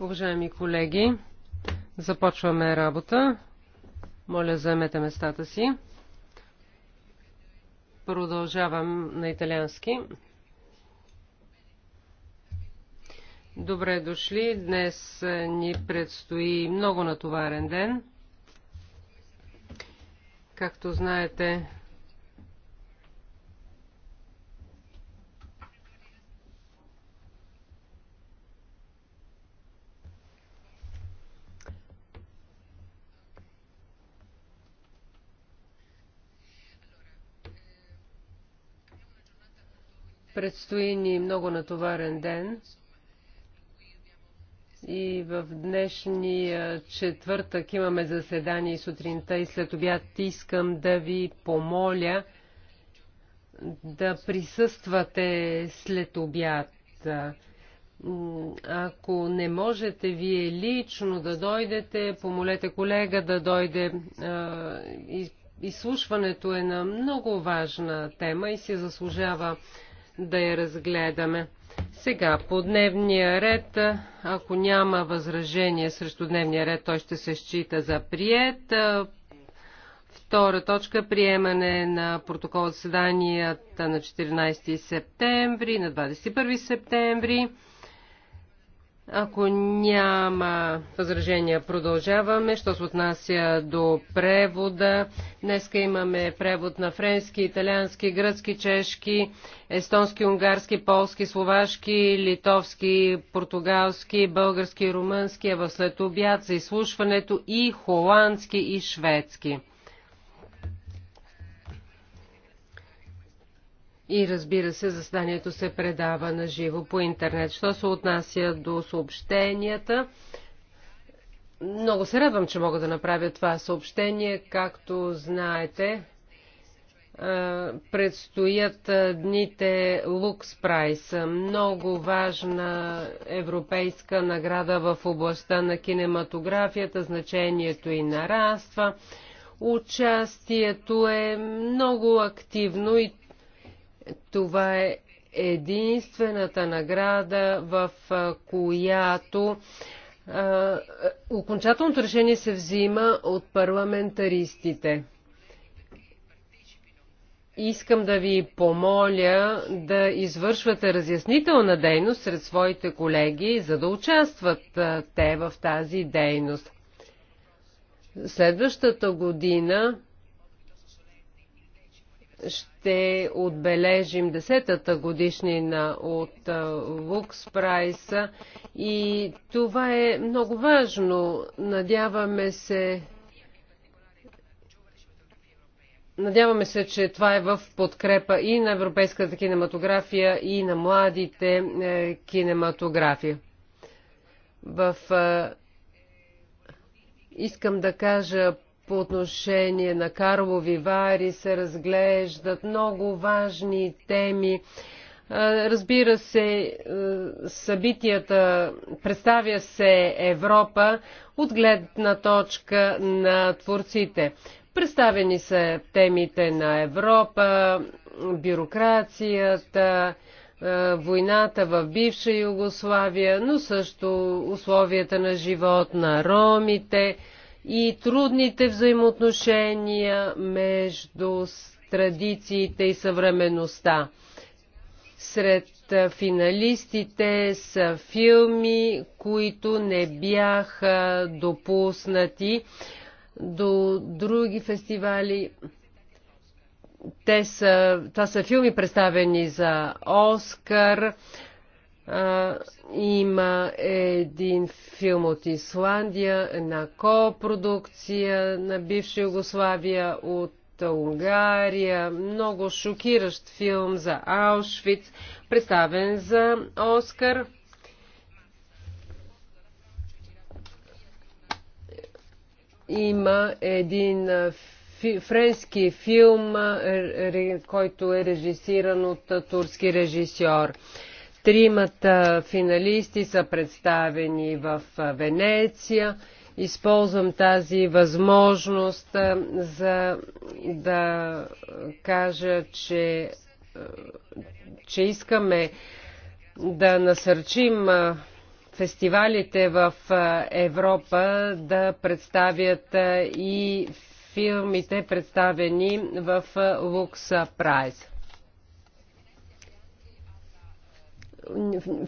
Уважаеми колеги, започваме работа. Моля, заемете местата си. Продължавам на италиански. Добре дошли. Днес е, ни предстои много натоварен ден. Както знаете, Предстои ни много натоварен ден и в днешния четвъртък имаме заседание сутринта и след обяд искам да ви помоля да присъствате след обяд. Ако не можете вие лично да дойдете, помолете колега да дойде. Изслушването е на много важна тема и се заслужава да я разгледаме. Сега, по дневния ред, ако няма възражение срещу дневния ред, той ще се счита за прият. Втора точка – приемане на протокол от заседанията на 14 септември, на 21 септември. Ако няма възражения, продължаваме. Що се отнася до превода, днеска имаме превод на френски, италиански, гръцки, чешки, естонски, унгарски, полски, словашки, литовски, португалски, български, румънски, а в след обяд за изслушването и холандски и шведски. И разбира се, заседанието се предава на живо по интернет. Що се отнася до съобщенията, много се радвам, че мога да направя това съобщение. Както знаете, предстоят дните Лукс Прайс, много важна европейска награда в областта на кинематографията, значението и нараства. Участието е много активно и това е единствената награда, в която а, окончателното решение се взима от парламентаристите. Искам да ви помоля да извършвате разяснителна дейност сред своите колеги, за да участват те в тази дейност. Следващата година ще отбележим десетата годишнина от Лукс Прайса и това е много важно. Надяваме се, Надяваме се, че това е в подкрепа и на европейската кинематография, и на младите е, кинематография. В Искам да кажа по отношение на Карлови Вари се разглеждат много важни теми. Разбира се, събитията, представя се Европа от гледна точка на творците. Представени са темите на Европа, бюрокрацията, войната в бивша Югославия, но също условията на живот на ромите, и трудните взаимоотношения между традициите и съвременността. Сред финалистите са филми, които не бяха допуснати до други фестивали. Те са, това са филми представени за Оскар а, има един филм от Исландия, една копродукция на бивша Югославия от Унгария, много шокиращ филм за Аушвиц, представен за Оскар. Има един френски филм, който е режисиран от турски режисьор. Тримата финалисти са представени в Венеция. Използвам тази възможност за да кажа, че, че искаме да насърчим фестивалите в Европа да представят и филмите, представени в Лукса Прайс.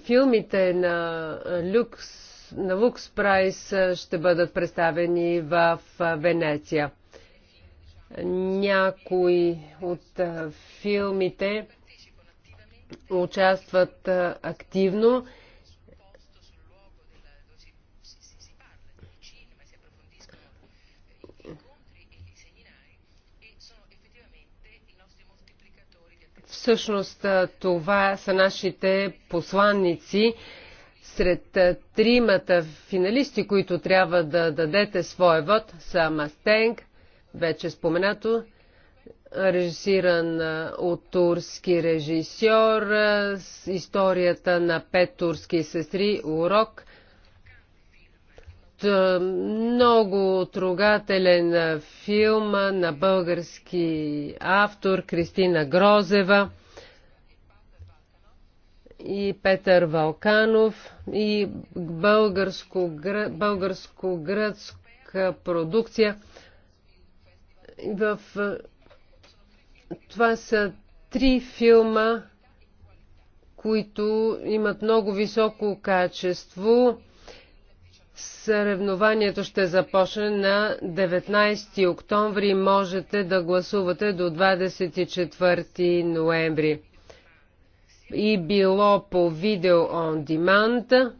филмите на Люкс на Лукс Прайс ще бъдат представени в Венеция. Някои от филмите участват активно Всъщност това са нашите посланници сред тримата финалисти, които трябва да дадете своя вод, са Мастенг, вече споменато, режисиран от турски режисьор, с историята на пет турски сестри, урок – е, много трогателен е, филм е, на български автор Кристина Грозева и Петър Валканов и българско, българско-гръцка продукция. В... Това са три филма, които имат много високо качество Съревнованието ще започне на 19 октомври. Можете да гласувате до 24 ноември. И било по видео он demand.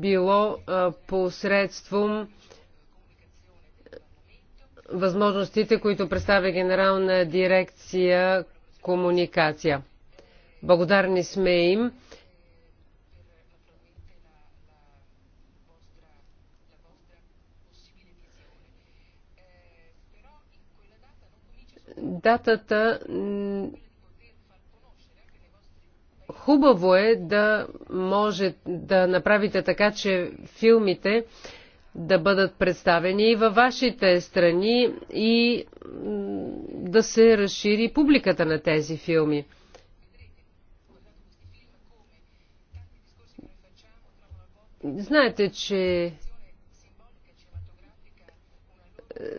Било посредством възможностите, които представя Генерална дирекция комуникация. Благодарни сме им. датата хубаво е да може да направите така, че филмите да бъдат представени и във вашите страни и да се разшири публиката на тези филми. Знаете, че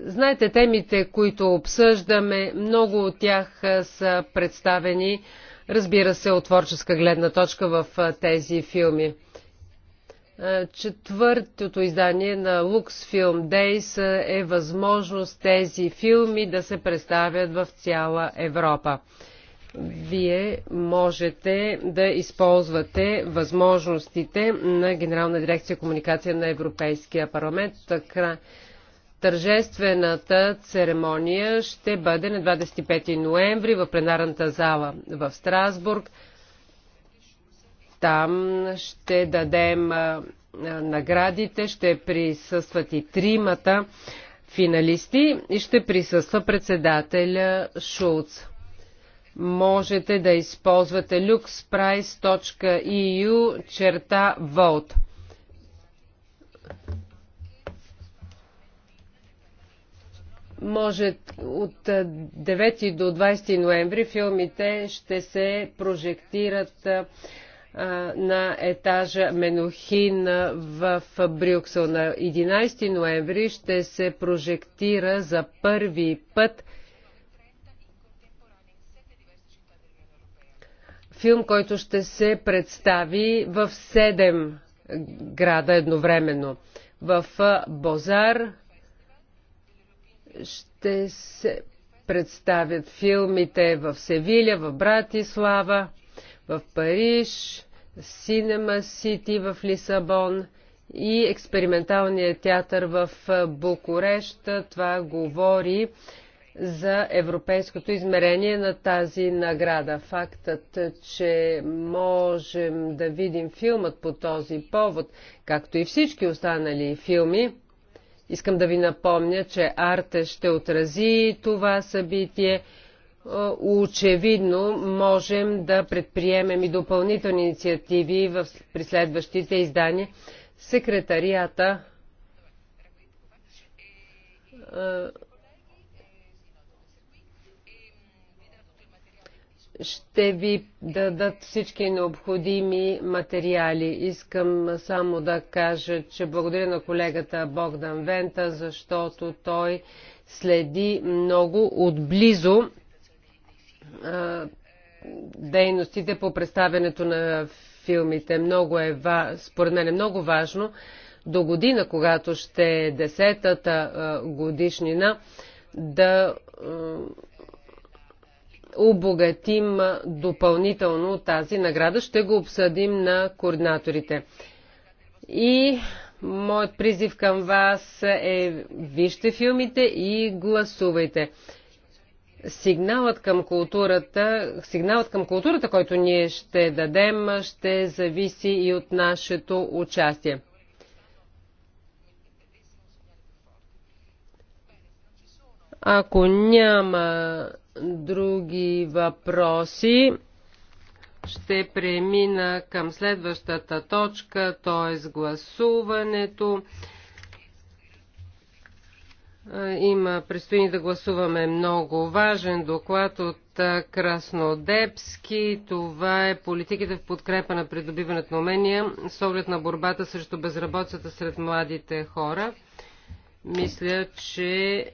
Знаете темите, които обсъждаме, много от тях са представени, разбира се, от творческа гледна точка в тези филми. Четвъртото издание на Lux Film Days е възможност тези филми да се представят в цяла Европа. Вие можете да използвате възможностите на Генерална дирекция комуникация на Европейския парламент. Така Тържествената церемония ще бъде на 25 ноември в пленарната зала в Страсбург. Там ще дадем наградите, ще присъстват и тримата финалисти и ще присъства председателя Шулц. Можете да използвате luxprice.eu черта Vote. може от 9 до 20 ноември филмите ще се прожектират на етажа Менохин в Брюксел. На 11 ноември ще се прожектира за първи път филм, който ще се представи в 7 града едновременно. В Бозар, ще се представят филмите в Севиля, в Братислава, в Париж, Синема Сити в Лисабон и експерименталния театър в Букурещ. Това говори за европейското измерение на тази награда. Фактът, че можем да видим филмът по този повод, както и всички останали филми, Искам да ви напомня, че Арте ще отрази това събитие. Е, очевидно можем да предприемем и допълнителни инициативи в, при следващите издания. Секретарията е, ще ви дадат всички необходими материали. Искам само да кажа, че благодаря на колегата Богдан Вента, защото той следи много отблизо а, дейностите по представянето на филмите. Много е, според мен е много важно до година, когато ще е десетата годишнина, да обогатим допълнително тази награда. Ще го обсъдим на координаторите. И моят призив към вас е вижте филмите и гласувайте. Сигналът към културата, сигналът към културата, който ние ще дадем, ще зависи и от нашето участие. Ако няма други въпроси, ще премина към следващата точка, т.е. гласуването. Има, предстои да гласуваме много важен доклад от Краснодепски. Това е политиките в подкрепа на придобиването на умения с оглед на борбата срещу безработицата сред младите хора. Мисля, че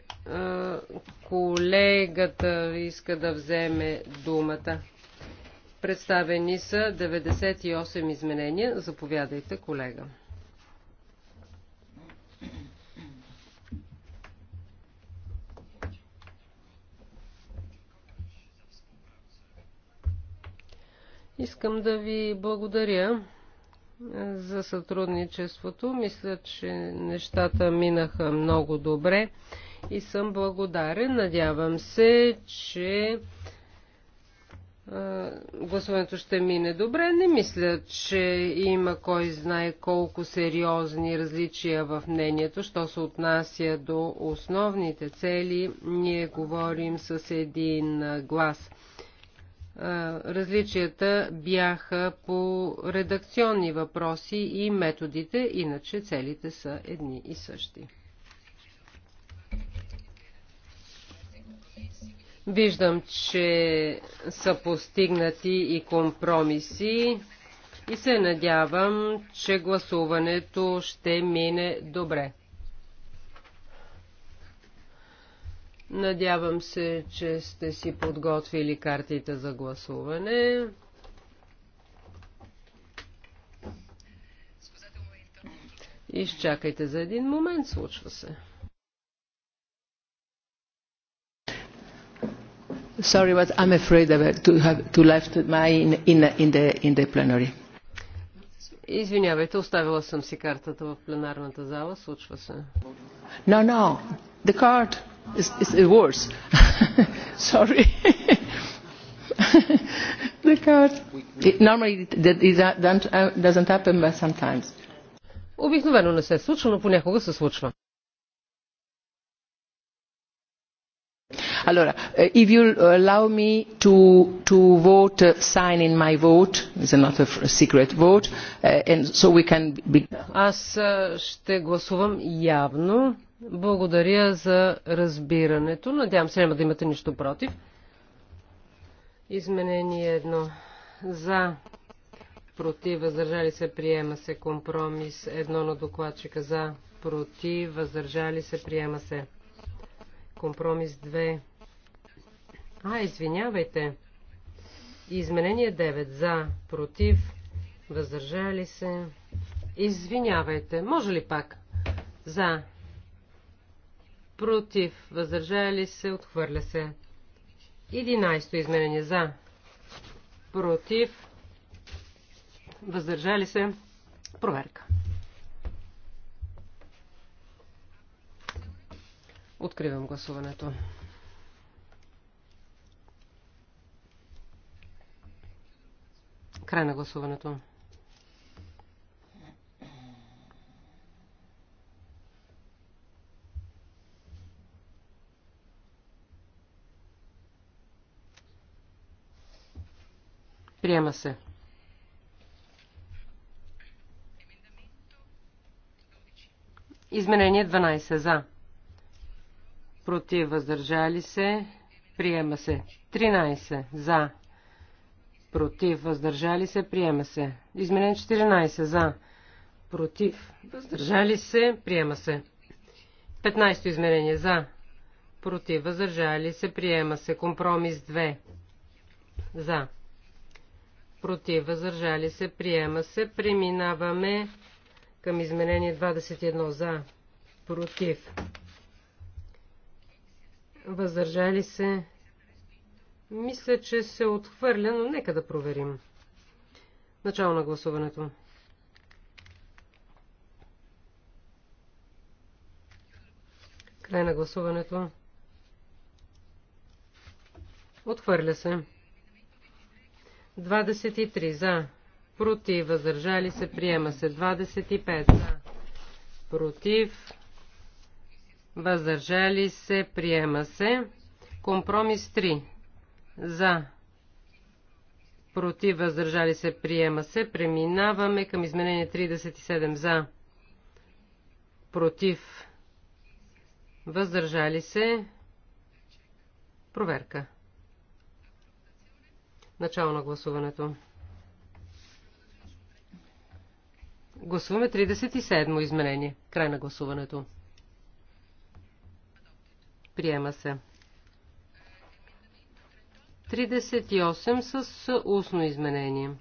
колегата иска да вземе думата. Представени са 98 изменения. Заповядайте, колега. Искам да ви благодаря за сътрудничеството. Мисля, че нещата минаха много добре и съм благодарен. Надявам се, че гласуването ще мине добре. Не мисля, че има кой знае колко сериозни различия в мнението, що се отнася до основните цели. Ние говорим с един глас различията бяха по редакционни въпроси и методите, иначе целите са едни и същи. Виждам, че са постигнати и компромиси и се надявам, че гласуването ще мине добре. Надявам се, че сте си подготвили картите за гласуване. Изчакайте за един момент, случва се. Sorry, but I'm afraid to have to left my in, in, in, the, in the plenary. Извинявайте, оставила съм си картата в пленарната зала, случва се. No, no, the card. It's, it's worse. Sorry. the card. It, normally that it that, uh, doesn't happen, but sometimes. Обикновено не се случва, но понякога се случва. Allora, uh, if you allow me to, to vote, uh, sign in my vote, it's not a secret vote, uh, and so we can... Be... Аз uh, ще гласувам явно благодаря за разбирането. Надявам се, няма да имате нищо против. Изменение едно. За. Против. Въздържали се. Приема се. Компромис. Едно на докладчика. За. Против. Въздържали се. Приема се. Компромис 2. А, извинявайте. Изменение 9. За. Против. Въздържали се. Извинявайте. Може ли пак? За против, въздържали се, отхвърля се. 11 изменение за, против, въздържали се, проверка. Откривам гласуването. Край на гласуването. Приема се. Изменение 12 за. Против въздържали се. Приема се. 13 за. Против въздържали се. Приема се. Изменение 14 за. Против въздържали се. Приема се. 15 изменение за. Против въздържали се. Приема се. Компромис 2 за против, въздържали се, приема се. Преминаваме към изменение 21 за, против, въздържали се. Мисля, че се отхвърля, но нека да проверим. Начало на гласуването. Край на гласуването. Отхвърля се. 23 за. Против. Въздържали се. Приема се. 25 за. Против. Въздържали се. Приема се. Компромис 3. За. Против. Въздържали се. Приема се. Преминаваме към изменение 37 за. Против. Въздържали се. Проверка. Начало на гласуването. Гласуваме 37-мо изменение. Край на гласуването. Приема се. 38 с устно изменение.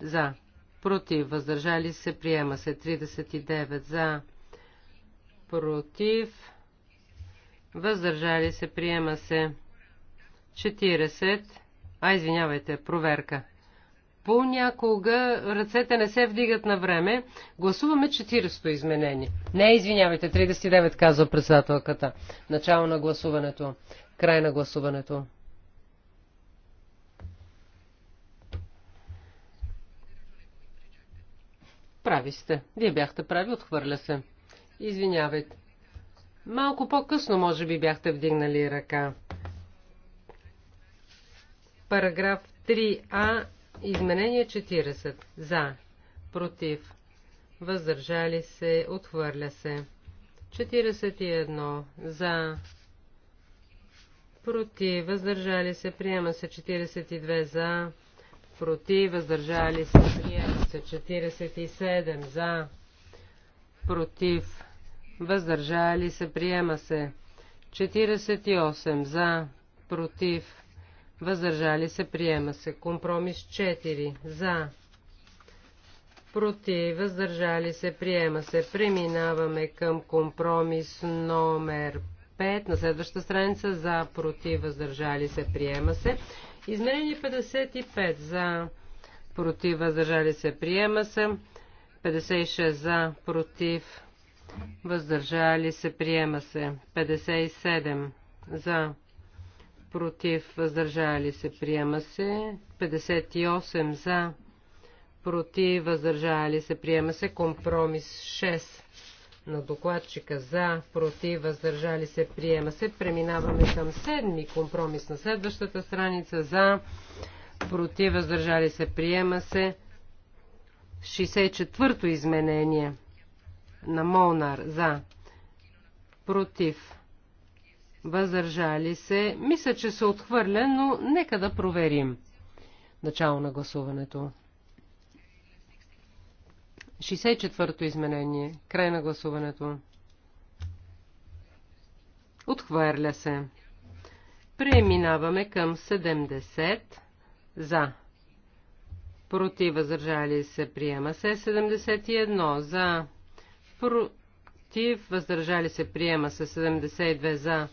За. Против. Въздържали се. Приема се. 39 за. Против. Въздържали се. Приема се. 40 а, извинявайте, проверка. Понякога ръцете не се вдигат на време. Гласуваме 40-то изменение. Не, извинявайте, 39 казва председателката. Начало на гласуването. Край на гласуването. Прави сте. Вие бяхте прави, отхвърля се. Извинявайте. Малко по-късно, може би, бяхте вдигнали ръка. Параграф 3а. Изменение 40. За. Против. Въздържали се. Отхвърля се. 41. За. Против. Въздържали се. Приема се. 42. За. Против. Въздържали се. Приема се. 47. За. Против. Въздържали се. Приема се. 48. За. Против Въздържали се. Приема се. Компромис 4. За. Против. Въздържали се. Приема се. Преминаваме към компромис номер 5. На следващата страница. За. Против. Въздържали се. Приема се. Измерение 55. За. Против. Въздържали се. Приема се. 56 за, против, въздържали се, приема се. 57 за, против, въздържали се, приема се. 58 за, против, въздържали се, приема се. Компромис 6 на докладчика за, против, въздържали се, приема се. Преминаваме към седми компромис на следващата страница за, против, въздържали се, приема се. 64-то изменение на Молнар за, против, въздържали се. Мисля, че се отхвърля, но нека да проверим. Начало на гласуването. 64-то изменение. Край на гласуването. Отхвърля се. Преминаваме към 70. За. Против въздържали се. Приема се. 71. За. Против въздържали се. Приема се. 72. За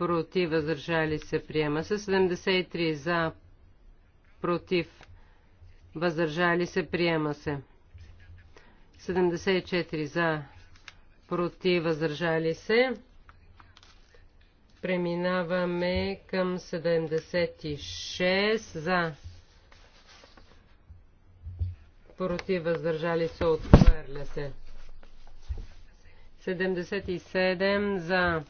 против, въздържали се, приема се. 73 за, против, въздържали се, приема се. 74 за, против, въздържали се. Преминаваме към 76 за, против, въздържали се, отхвърля се. 77 за,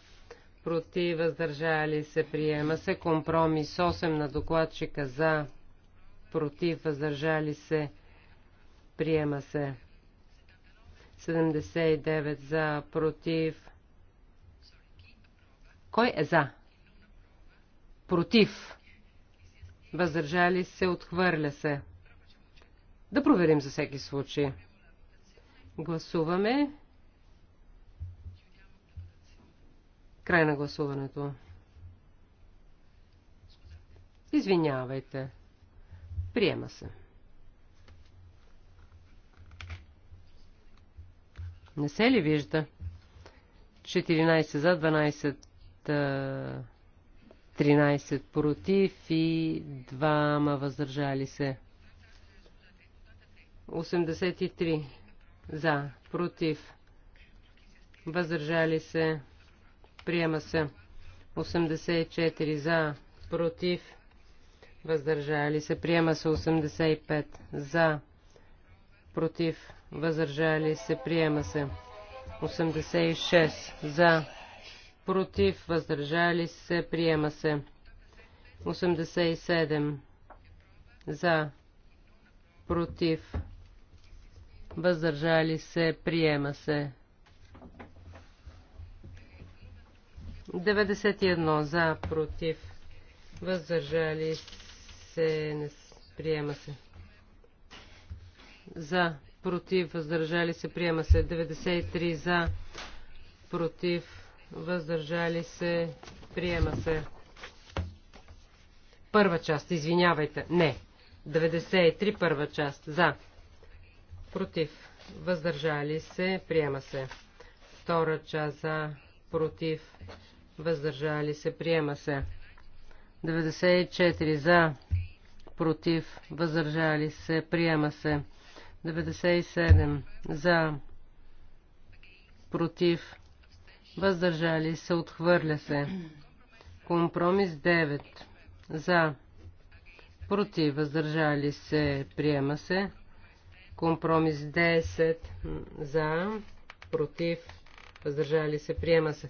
против, въздържали се, приема се. Компромис 8 на докладчика за, против, въздържали се, приема се. 79 за, против. Кой е за? Против. Въздържали се, отхвърля се. Да проверим за всеки случай. Гласуваме Край на гласуването. Извинявайте. Приема се. Не се ли вижда? 14 за, 12, 13 против и 2 въздържали се. 83 за, против, въздържали се приема се. 84 за, против, въздържали се, приема се. 85 за, против, въздържали се, приема се. 86 за, против, въздържали се, приема се. 87 за, против, въздържали се, приема се. 91 за, против, въздържали се, не приема се. За, против, въздържали се, приема се. 93 за, против, въздържали се, приема се. Първа част, извинявайте. Не. 93 първа част. За. Против. Въздържали се. Приема се. Втора част за. Против въздържали се, приема се. 94 за, против, въздържали се, приема се. 97 за, против, въздържали се, отхвърля се. Компромис 9 за, против, въздържали се, приема се. Компромис 10 за, против, въздържали се, приема се.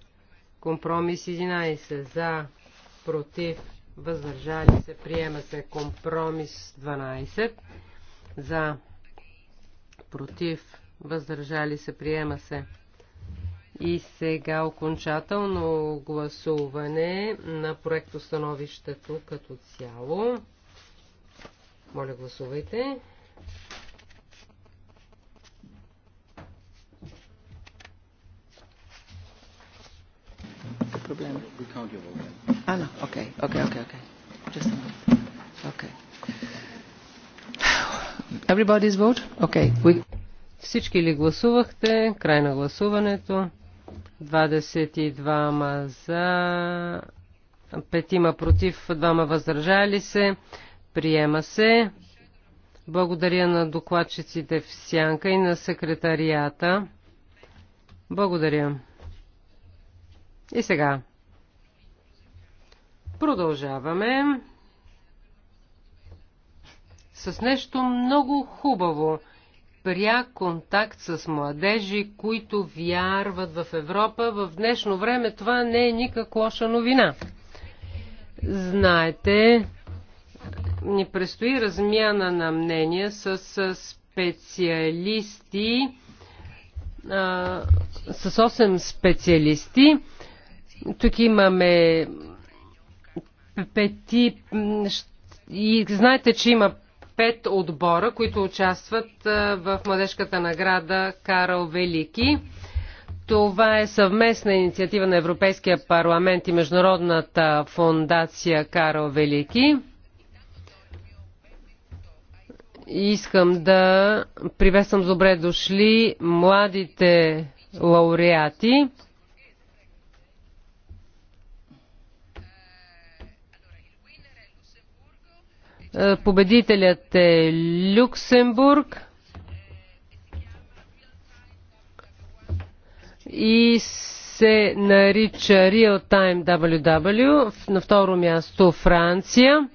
Компромис 11 за, против, въздържали се, приема се. Компромис 12 за, против, въздържали се, приема се. И сега окончателно гласуване на проектостановището като цяло. Моля, гласувайте. problema. We count your vote. Ah, no. Okay. Okay. Okay. Okay. Just a minute. Okay. Everybody's vote? Okay. We... Всички ли гласувахте? Край на гласуването. 22 ма за, Петима против, двама въздържали се. Приема се. Благодаря на докладчиците в Сянка и на секретарията. Благодаря. И сега. Продължаваме с нещо много хубаво. пря контакт с младежи, които вярват в Европа. В днешно време това не е никак лоша новина. Знаете, ни предстои размяна на мнения с специалисти, с 8 специалисти тук имаме пети и знаете, че има пет отбора, които участват в младежката награда Карл Велики. Това е съвместна инициатива на Европейския парламент и Международната фундация Карл Велики. Искам да приветствам добре дошли младите лауреати. Е, победителят е Люксембург. И се нарича Real Time WW. На второ място Франция.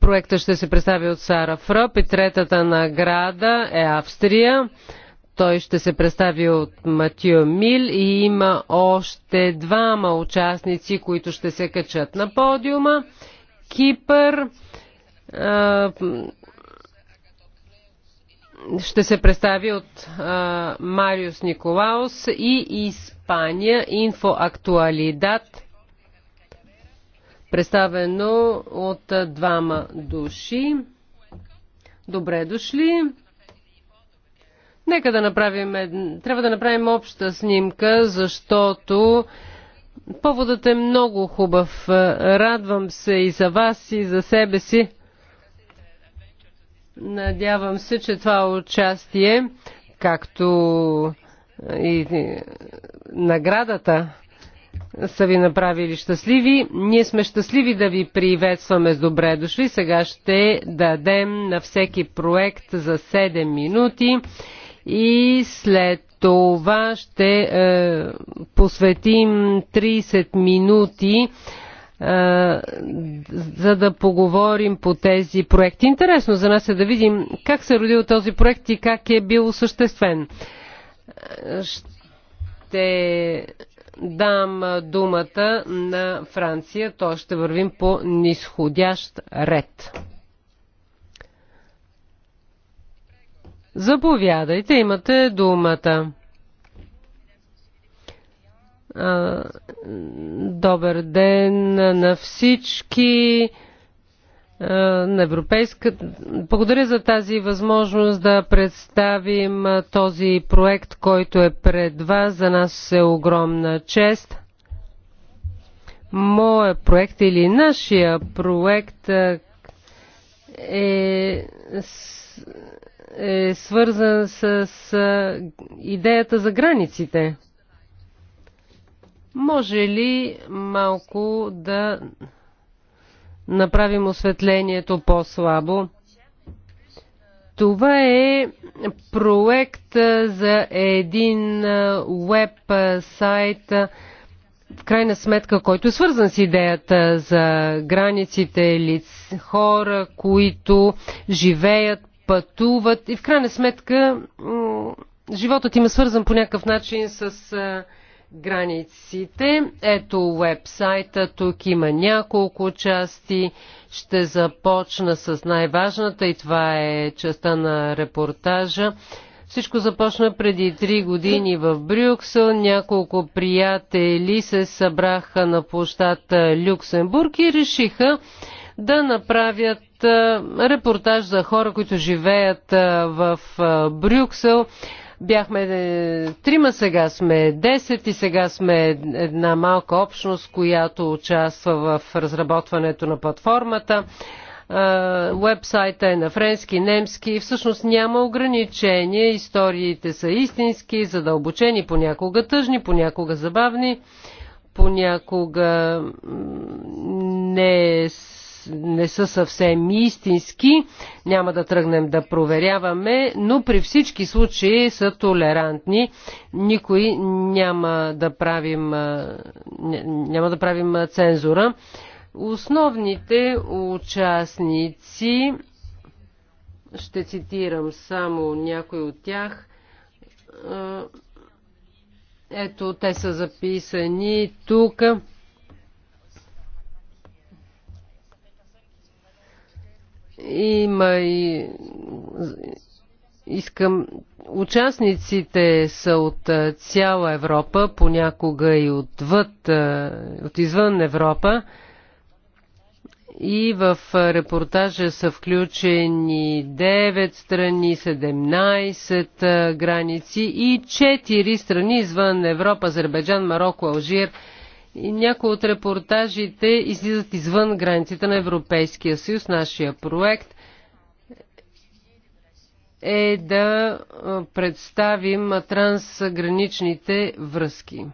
Проекта ще се представи от Сара Фръп и третата награда е Австрия. Той ще се представи от Матио Мил и има още двама участници, които ще се качат на подиума. Кипър. Ще се представи от Мариус Николаус и Испания. Инфо Актуалидад. Представено от двама души. Добре дошли. Нека да направим, трябва да направим обща снимка, защото Поводът е много хубав. Е, радвам се и за вас, и за себе си. Надявам се, че това участие, както и наградата, са ви направили щастливи. Ние сме щастливи да ви приветстваме с добре дошли. Сега ще дадем на всеки проект за 7 минути и след това ще е, посветим 30 минути е, за да поговорим по тези проекти. Интересно за нас е да видим как се е родил този проект и как е бил осъществен. Ще дам думата на Франция, Той ще вървим по нисходящ ред. Заповядайте, имате думата. Добър ден на всички. На европейска... Благодаря за тази възможност да представим този проект, който е пред вас. За нас е огромна чест. Моя проект или нашия проект е е свързан с идеята за границите. Може ли малко да направим осветлението по-слабо? Това е проект за един веб сайт, в крайна сметка, който е свързан с идеята за границите, лиц, хора, които живеят пътуват и в крайна сметка животът им е свързан по някакъв начин с границите. Ето вебсайта, тук има няколко части. Ще започна с най-важната и това е частта на репортажа. Всичко започна преди три години в Брюксел. Няколко приятели се събраха на площата Люксембург и решиха да направят репортаж за хора, които живеят в Брюксел. Бяхме е, трима, сега сме 10 и сега сме една малка общност, която участва в разработването на платформата. Уебсайта е на френски, немски. Всъщност няма ограничения. Историите са истински, задълбочени, понякога тъжни, понякога забавни, понякога не е са не са съвсем истински. Няма да тръгнем да проверяваме, но при всички случаи са толерантни. Никой няма да правим, няма да правим цензура. Основните участници, ще цитирам само някой от тях, ето, те са записани тук. Има и искам участниците са от цяла Европа, понякога и отвъд, от извън Европа. И в репортажа са включени 9 страни, 17 граници и 4 страни извън Европа, Азербайджан, Марокко, Алжир – и някои от репортажите излизат извън границите на Европейския съюз. Нашия проект е да представим трансграничните връзки.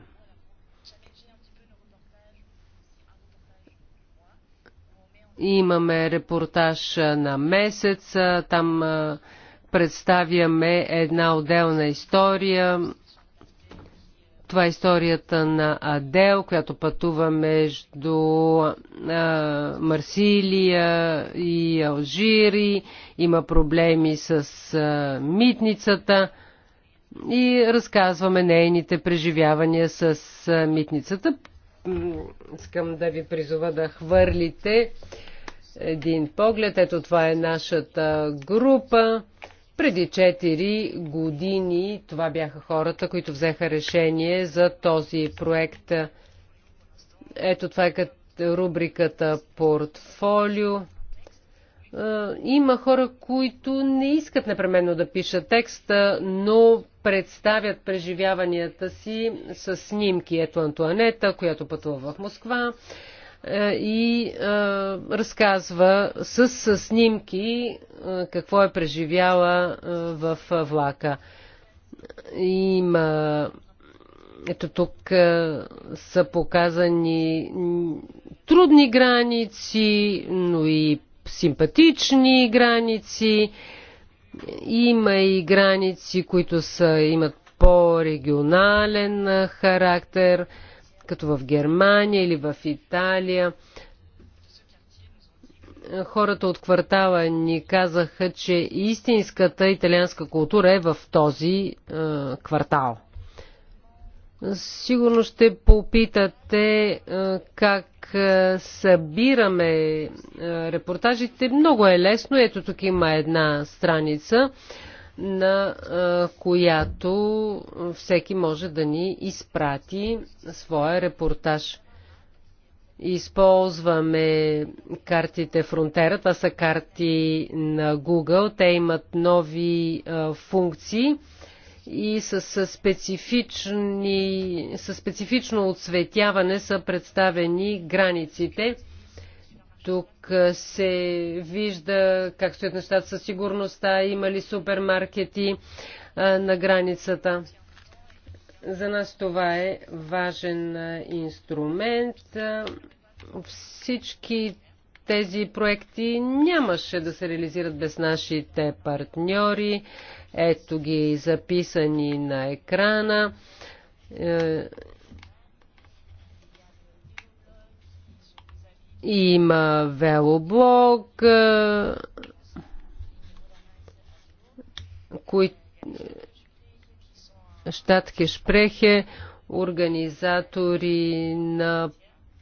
Имаме репортаж на месец, там представяме една отделна история това е историята на Адел, която пътува между а, Марсилия и Алжири. Има проблеми с а, митницата и разказваме нейните преживявания с а, митницата. Искам да ви призова да хвърлите един поглед. Ето това е нашата група. Преди 4 години това бяха хората, които взеха решение за този проект. Ето това е като рубриката портфолио. Има хора, които не искат непременно да пишат текста, но представят преживяванията си с снимки. Ето Антуанета, която пътува в Москва. Е, и е, разказва с снимки е, какво е преживяла в влака. Има ето тук са показани трудни граници, но и симпатични граници. Има и граници, които са, имат по-регионален характер като в Германия или в Италия. Хората от квартала ни казаха, че истинската италианска култура е в този е, квартал. Сигурно ще попитате е, как е, събираме е, репортажите. Много е лесно. Ето тук има една страница на която всеки може да ни изпрати своя репортаж. Използваме картите фронтера, Това са карти на Google. Те имат нови функции и със специфични, специфично отсветяване са представени границите тук се вижда как стоят нещата със сигурността, има ли супермаркети на границата. За нас това е важен инструмент. Всички тези проекти нямаше да се реализират без нашите партньори. Ето ги записани на екрана е, Има велоблог, които щат Кешпрехе, организатори на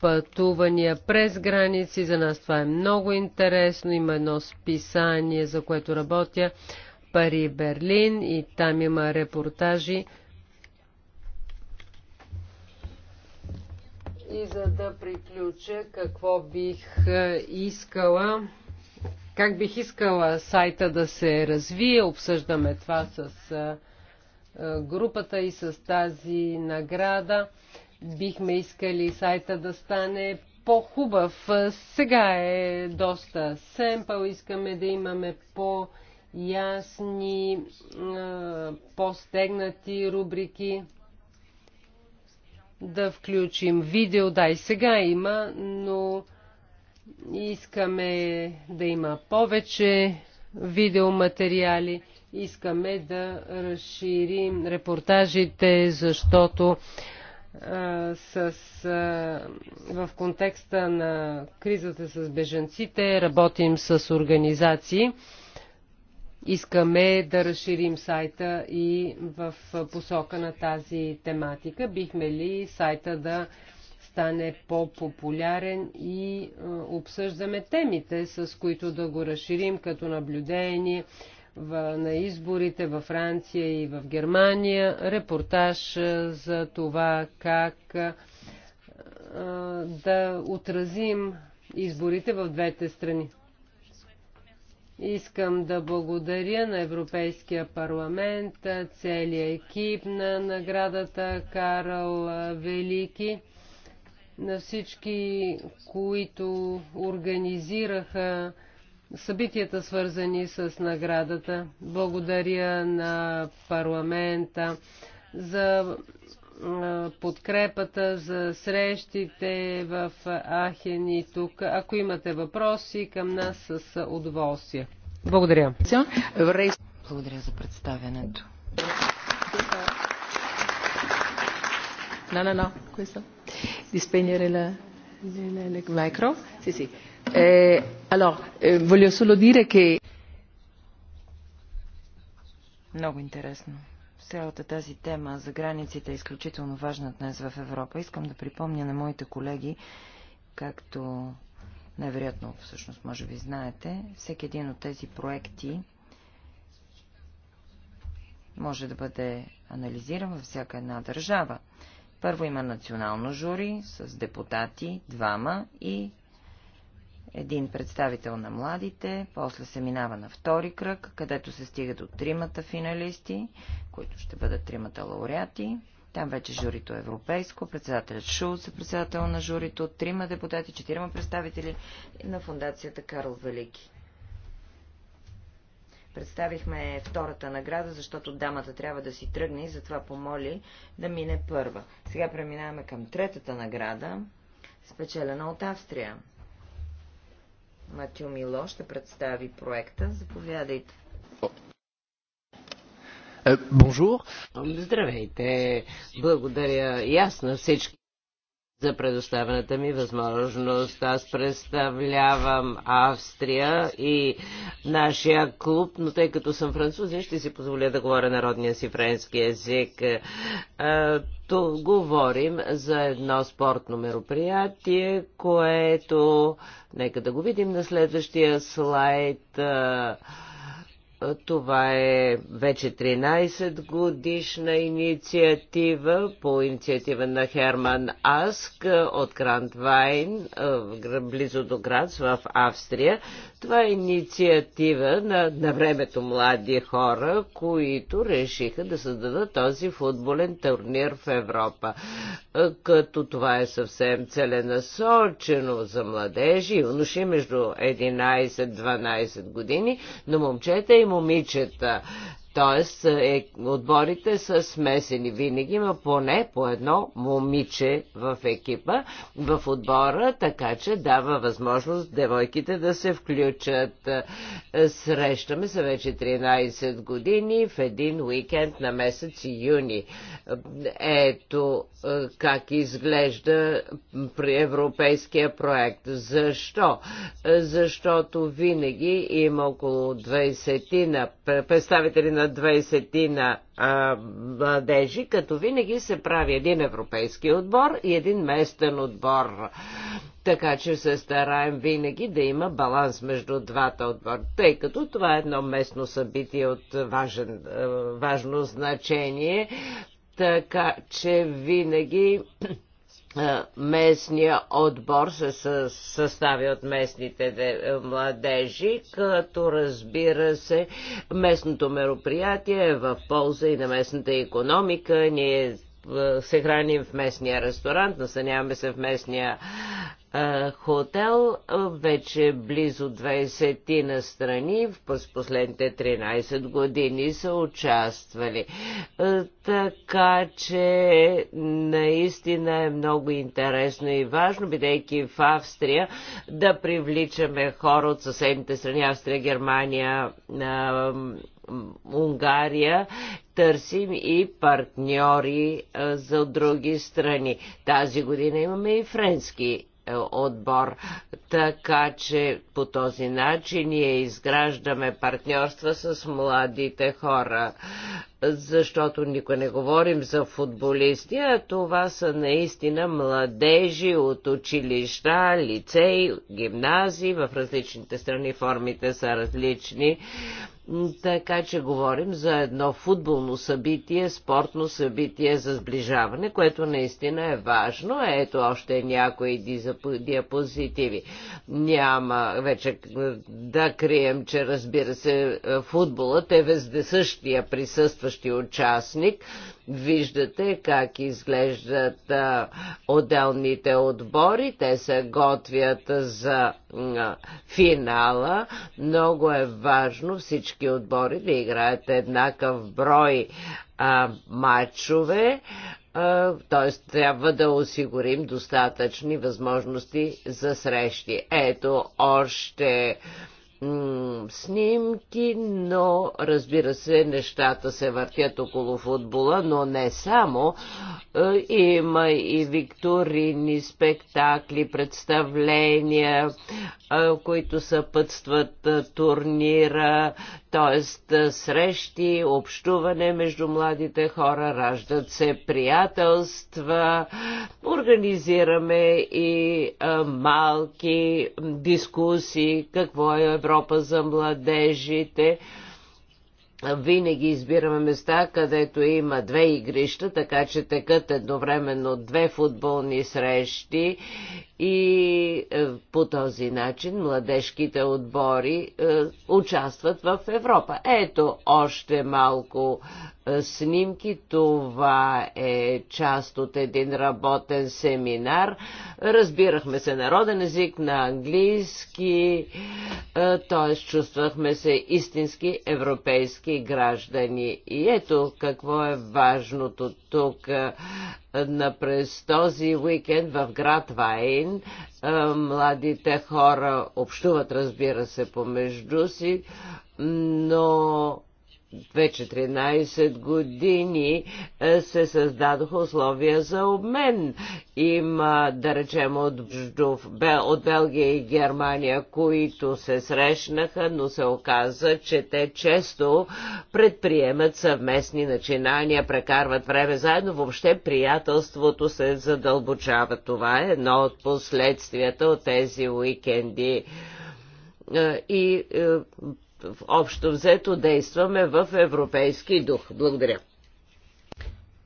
пътувания през граници. За нас това е много интересно. Има едно списание, за което работя. Пари Берлин и там има репортажи И за да приключа, какво бих е, искала, как бих искала сайта да се развие, обсъждаме това с е, е, групата и с тази награда. Бихме искали сайта да стане по-хубав. Сега е доста семпъл, искаме да имаме по-ясни, по-стегнати рубрики да включим видео. Да, и сега има, но искаме да има повече видеоматериали. Искаме да разширим репортажите, защото а, с, а, в контекста на кризата с беженците работим с организации. Искаме да разширим сайта и в посока на тази тематика. Бихме ли сайта да стане по-популярен и обсъждаме темите, с които да го разширим, като наблюдение на изборите във Франция и в Германия, репортаж за това как да отразим изборите в двете страни. Искам да благодаря на Европейския парламент, целия екип на наградата Карл Велики, на всички, които организираха събитията, свързани с наградата. Благодаря на парламента за подкрепата за срещите в Ахен и тук. Ако имате въпроси към нас с удоволствие. Благодаря. Благодаря за представянето. No, no, no, questo. Di spegnere la, micro. Sì, sì. Eh, allora, eh, voglio solo dire che... Много интересно. Цялата тази тема за границите е изключително важна днес в Европа. Искам да припомня на моите колеги, както невероятно всъщност може би знаете, всеки един от тези проекти може да бъде анализиран във всяка една държава. Първо има национално жури с депутати, двама и един представител на младите, после се минава на втори кръг, където се стига до тримата финалисти, които ще бъдат тримата лауреати. Там вече журито е европейско, председателят Шулц е председател на журито, трима депутати, четирима представители на фундацията Карл Велики. Представихме втората награда, защото дамата трябва да си тръгне и затова помоли да мине първа. Сега преминаваме към третата награда, спечелена от Австрия. Матю Мило ще представи проекта. Заповядайте. Е, бонжур. Здравейте. Благодаря и аз на всички за предоставената ми възможност. Аз представлявам Австрия и нашия клуб, но тъй като съм французин, ще си позволя да говоря народния си френски язик. То говорим за едно спортно мероприятие, което, нека да го видим на следващия слайд, това е вече 13 годишна инициатива по инициатива на Херман Аск от Вайн, близо до Гранц в Австрия. Това е инициатива на, на времето млади хора, които решиха да създадат този футболен турнир в Европа. Като това е съвсем целенасочено за младежи, юноши между 11-12 години, но момчета и момичета. Тоест, е, отборите са смесени. Винаги има поне по едно момиче в екипа, в отбора, така че дава възможност девойките да се включат. Срещаме се вече 13 години в един уикенд на месец юни. Ето е, как изглежда при европейския проект. Защо? Защото винаги има около 20 на представители на на 20 на а, младежи, като винаги се прави един европейски отбор и един местен отбор. Така че се стараем винаги да има баланс между двата отбора, тъй като това е едно местно събитие от важен, важно значение, така че винаги местния отбор се състави от местните младежи, като разбира се, местното мероприятие е в полза и на местната економика. Ние е, се храним в местния ресторант, насъняваме се в местния е, хотел. Е, вече близо 20 на страни в последните 13 години са участвали. Така че наистина е много интересно и важно, бидейки в Австрия, да привличаме хора от съседните страни Австрия, Германия, Унгария, търсим и партньори е, за други страни. Тази година имаме и френски е, отбор. Така че по този начин ние изграждаме партньорства с младите хора, защото никой не говорим за футболисти, а това са наистина младежи от училища, лицеи, гимназии, в различните страни формите са различни, така че говорим за едно футболно събитие, спортно събитие за сближаване, което наистина е важно. Ето още някои диапозитиви. Няма вече да крием, че разбира се, футболът е вездесъщия присъстващи участник. Виждате как изглеждат а, отделните отбори. Те се готвят за а, финала. Много е важно всички всички отбори да играят еднакъв брой а, матчове, т.е. трябва да осигурим достатъчни възможности за срещи. Ето още снимки, но разбира се, нещата се въртят около футбола, но не само. Е, има и викторини, спектакли, представления, е, които съпътстват е, турнира, т.е. срещи, общуване между младите хора, раждат се приятелства, организираме и малки дискусии, какво е Европа Европа за младежите. Винаги избираме места, където има две игрища, така че текат едновременно две футболни срещи и е, по този начин младежките отбори е, участват в Европа. Ето още малко снимки. Това е част от един работен семинар. Разбирахме се народен език, на английски, е, т.е. чувствахме се истински европейски граждани. И ето какво е важното тук. Е, на през този уикенд в град Вайн е, младите хора общуват, разбира се, помежду си, но вече 13 години е, се създадоха условия за обмен. Има, да речем, от, от Белгия и Германия, които се срещнаха, но се оказа, че те често предприемат съвместни начинания, прекарват време заедно. Въобще приятелството се задълбочава. Това е едно от последствията от тези уикенди е, и е, общо взето действаме в европейски дух. Благодаря.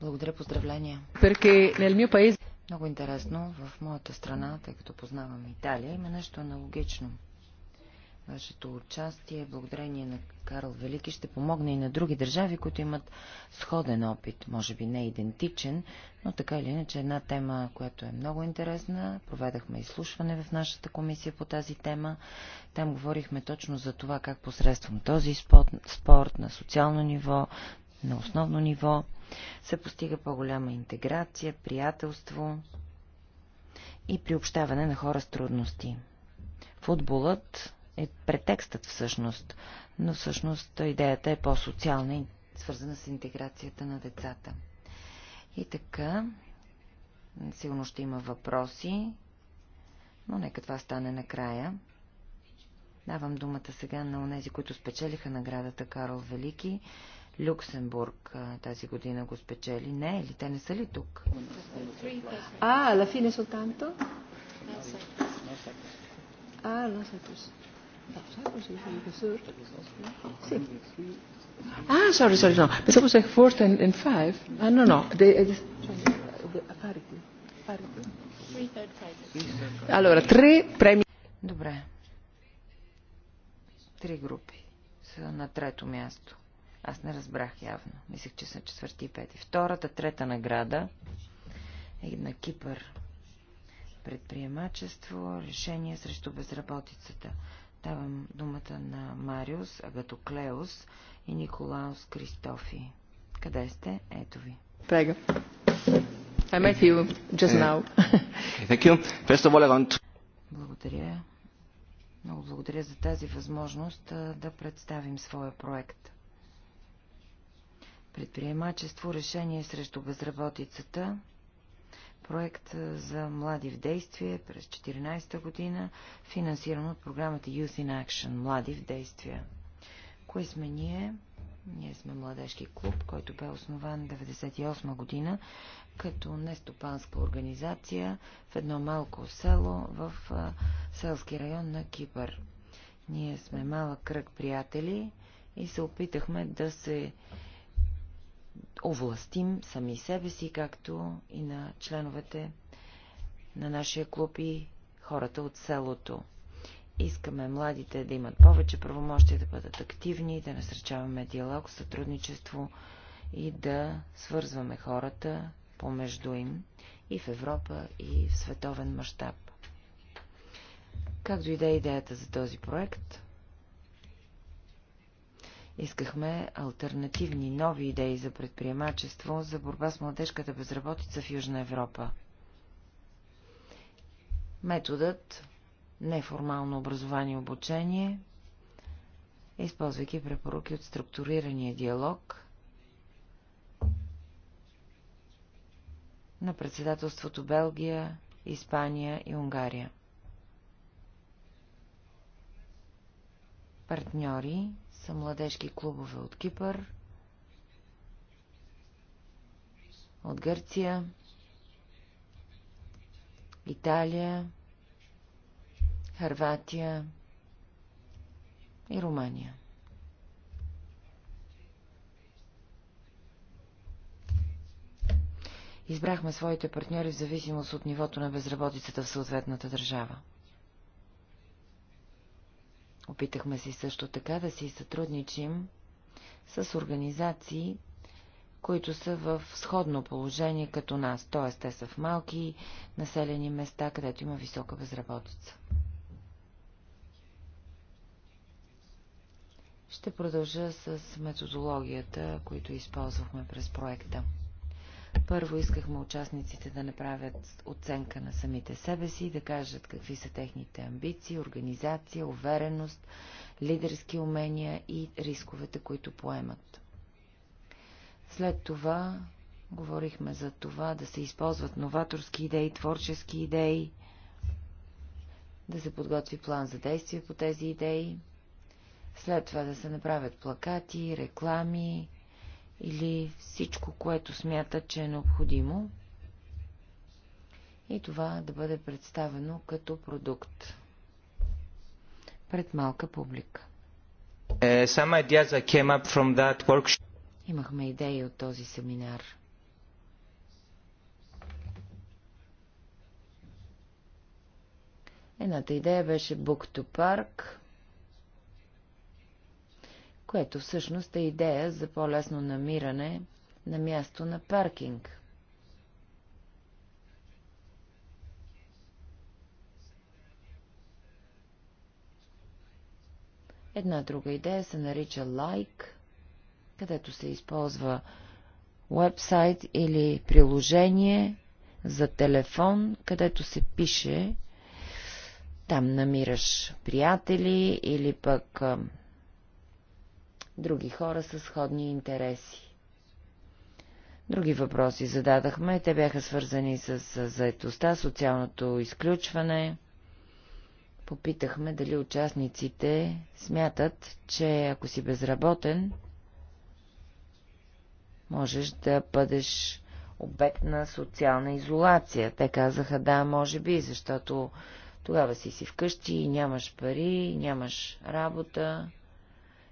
Благодаря, поздравления. Много интересно, в моята страна, тъй като познавам Италия, има нещо аналогично вашето участие, благодарение на Карл Велики, ще помогне и на други държави, които имат сходен опит, може би не идентичен, но така или иначе една тема, която е много интересна. Проведахме изслушване в нашата комисия по тази тема. Там говорихме точно за това как посредством този спорт, спорт на социално ниво, на основно ниво, се постига по-голяма интеграция, приятелство и приобщаване на хора с трудности. Футболът е претекстът всъщност, но всъщност идеята е по-социална и свързана с интеграцията на децата. И така, сигурно ще има въпроси, но нека това стане накрая. Давам думата сега на онези, които спечелиха наградата Карл Велики. Люксембург тази година го спечели. Не, или те не са ли тук? А, ла фине Сутанто. А, ла сантус. Ah, sorry, sorry, no. Pensavo fosse fourth and, and five. Ah, no, no. The, the, parity. Parity. Allora, tre premi. Добре. Три групи са на трето място. Аз не разбрах явно. Мислех, че са четвърти и пети. Втората, трета награда е на Кипър. Предприемачество, решение срещу безработицата. Давам думата на Мариус Агатоклеус и Николаус Кристофи. Къде сте? Ето ви. Прега. I met you just е. now. Е, thank you. First of all, I want... Благодаря. Много благодаря за тази възможност да представим своя проект. Предприемачество, решение срещу безработицата – проект за млади в действие през 2014 година, финансиран от програмата Youth in Action – Млади в действие. Кои сме ние? Ние сме младежки клуб, който бе основан 1998 година като нестопанска организация в едно малко село в селски район на Кипър. Ние сме малък кръг приятели и се опитахме да се овластим сами себе си, както и на членовете на нашия клуб и хората от селото. Искаме младите да имат повече правомощия, да бъдат активни, да насръчаваме диалог, сътрудничество и да свързваме хората помежду им и в Европа, и в световен мащаб. Как дойде идеята за този проект? Искахме альтернативни, нови идеи за предприемачество, за борба с младежката безработица в Южна Европа. Методът неформално образование и обучение, използвайки препоръки от структурирания диалог на председателството Белгия, Испания и Унгария. Партньори са младежки клубове от Кипър, от Гърция, Италия, Харватия и Румъния. Избрахме своите партньори в зависимост от нивото на безработицата в съответната държава. Опитахме се също така да си сътрудничим с организации, които са в сходно положение като нас, т.е. те са в малки населени места, където има висока безработица. Ще продължа с методологията, които използвахме през проекта. Първо искахме участниците да направят оценка на самите себе си, да кажат какви са техните амбиции, организация, увереност, лидерски умения и рисковете, които поемат. След това говорихме за това да се използват новаторски идеи, творчески идеи, да се подготви план за действие по тези идеи, след това да се направят плакати, реклами, или всичко, което смята, че е необходимо и това да бъде представено като продукт пред малка публика. Е, Имахме идеи от този семинар. Едната идея беше Book to Park, което всъщност е идея за по-лесно намиране на място на паркинг. Една друга идея се нарича Like, където се използва вебсайт или приложение за телефон, където се пише, там намираш приятели или пък други хора с сходни интереси. Други въпроси зададахме. Те бяха свързани с заетостта, социалното изключване. Попитахме дали участниците смятат, че ако си безработен, можеш да бъдеш обект на социална изолация. Те казаха да, може би, защото тогава си си вкъщи, нямаш пари, нямаш работа,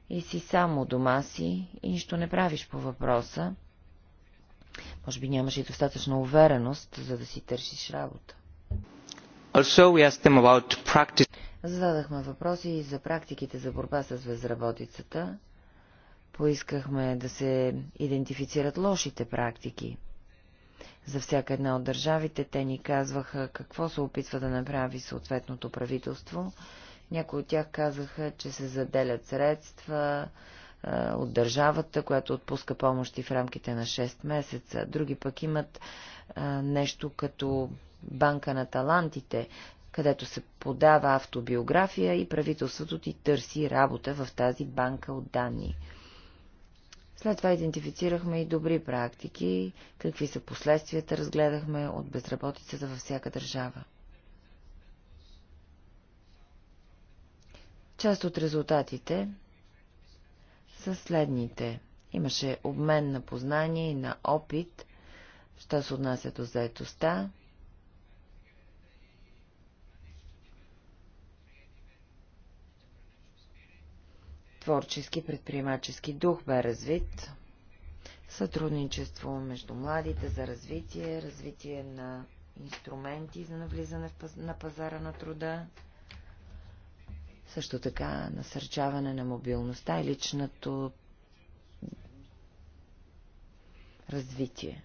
и си само дома си и нищо не правиш по въпроса. Може би нямаш и достатъчна увереност, за да си търсиш работа. Also, we asked them about practice. Зададахме въпроси за практиките за борба с безработицата. Поискахме да се идентифицират лошите практики. За всяка една от държавите те ни казваха какво се опитва да направи съответното правителство, някои от тях казаха, че се заделят средства от държавата, която отпуска помощи в рамките на 6 месеца. Други пък имат нещо като банка на талантите, където се подава автобиография и правителството ти търси работа в тази банка от данни. След това идентифицирахме и добри практики, какви са последствията разгледахме от безработицата във всяка държава. Част от резултатите са следните. Имаше обмен на познание и на опит, що се отнася до заетостта. Творчески предприемачески дух бе развит. Сътрудничество между младите за развитие, развитие на инструменти за навлизане на пазара на труда. Също така насърчаване на мобилността и личното развитие.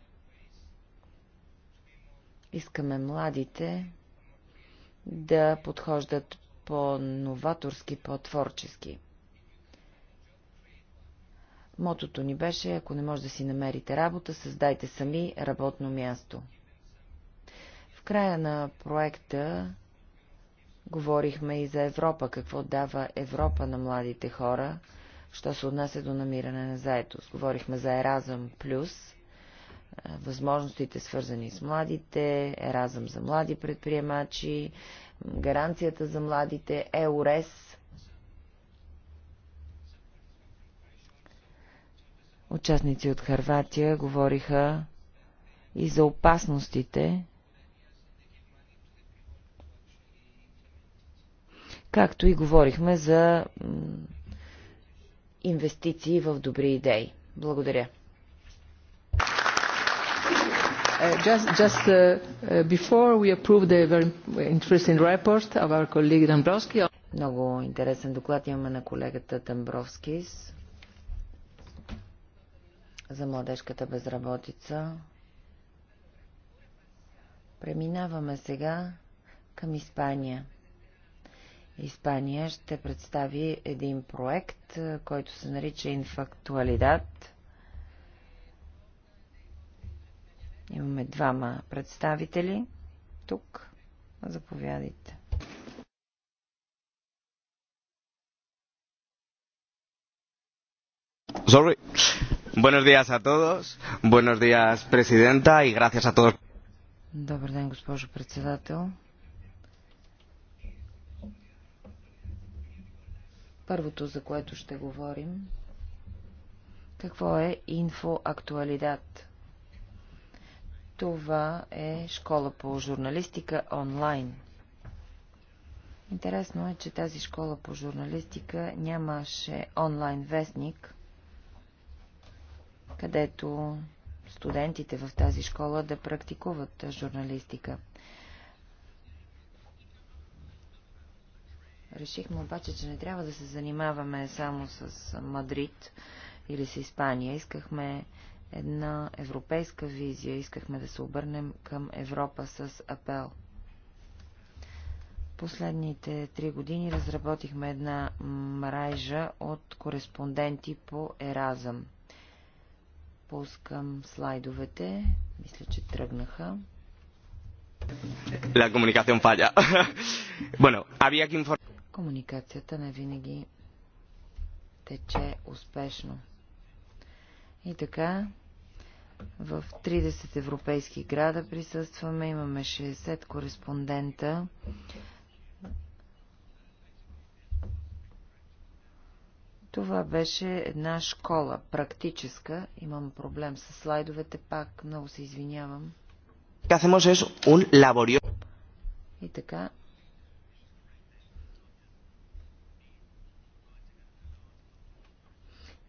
Искаме младите да подхождат по-новаторски, по-творчески. Мотото ни беше, ако не може да си намерите работа, създайте сами работно място. В края на проекта Говорихме и за Европа, какво дава Европа на младите хора, що се отнася до намиране на заетост. Говорихме за Еразъм Плюс, възможностите свързани с младите, Еразъм за млади предприемачи, гаранцията за младите, ЕОРЕС. Участници от Харватия говориха и за опасностите, както и говорихме за инвестиции в добри идеи. Благодаря. Uh, Just, just uh, uh, before we approve the very interesting report of our colleague Dombrovski. Много интересен доклад имаме на колегата Тамбровски за младежката безработица. Преминаваме сега към Испания. Испания ще представи един проект, който се нарича Инфактуалидат. Имаме двама представители тук. Заповядайте. Sorry. Buenos días a todos. Buenos días, presidenta, y gracias a todos. Добър ден, госпожо председател. Първото, за което ще говорим, какво е инфоактуалидат? Това е школа по журналистика онлайн. Интересно е, че тази школа по журналистика нямаше онлайн вестник, където студентите в тази школа да практикуват журналистика. Решихме обаче, че не трябва да се занимаваме само с Мадрид или с Испания. Искахме една европейска визия, искахме да се обърнем към Европа с апел. Последните три години разработихме една мрежа от кореспонденти по Еразъм. Пускам слайдовете. Мисля, че тръгнаха. La comunicación falla. bueno, había que informar комуникацията не винаги тече успешно. И така, в 30 европейски града присъстваме, имаме 60 кореспондента. Това беше една школа, практическа. Имам проблем с слайдовете, пак много се извинявам. И така,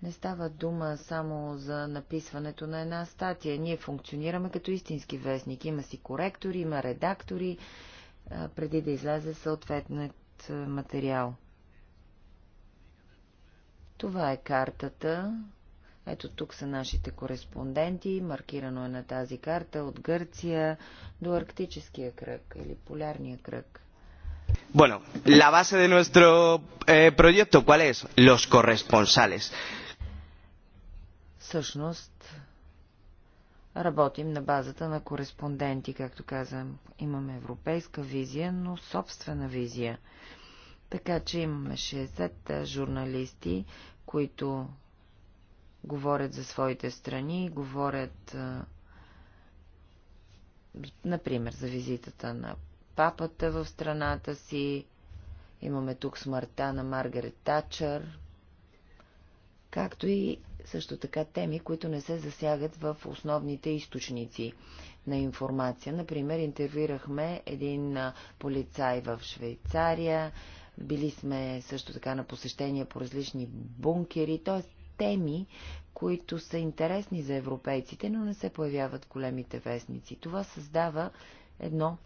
Не става дума само за написването на една статия. Ние функционираме като истински вестник. Има си коректори, има редактори, преди да излезе съответният материал. Това е картата. Ето тук са нашите кореспонденти. Маркирано е на тази карта от Гърция до Арктическия кръг или Полярния кръг. Bueno, la base de nuestro eh, proyecto, ¿cuál es? Los corresponsales всъщност работим на базата на кореспонденти, както казвам. Имаме европейска визия, но собствена визия. Така че имаме 60 журналисти, които говорят за своите страни, говорят, например, за визитата на папата в страната си. Имаме тук смъртта на Маргарет Тачър, както и също така теми, които не се засягат в основните източници на информация. Например, интервюирахме един полицай в Швейцария, били сме също така на посещения по различни бункери, т.е. теми, които са интересни за европейците, но не се появяват големите вестници. Това създава едно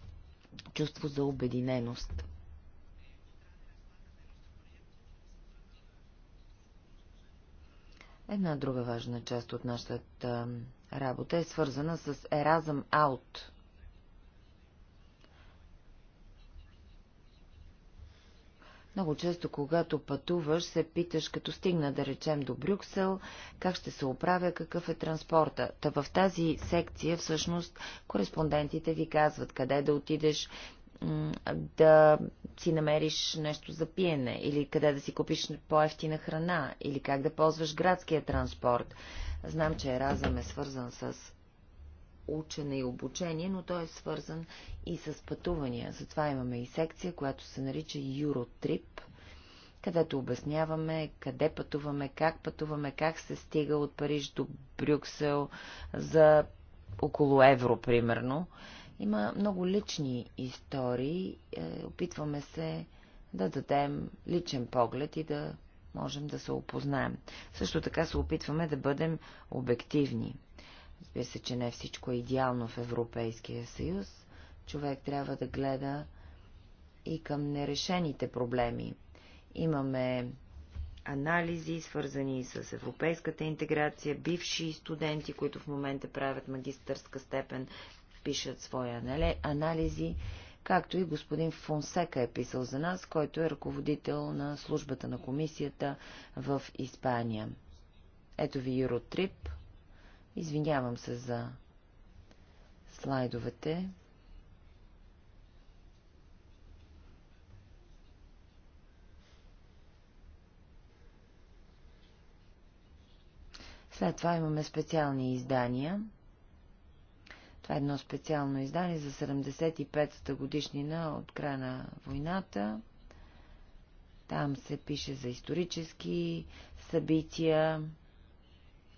чувство за обединеност. Една друга важна част от нашата работа е свързана с Еразъм Аут. Много често, когато пътуваш, се питаш, като стигна, да речем, до Брюксел, как ще се оправя, какъв е транспорта. Та в тази секция, всъщност, кореспондентите ви казват къде да отидеш, да си намериш нещо за пиене, или къде да си купиш по-ефтина храна, или как да ползваш градския транспорт. Знам, че Еразъм е свързан с учене и обучение, но той е свързан и с пътувания. Затова имаме и секция, която се нарича Eurotrip, където обясняваме къде пътуваме, как пътуваме, как се стига от Париж до Брюксел за около евро, примерно. Има много лични истории. Е, опитваме се да дадем личен поглед и да можем да се опознаем. Също така се опитваме да бъдем обективни. Разбира се, че не всичко е идеално в Европейския съюз. Човек трябва да гледа и към нерешените проблеми. Имаме анализи, свързани с европейската интеграция, бивши студенти, които в момента правят магистърска степен пишат свои анализи, както и господин Фонсека е писал за нас, който е ръководител на службата на комисията в Испания. Ето ви Юротрип. Извинявам се за слайдовете. След това имаме специални издания. Това е едно специално издание за 75-та годишнина от края на войната. Там се пише за исторически събития,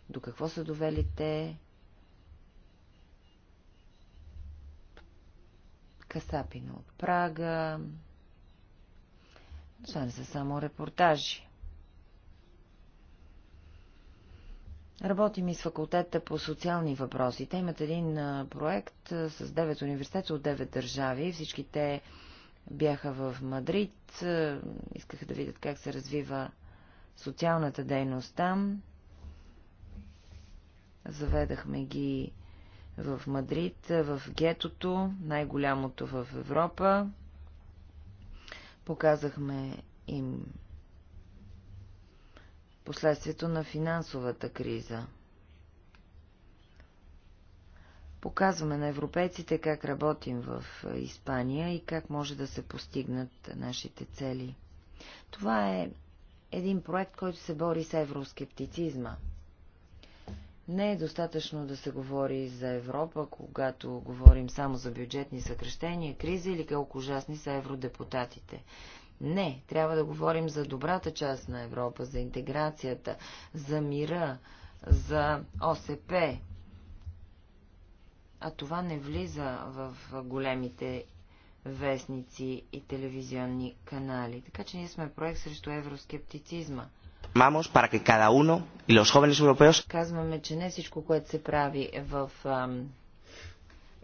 до какво са довели те, Касапина от Прага. Това не са само репортажи. Работим и с факултета по социални въпроси. Те имат един проект с 9 университета от 9 държави. Всички те бяха в Мадрид, искаха да видят как се развива социалната дейност там. Заведахме ги в Мадрид, в гетото, най-голямото в Европа. Показахме им последствието на финансовата криза. Показваме на европейците как работим в Испания и как може да се постигнат нашите цели. Това е един проект, който се бори с евроскептицизма. Не е достатъчно да се говори за Европа, когато говорим само за бюджетни съкрещения, криза или колко ужасни са евродепутатите. Не, трябва да говорим за добрата част на Европа, за интеграцията, за мира, за ОСП. А това не влиза в големите вестници и телевизионни канали. Така че ние сме проект срещу евроскептицизма. Мамос, para que cada uno y los jóvenes europeos... Казваме, че не всичко, което се прави в ам,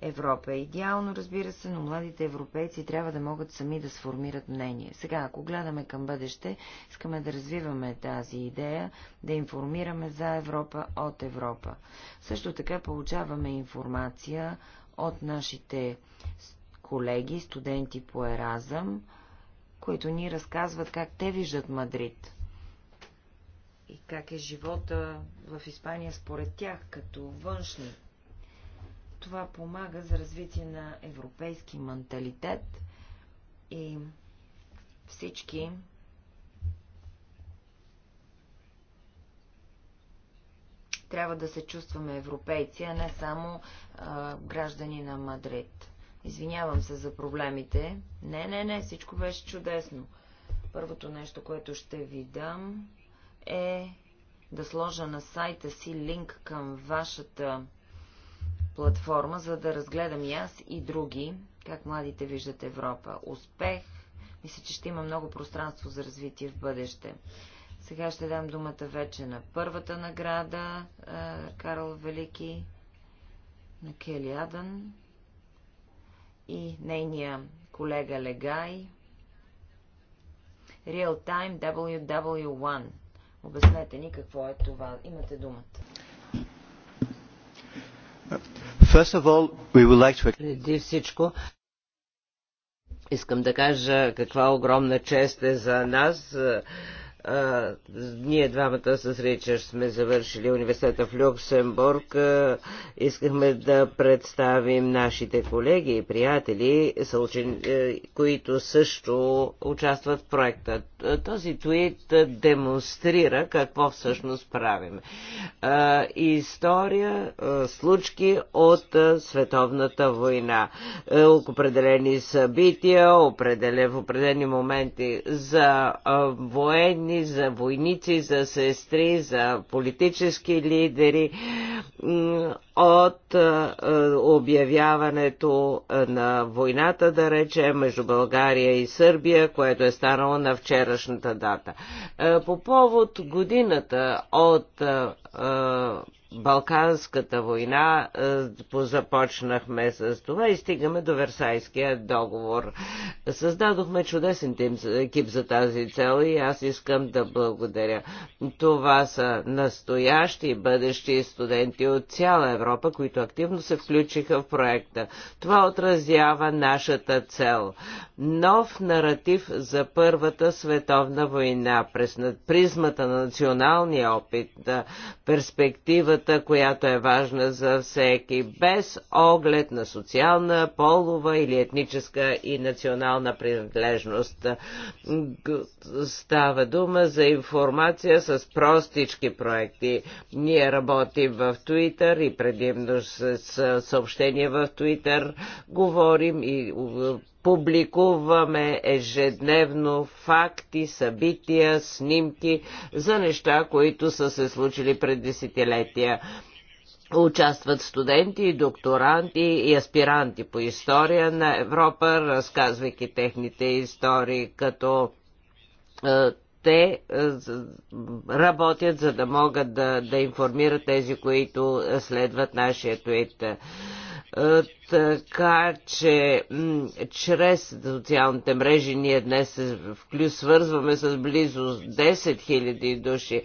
Европа е идеално, разбира се, но младите европейци трябва да могат сами да сформират мнение. Сега, ако гледаме към бъдеще, искаме да развиваме тази идея, да информираме за Европа от Европа. Също така получаваме информация от нашите колеги, студенти по Еразъм, които ни разказват как те виждат Мадрид и как е живота в Испания според тях, като външни това помага за развитие на европейски менталитет и всички трябва да се чувстваме европейци, а не само а, граждани на Мадрид. Извинявам се за проблемите. Не, не, не, всичко беше чудесно. Първото нещо, което ще ви дам е да сложа на сайта си линк към вашата платформа, за да разгледам и аз и други, как младите виждат Европа. Успех, мисля, че ще има много пространство за развитие в бъдеще. Сега ще дам думата вече на първата награда, Карл Велики, на Кели Адън и нейния колега Легай. Real Time ww 1 Обяснете ни какво е това. Имате думата. First of all, we would like to... Преди всичко, искам да кажа каква огромна чест е за нас а, ние двамата с Ричард сме завършили университета в Люксембург. А, искахме да представим нашите колеги и приятели, съучен, а, е, които също участват в проекта. Този твит демонстрира какво всъщност правим. А, история, а, случки от а, световната война. А, е, определени събития, определен, в определени моменти за а, военни военни, за войници, за сестри, за политически лидери от обявяването на войната, да рече, между България и Сърбия, което е станало на вчерашната дата. По повод годината от Балканската война е, започнахме с това и стигаме до Версайския договор. Създадохме чудесен екип за тази цел и аз искам да благодаря. Това са настоящи и бъдещи студенти от цяла Европа, които активно се включиха в проекта. Това отразява нашата цел. Нов наратив за Първата световна война през призмата на националния опит, перспективата темата, която е важна за всеки, без оглед на социална, полова или етническа и национална принадлежност. Става дума за информация с простички проекти. Ние работим в Твитър и предимно с съобщения в Твитър. Говорим и публикуваме ежедневно факти, събития, снимки за неща, които са се случили пред десетилетия. Участват студенти, докторанти и аспиранти по история на Европа, разказвайки техните истории, като е, те е, работят, за да могат да, да информират тези, които следват нашия твит. Е, така че чрез социалните мрежи ние днес се свързваме с близо 10 000 души. Е,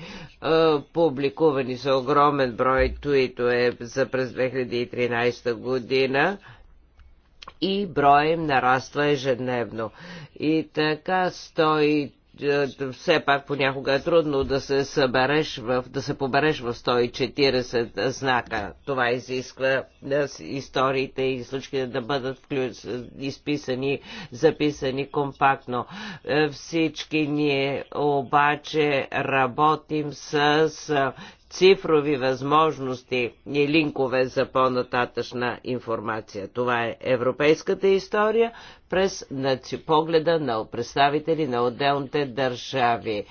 публикувани са огромен брой е за през 2013 година и броем нараства ежедневно. И така е, все пак понякога е трудно да се събереш в, да се побереш в 140 знака. Това изисква е, историите и случките да бъдат включ, изписани, записани компактно. Е, всички ние обаче работим с цифрови възможности и линкове за по-нататъчна информация. Това е европейската история през погледа на представители на отделните държави.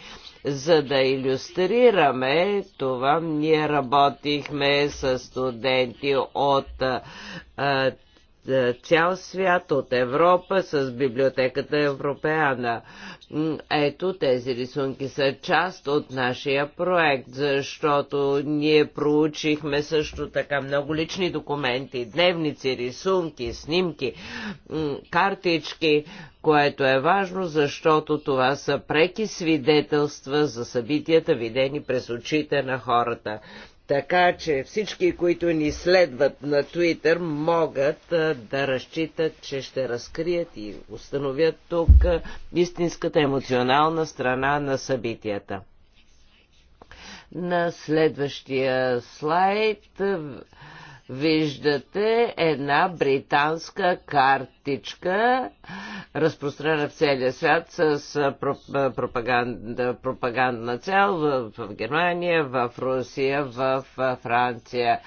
За да иллюстрираме това, ние работихме с студенти от е, цял свят, от Европа, с библиотеката Европеана. Ето, тези рисунки са част от нашия проект, защото ние проучихме също така много лични документи, дневници, рисунки, снимки, картички, което е важно, защото това са преки свидетелства за събитията, видени през очите на хората. Така че всички, които ни следват на Твитър, могат да разчитат, че ще разкрият и установят тук истинската емоционална страна на събитията. На следващия слайд виждате една британска картичка, разпространена в целия свят с пропаганда, пропагандна цел в, в Германия, в Русия, в Франция.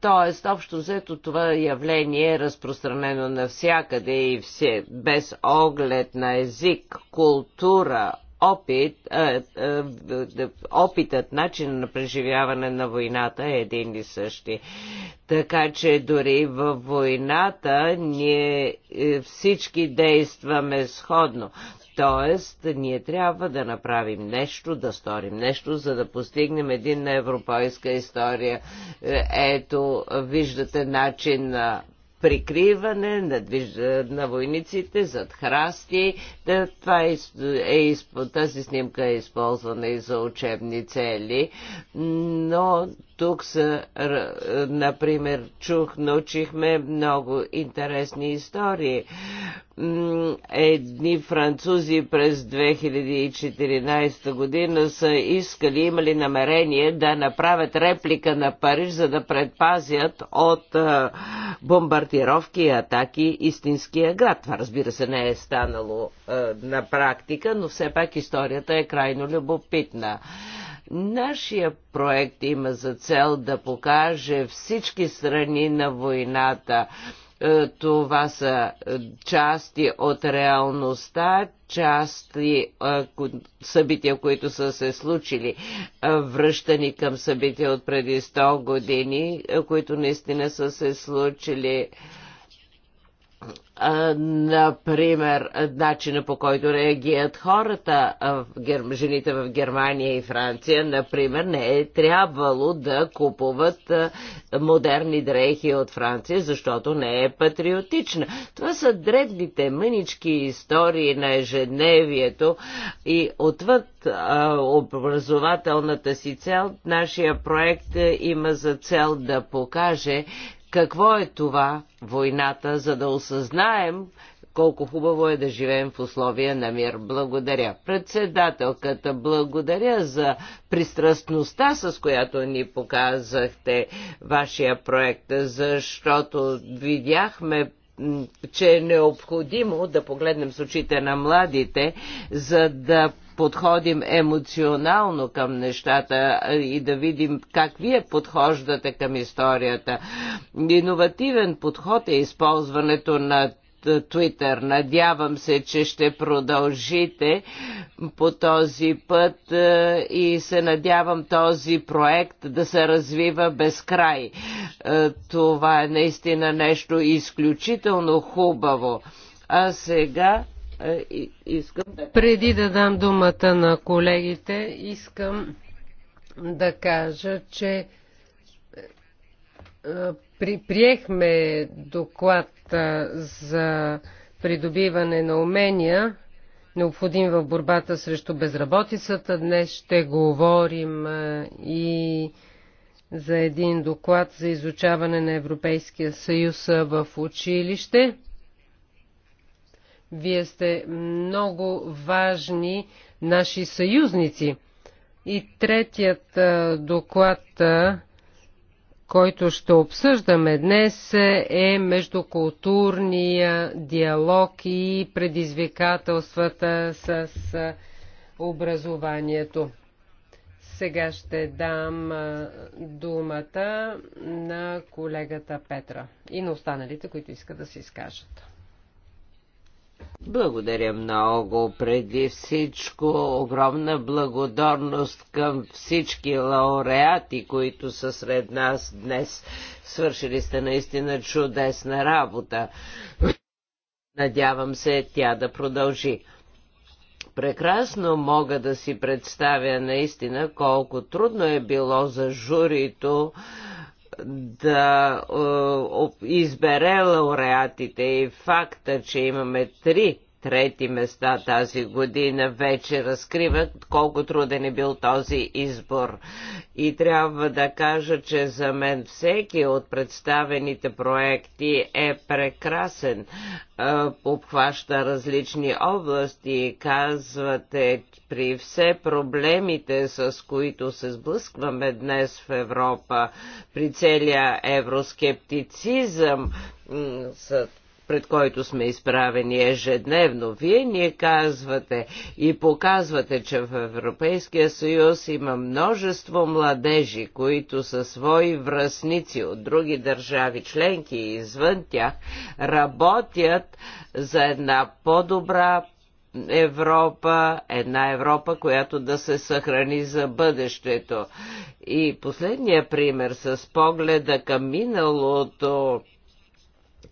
Тоест, общо взето това явление е разпространено навсякъде и все, без оглед на език, култура, опит, опитът, начин на преживяване на войната е един и същи. Така че дори във войната ние е, всички действаме сходно. Тоест, ние трябва да направим нещо, да сторим нещо, за да постигнем един на европейска история. Е, ето, виждате начин на прикриване на, движ... на войниците зад храсти. Това е, е, тази снимка е използвана и за учебни цели, но тук са, например, чух, научихме много интересни истории. Едни французи през 2014 година са искали, имали намерение да направят реплика на Париж, за да предпазят от бомбардировки и атаки истинския град. Това разбира се не е станало на практика, но все пак историята е крайно любопитна. Нашия проект има за цел да покаже всички страни на войната. Е, това са части от реалността, части е, събития, които са се случили, е, връщани към събития от преди 100 години, които наистина са се случили например, начина по който реагират хората, в гер... жените в Германия и Франция, например, не е трябвало да купуват модерни дрехи от Франция, защото не е патриотична. Това са дребните мънички истории на ежедневието и отвъд образователната си цел, нашия проект има за цел да покаже, какво е това войната, за да осъзнаем колко хубаво е да живеем в условия на мир. Благодаря. Председателката, благодаря за пристрастността, с която ни показахте вашия проект, защото видяхме че е необходимо да погледнем с очите на младите, за да подходим емоционално към нещата и да видим как вие подхождате към историята. Иновативен подход е използването на Twitter. Надявам се, че ще продължите по този път и се надявам този проект да се развива без край. Това е наистина нещо изключително хубаво. А сега е, искам Преди да дам думата на колегите, искам да кажа, че е, при, приехме доклад за придобиване на умения, необходим в борбата срещу безработицата. Днес ще говорим и за един доклад за изучаване на Европейския съюз в училище. Вие сте много важни наши съюзници. И третият доклад, който ще обсъждаме днес, е междукултурния диалог и предизвикателствата с образованието. Сега ще дам думата на колегата Петра и на останалите, които искат да се изкажат. Благодаря много. Преди всичко огромна благодарност към всички лауреати, които са сред нас днес. Свършили сте наистина чудесна работа. Надявам се тя да продължи. Прекрасно мога да си представя наистина колко трудно е било за журито да е, избере лауреатите и факта, че имаме три трети места тази година, вече разкриват колко труден е бил този избор. И трябва да кажа, че за мен всеки от представените проекти е прекрасен. Е, обхваща различни области. Казвате, при все проблемите, с които се сблъскваме днес в Европа, при целия евроскептицизъм, пред който сме изправени ежедневно. Вие ние казвате и показвате, че в Европейския съюз има множество младежи, които са свои връзници от други държави, членки и извън тях, работят за една по-добра, Европа, една Европа, която да се съхрани за бъдещето. И последния пример с погледа към миналото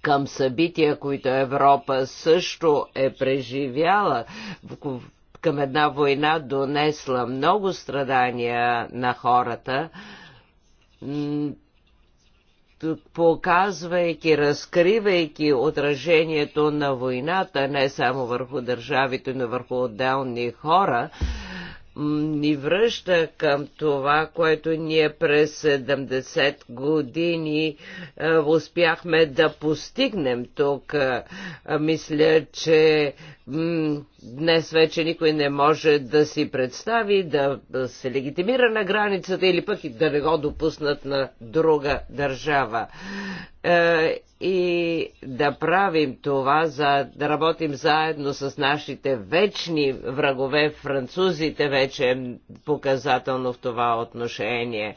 към събития, които Европа също е преживяла, към една война донесла много страдания на хората, показвайки, разкривайки отражението на войната не само върху държавите, но върху отделни хора, ни връща към това, което ние през 70 години е, успяхме да постигнем тук. Е, мисля, че Днес вече никой не може да си представи да се легитимира на границата или пък и да не го допуснат на друга държава. Е, и да правим това, за да работим заедно с нашите вечни врагове, французите вече е показателно в това отношение.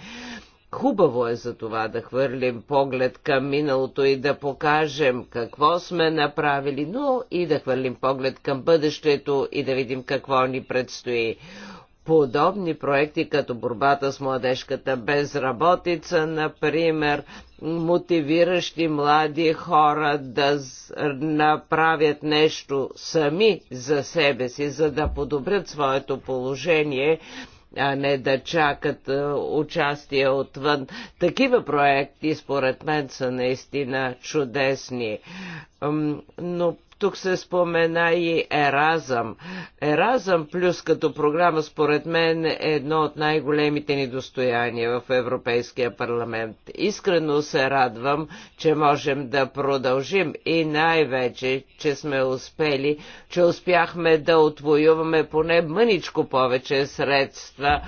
Хубаво е за това да хвърлим поглед към миналото и да покажем какво сме направили, но и да хвърлим поглед към бъдещето и да видим какво ни предстои. Подобни проекти като борбата с младежката безработица, например, мотивиращи млади хора да направят нещо сами за себе си, за да подобрят своето положение а не да чакат участие отвън. Такива проекти, според мен, са наистина чудесни. Но тук се спомена и Еразъм. Еразъм плюс като програма според мен е едно от най-големите ни достояния в Европейския парламент. Искрено се радвам, че можем да продължим и най-вече, че сме успели, че успяхме да отвоюваме поне мъничко повече средства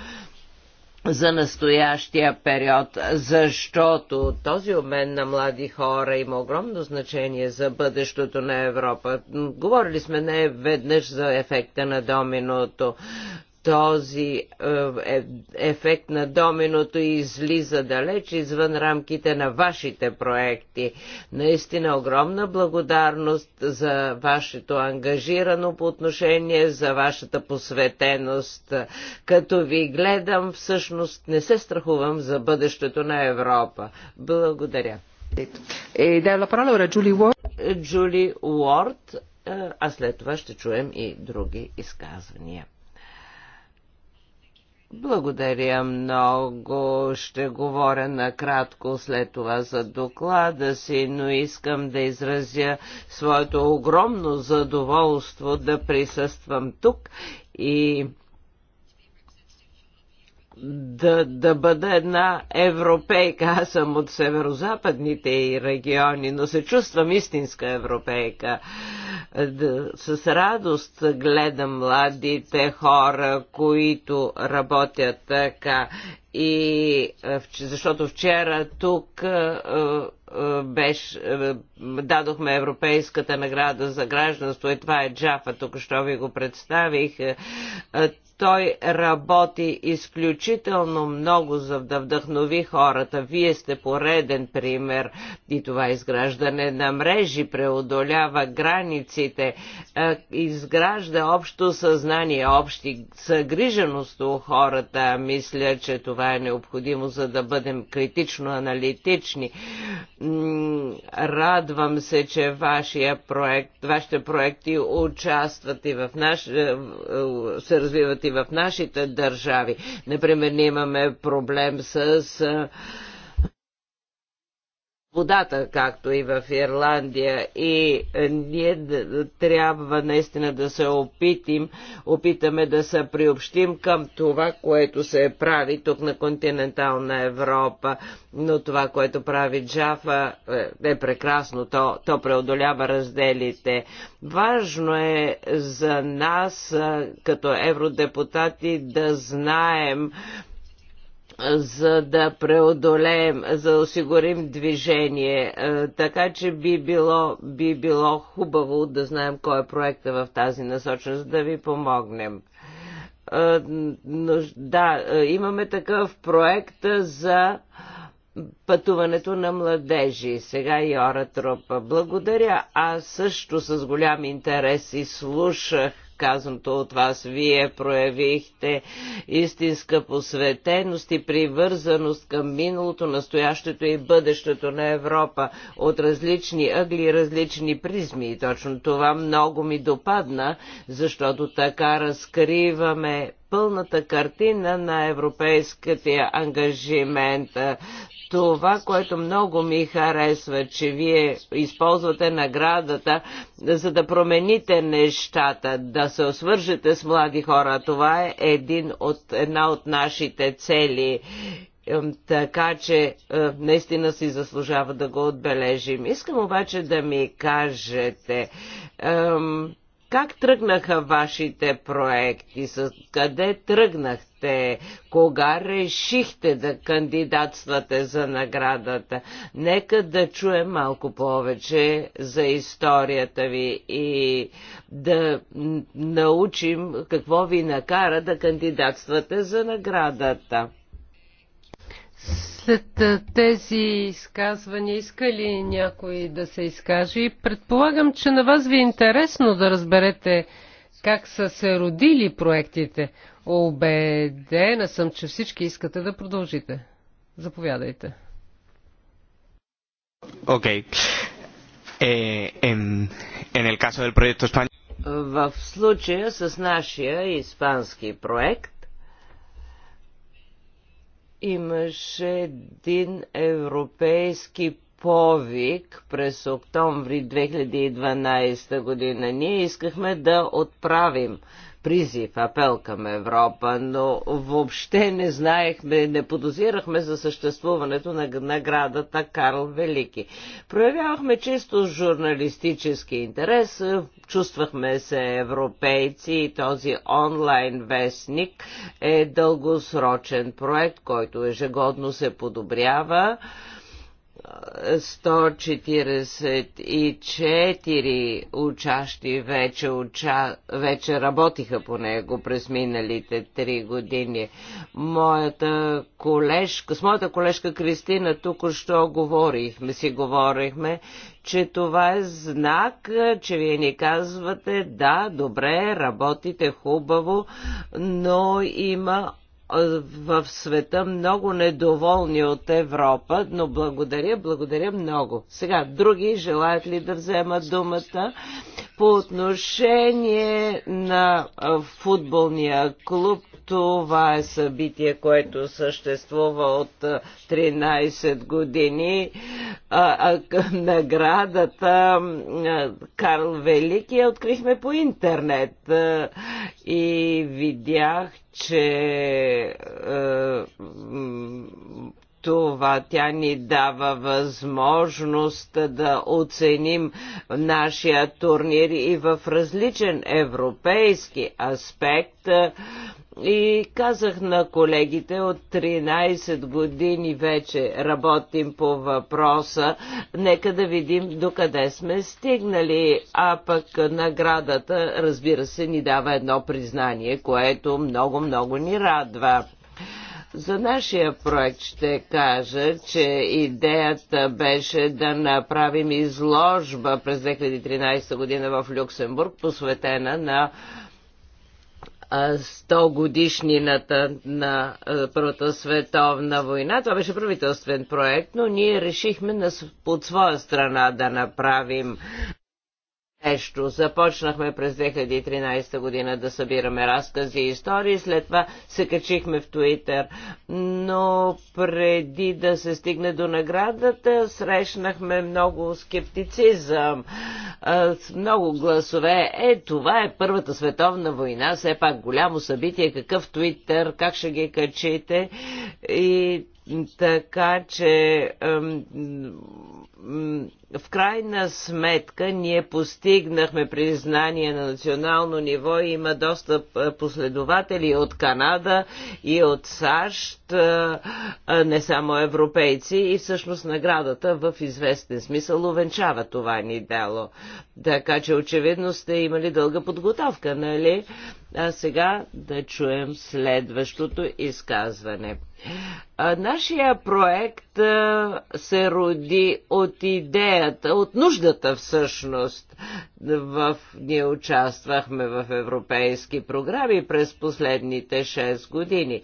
за настоящия период, защото този обмен на млади хора има огромно значение за бъдещето на Европа. Говорили сме не веднъж за ефекта на доминото този е, е, ефект на доминото излиза далеч извън рамките на вашите проекти. Наистина огромна благодарност за вашето ангажирано по отношение, за вашата посветеност. Като ви гледам, всъщност не се страхувам за бъдещето на Европа. Благодаря. Е, Джули Уорд, е, а след това ще чуем и други изказвания. Благодаря много. Ще говоря накратко след това за доклада си, но искам да изразя своето огромно задоволство да присъствам тук и да, да бъда една европейка. Аз съм от северо-западните региони, но се чувствам истинска европейка. с радост гледам младите хора, които работят така. И защото вчера тук беше, дадохме Европейската награда за гражданство и това е Джафа, тук що ви го представих. Той работи изключително много за да вдъхнови хората. Вие сте пореден пример и това изграждане на мрежи преодолява границите, е, изгражда общо съзнание, общи съгриженост у хората. Мисля, че това е необходимо, за да бъдем критично аналитични. Радвам се, че вашия проект, вашите проекти участват и в наш, е, е, се развиват и в нашите държави. Например, ние имаме проблем с водата, както и в Ирландия. И е, ние трябва наистина да се опитим, опитаме да се приобщим към това, което се прави тук на континентална Европа. Но това, което прави Джафа е, е прекрасно. То, то преодолява разделите. Важно е за нас, е, като евродепутати, да знаем, за да преодолеем, за да осигурим движение. Е, така че би било, би било хубаво да знаем кой е проекта в тази насоченост, да ви помогнем е, да, е, имаме такъв проект за пътуването на младежи. Сега Йора Тропа. Благодаря. Аз също с голям интерес и слушах казаното от вас. Вие проявихте истинска посветеност и привързаност към миналото, настоящето и бъдещето на Европа от различни ъгли, и различни призми. И точно това много ми допадна, защото така разкриваме пълната картина на европейския ангажимент. Това, което много ми харесва, че вие използвате наградата, за да промените нещата, да се освържете с млади хора. Това е един от, една от нашите цели така че е, наистина си заслужава да го отбележим. Искам обаче да ми кажете, ем, как тръгнаха вашите проекти? С къде тръгнахте? Кога решихте да кандидатствате за наградата? Нека да чуем малко повече за историята ви и да научим какво ви накара да кандидатствате за наградата. След тези изказвания иска ли някой да се изкаже? И предполагам, че на вас ви е интересно да разберете как са се родили проектите. Обедена съм, че всички искате да продължите. Заповядайте. Окей. Okay. Eh, В случая с нашия испански проект имаше един европейски повик през октомври 2012 година. Ние искахме да отправим призив, апел към Европа, но въобще не знаехме, не подозирахме за съществуването на наградата Карл Велики. Проявявахме чисто журналистически интерес, чувствахме се европейци и този онлайн вестник е дългосрочен проект, който ежегодно се подобрява. 144 учащи вече, уча, вече работиха по него през миналите три години. Моята колежка, с моята колежка Кристина тук-що говорихме, си говорихме, че това е знак, че вие ни казвате, да, добре, работите хубаво, но има в света много недоволни от Европа, но благодаря, благодаря много. Сега, други желаят ли да вземат думата? По отношение на футболния клуб, това е събитие, което съществува от 13 години. А, а, наградата Карл Велики я открихме по интернет и видях, че това тя ни дава възможност да оценим нашия турнир и в различен европейски аспект. И казах на колегите, от 13 години вече работим по въпроса, нека да видим докъде сме стигнали, а пък наградата, разбира се, ни дава едно признание, което много-много ни радва. За нашия проект ще кажа, че идеята беше да направим изложба през 2013 година в Люксембург, посветена на 100 годишнината на Първата световна война. Това беше правителствен проект, но ние решихме под своя страна да направим нещо. Започнахме през 2013 година да събираме разкази и истории, след това се качихме в Туитър. Но преди да се стигне до наградата, срещнахме много скептицизъм, много гласове. Е, това е Първата световна война, все пак голямо събитие, какъв Туитър, как ще ги качите. И така че в крайна сметка ние постигнахме признание на национално ниво и има доста е, последователи от Канада и от САЩ, е, е, не само европейци и всъщност наградата в известен смисъл увенчава това ни дело. Така че очевидно сте имали дълга подготовка, нали? А сега да чуем следващото изказване. А, нашия проект а, се роди от идеята, от нуждата всъщност. В, ние участвахме в европейски програми през последните 6 години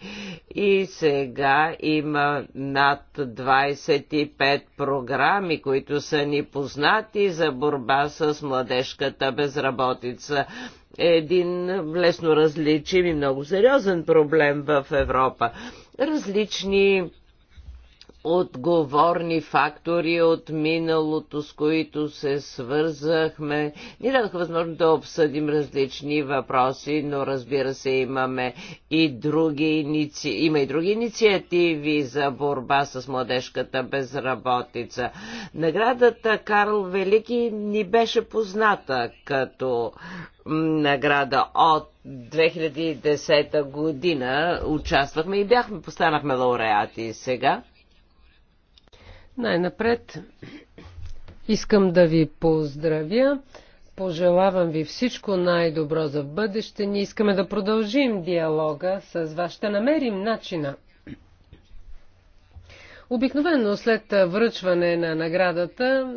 и сега има над 25 програми, които са ни познати за борба с младежката безработица е един лесно различим и много сериозен проблем в Европа. Различни отговорни фактори от миналото, с които се свързахме. Ни дадоха възможност да обсъдим различни въпроси, но разбира се имаме и други, има и други инициативи за борба с младежката безработица. Наградата Карл Велики ни беше позната като награда от 2010 година. Участвахме и бяхме, постанахме лауреати сега най-напред искам да ви поздравя. Пожелавам ви всичко най-добро за бъдеще. Ние искаме да продължим диалога с вас. Ще намерим начина. Обикновено след връчване на наградата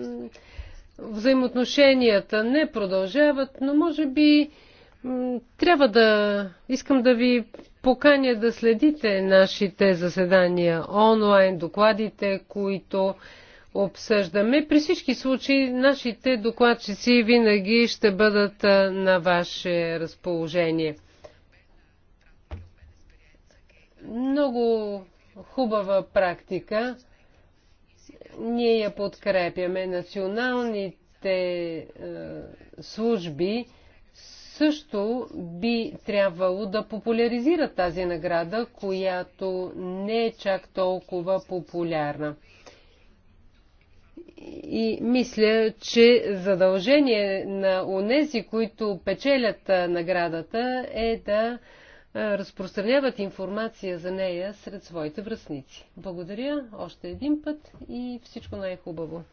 взаимоотношенията не продължават, но може би трябва да искам да ви поканя да следите нашите заседания онлайн, докладите, които обсъждаме. При всички случаи нашите докладчици винаги ще бъдат на ваше разположение. Много хубава практика. Ние я подкрепяме. Националните служби също би трябвало да популяризират тази награда, която не е чак толкова популярна. И мисля, че задължение на онези, които печелят наградата, е да разпространяват информация за нея сред своите връзници. Благодаря още един път и всичко най-хубаво.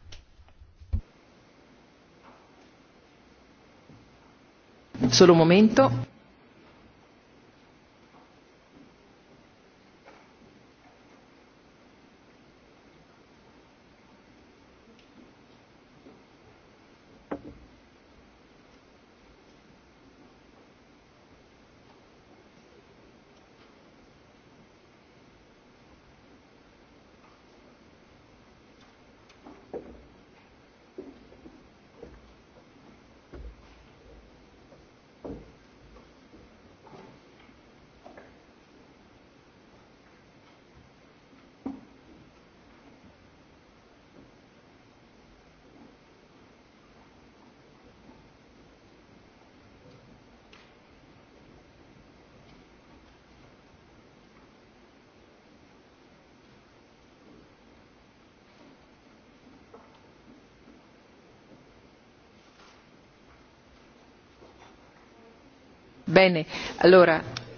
Solo un momento.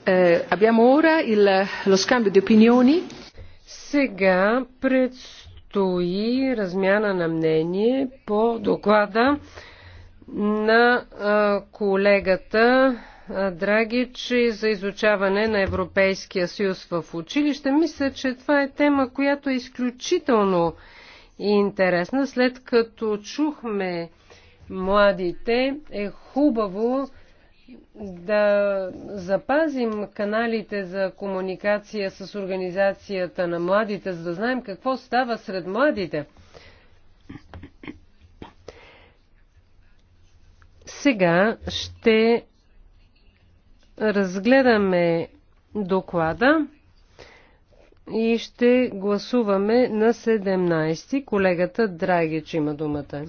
Eh, abbiamo ora lo scambio di opinioni. Сега предстои размяна на мнение по доклада на колегата Драгич за изучаване на Европейския съюз в училище. Мисля, че това е тема, която е изключително интересна. След като чухме младите, е хубаво да запазим каналите за комуникация с организацията на младите, за да знаем какво става сред младите. Сега ще разгледаме доклада и ще гласуваме на 17. Колегата Драгич има думата.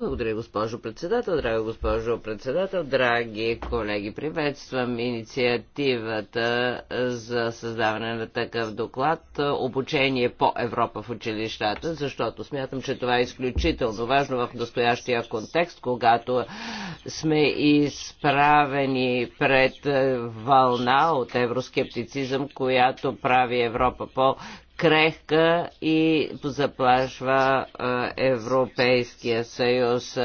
Благодаря, госпожо председател. Драго госпожо председател, драги колеги, приветствам инициативата за създаване на такъв доклад обучение по Европа в училищата, защото смятам, че това е изключително важно в настоящия контекст, когато сме изправени пред вълна от евроскептицизъм, която прави Европа по крехка и заплашва Европейския съюз.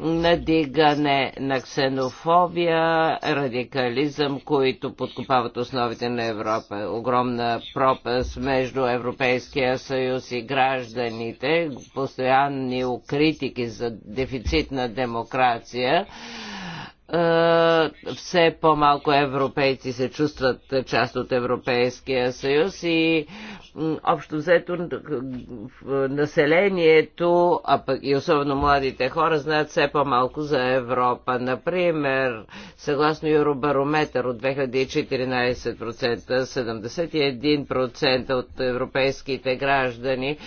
Надигане на ксенофобия, радикализъм, които подкопават основите на Европа. Огромна пропаст между Европейския съюз и гражданите, постоянни критики за дефицит на демокрация е, все по-малко европейци се чувстват част от Европейския съюз и общо взето населението, а пък и особено младите хора знаят все по-малко за Европа. Например, съгласно Евробарометър от 2014%, 71% от европейските граждани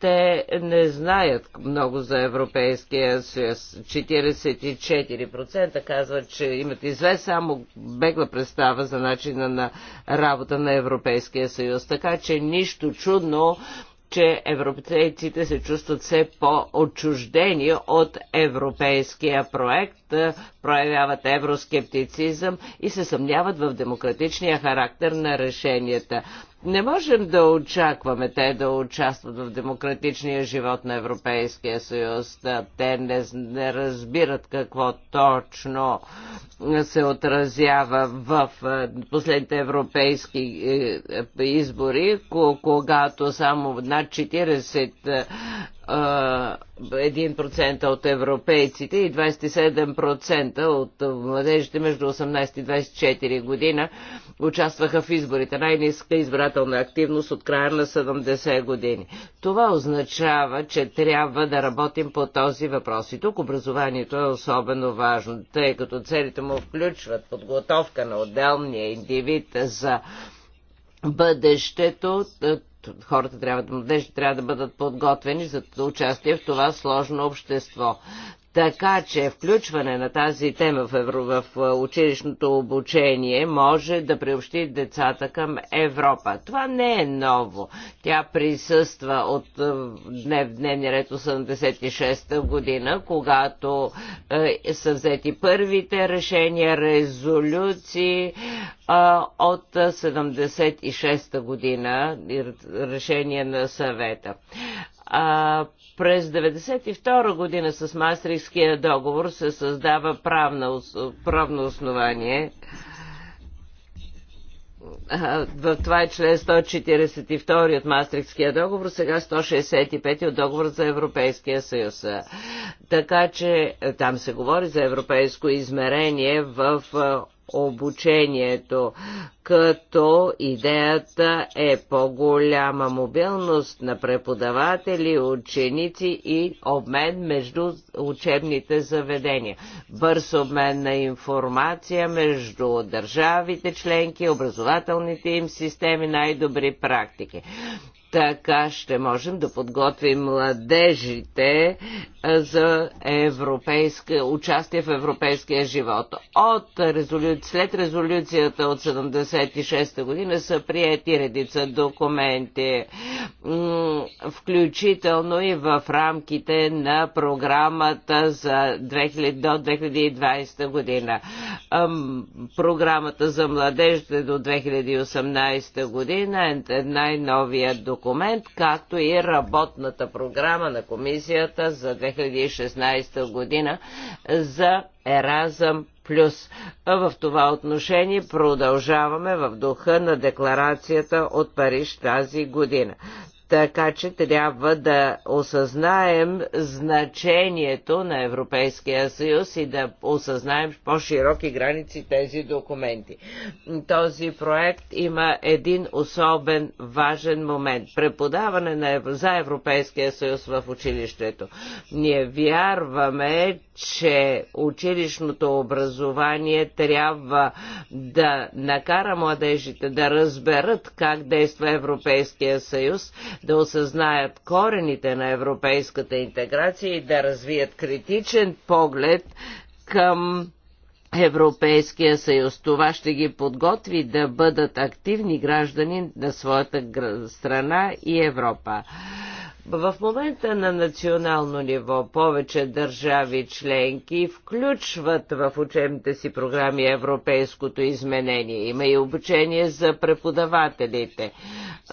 те не знаят много за Европейския съюз. 44% казват, че имат извест, само бегла представа за начина на работа на Европейския съюз. Така че нищо чудно, че европейците се чувстват все по-отчуждени от европейския проект, проявяват евроскептицизъм и се съмняват в демократичния характер на решенията. Не можем да очакваме те да участват в демократичния живот на Европейския съюз. Те не, не разбират какво точно се отразява в последните европейски е, е, избори, когато само над 40 1% от европейците и 27% от младежите между 18 и 24 година участваха в изборите. Най-ниска избирателна активност от края на 70 години. Това означава, че трябва да работим по този въпрос. И тук образованието е особено важно, тъй като целите му включват подготовка на отделния индивид за бъдещето, хората трябва, младежите трябва да бъдат подготвени за участие в това сложно общество. Така че включване на тази тема в, евро, в училищното обучение може да приобщи децата към Европа. Това не е ново. Тя присъства от днев, дневния ред 86-та година, когато е, са взети първите решения, резолюции е, от 76-та година, решение на съвета. А, през 1992 година с Мастрихския договор се създава правна, правно основание в това е член 142 от Мастрихския договор, сега 165 от договор за Европейския съюз. Така че е, там се говори за европейско измерение в е, обучението, като идеята е по-голяма мобилност на преподаватели, ученици и обмен между учебните заведения. Бърз обмен на информация между държавите членки, образователните им системи, най-добри практики. Така ще можем да подготвим младежите за европейска, участие в европейския живот. От резолю... След резолюцията от 76-та година са приети редица документи, включително и в рамките на програмата за 2000... до 2020 година. Програмата за младежите до 2018 година е най-новият документ, както и работната програма на комисията за 2020 2016 година за Еразъм Плюс. В това отношение продължаваме в духа на декларацията от Париж тази година. Така че трябва да осъзнаем значението на Европейския съюз и да осъзнаем по-широки граници тези документи. Този проект има един особен важен момент. Преподаване на, за Европейския съюз в училището. Ние вярваме, че училищното образование трябва да накара младежите да разберат как действа Европейския съюз, да осъзнаят корените на европейската интеграция и да развият критичен поглед към Европейския съюз. Това ще ги подготви да бъдат активни граждани на своята страна и Европа. В момента на национално ниво повече държави членки включват в учебните си програми европейското изменение. Има и обучение за преподавателите,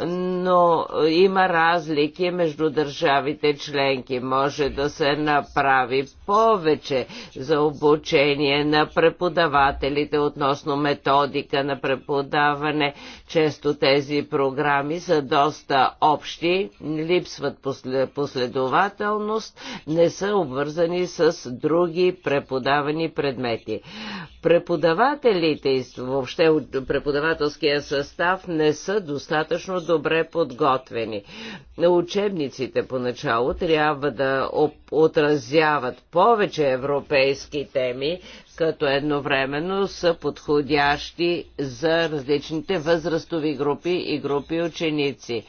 но има разлики между държавите членки. Може да се направи повече за обучение на преподавателите относно методика на преподаване. Често тези програми са доста общи, липсват последователност, не са обвързани с други преподавани предмети. Преподавателите и въобще преподавателския състав не са достатъчно добре подготвени. Учебниците поначало трябва да отразяват повече европейски теми, като едновременно са подходящи за различните възрастови групи и групи ученици.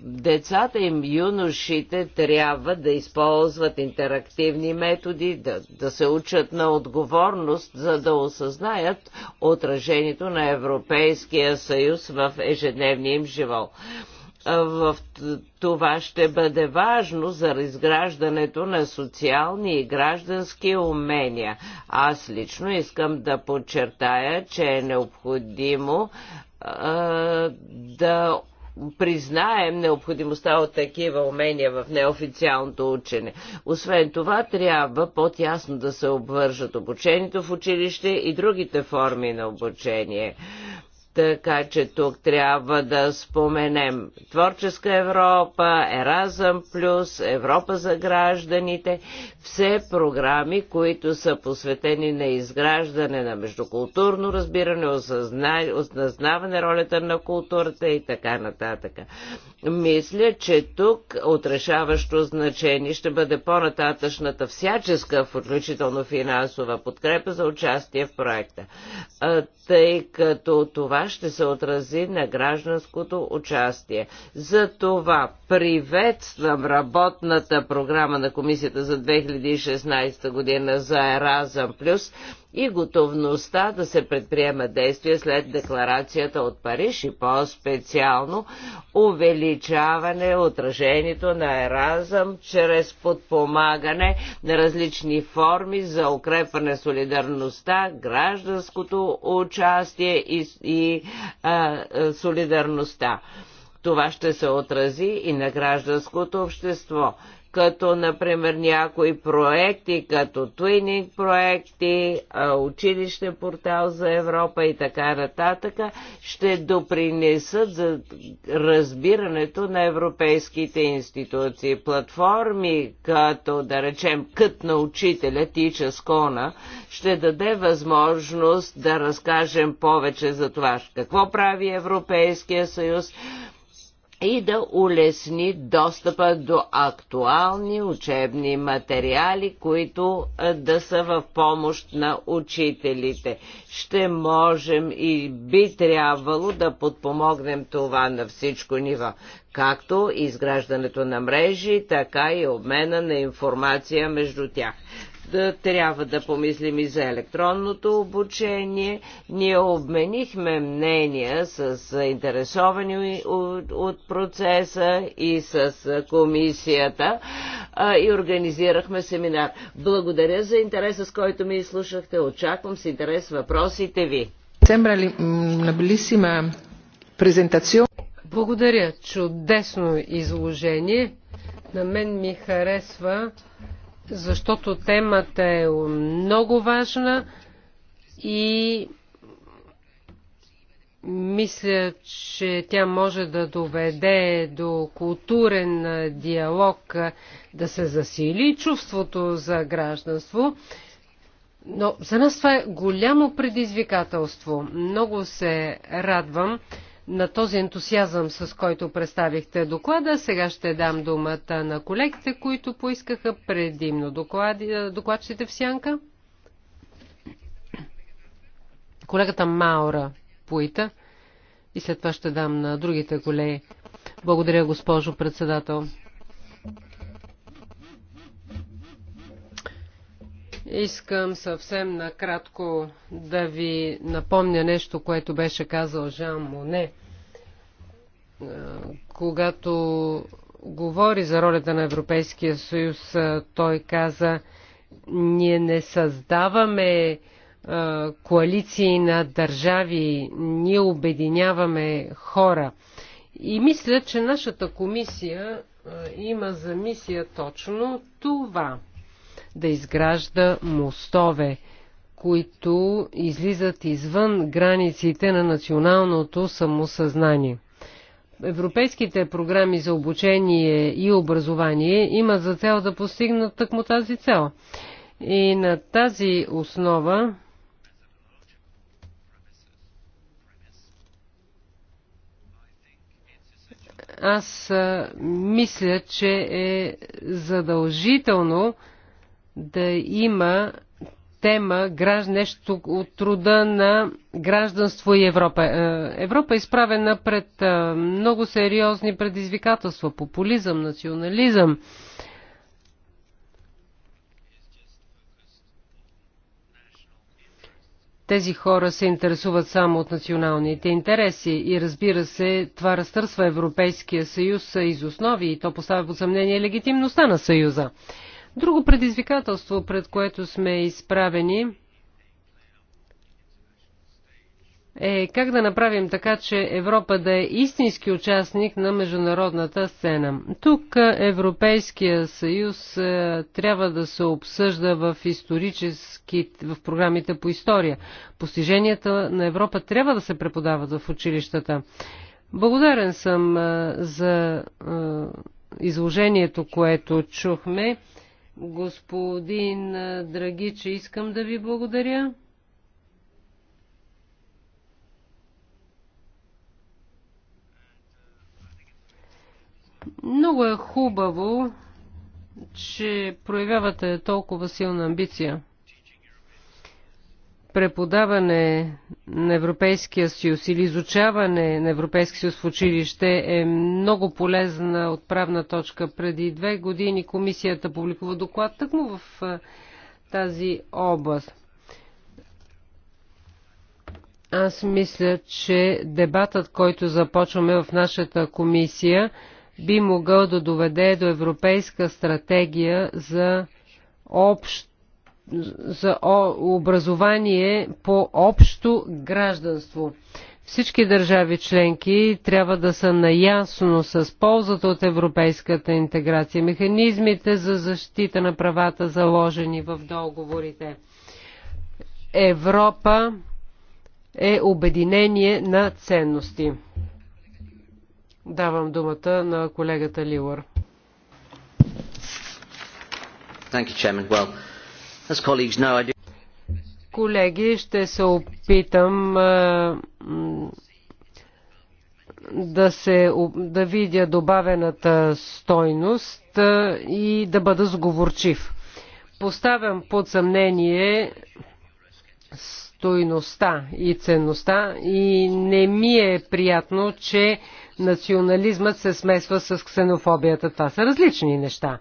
Децата им, юношите трябва да използват интерактивни методи, да, да се учат на отговорност, за да осъзнаят отражението на Европейския съюз в ежедневния им живот. В това ще бъде важно за изграждането на социални и граждански умения. Аз лично искам да подчертая, че е необходимо да признаем необходимостта от такива умения в неофициалното учене. Освен това, трябва по-тясно да се обвържат обучението в училище и другите форми на обучение. Така че тук трябва да споменем Творческа Европа, Еразъм Плюс, Европа за гражданите, все програми, които са посветени на изграждане на междукултурно разбиране, осъзнаване, на ролята на културата и така нататък. Мисля, че тук отрешаващо значение ще бъде по-нататъчната всяческа, включително финансова подкрепа за участие в проекта. Тъй като това ще се отрази на гражданското участие. За това приветствам работната програма на Комисията за 2016 година за Еразъм Плюс, и готовността да се предприема действия след декларацията от Париж и по-специално увеличаване отражението на еразъм чрез подпомагане на различни форми за укрепване солидарността, гражданското участие и, и а, солидарността. Това ще се отрази и на гражданското общество като например някои проекти, като Twinning проекти, училище портал за Европа и така нататък, ще допринесат за разбирането на европейските институции. Платформи, като да речем кът на учителя, Тича Скона, ще даде възможност да разкажем повече за това, какво прави Европейския съюз, и да улесни достъпа до актуални учебни материали, които е, да са в помощ на учителите. Ще можем и би трябвало да подпомогнем това на всичко ниво, както изграждането на мрежи, така и обмена на информация между тях да, е, трябва да помислим и за електронното обучение. Ние обменихме мнения с заинтересовани от, от процеса и с комисията а, и организирахме семинар. Благодаря за интереса, с който ми изслушахте. Очаквам с интерес въпросите ви. Благодаря. Чудесно изложение. На мен ми харесва защото темата е много важна и мисля, че тя може да доведе до културен диалог, да се засили чувството за гражданство. Но за нас това е голямо предизвикателство. Много се радвам, на този ентусиазъм, с който представихте доклада. Сега ще дам думата на колегите, които поискаха предимно доклади, е, докладчите в сянка. Колегата Маура поита и след това ще дам на другите колеги. Благодаря, госпожо председател. Искам съвсем накратко да ви напомня нещо, което беше казал Жан Моне, когато говори за ролята на Европейския съюз, той каза, ние не създаваме коалиции на държави, ние обединяваме хора. И мисля, че нашата комисия има за мисия точно това да изгражда мостове, които излизат извън границите на националното самосъзнание. Европейските програми за обучение и образование имат за цел да постигнат тъкмо тази цел. И на тази основа аз мисля, че е задължително да има тема нещо от труда на гражданство и Европа. Е, Европа е изправена пред е, много сериозни предизвикателства. Популизъм, национализъм. Тези хора се интересуват само от националните интереси и разбира се, това разтърсва Европейския съюз из основи и то поставя под съмнение легитимността на съюза. Друго предизвикателство, пред което сме изправени, е как да направим така, че Европа да е истински участник на международната сцена. Тук е, Европейския съюз е, трябва да се обсъжда в исторически, в програмите по история. Постиженията на Европа трябва да се преподават в училищата. Благодарен съм е, за изложението, което чухме. Господин Драгиче, искам да ви благодаря. Много е хубаво, че проявявате толкова силна амбиция преподаване на Европейския съюз или изучаване на Европейския съюз в училище е много полезна отправна точка. Преди две години комисията публикува доклад тъкмо в тази област. Аз мисля, че дебатът, който започваме в нашата комисия, би могъл да доведе до европейска стратегия за общ за образование по общо гражданство. Всички държави членки трябва да са наясно с ползата от европейската интеграция, механизмите за защита на правата заложени в договорите. Европа е обединение на ценности. Давам думата на колегата Лилър. Thank you, Chairman. Well, Колеги, ще се опитам да, се, да видя добавената стойност и да бъда сговорчив. Поставям под съмнение стойността и ценността и не ми е приятно, че национализмът се смесва с ксенофобията. Това са различни неща.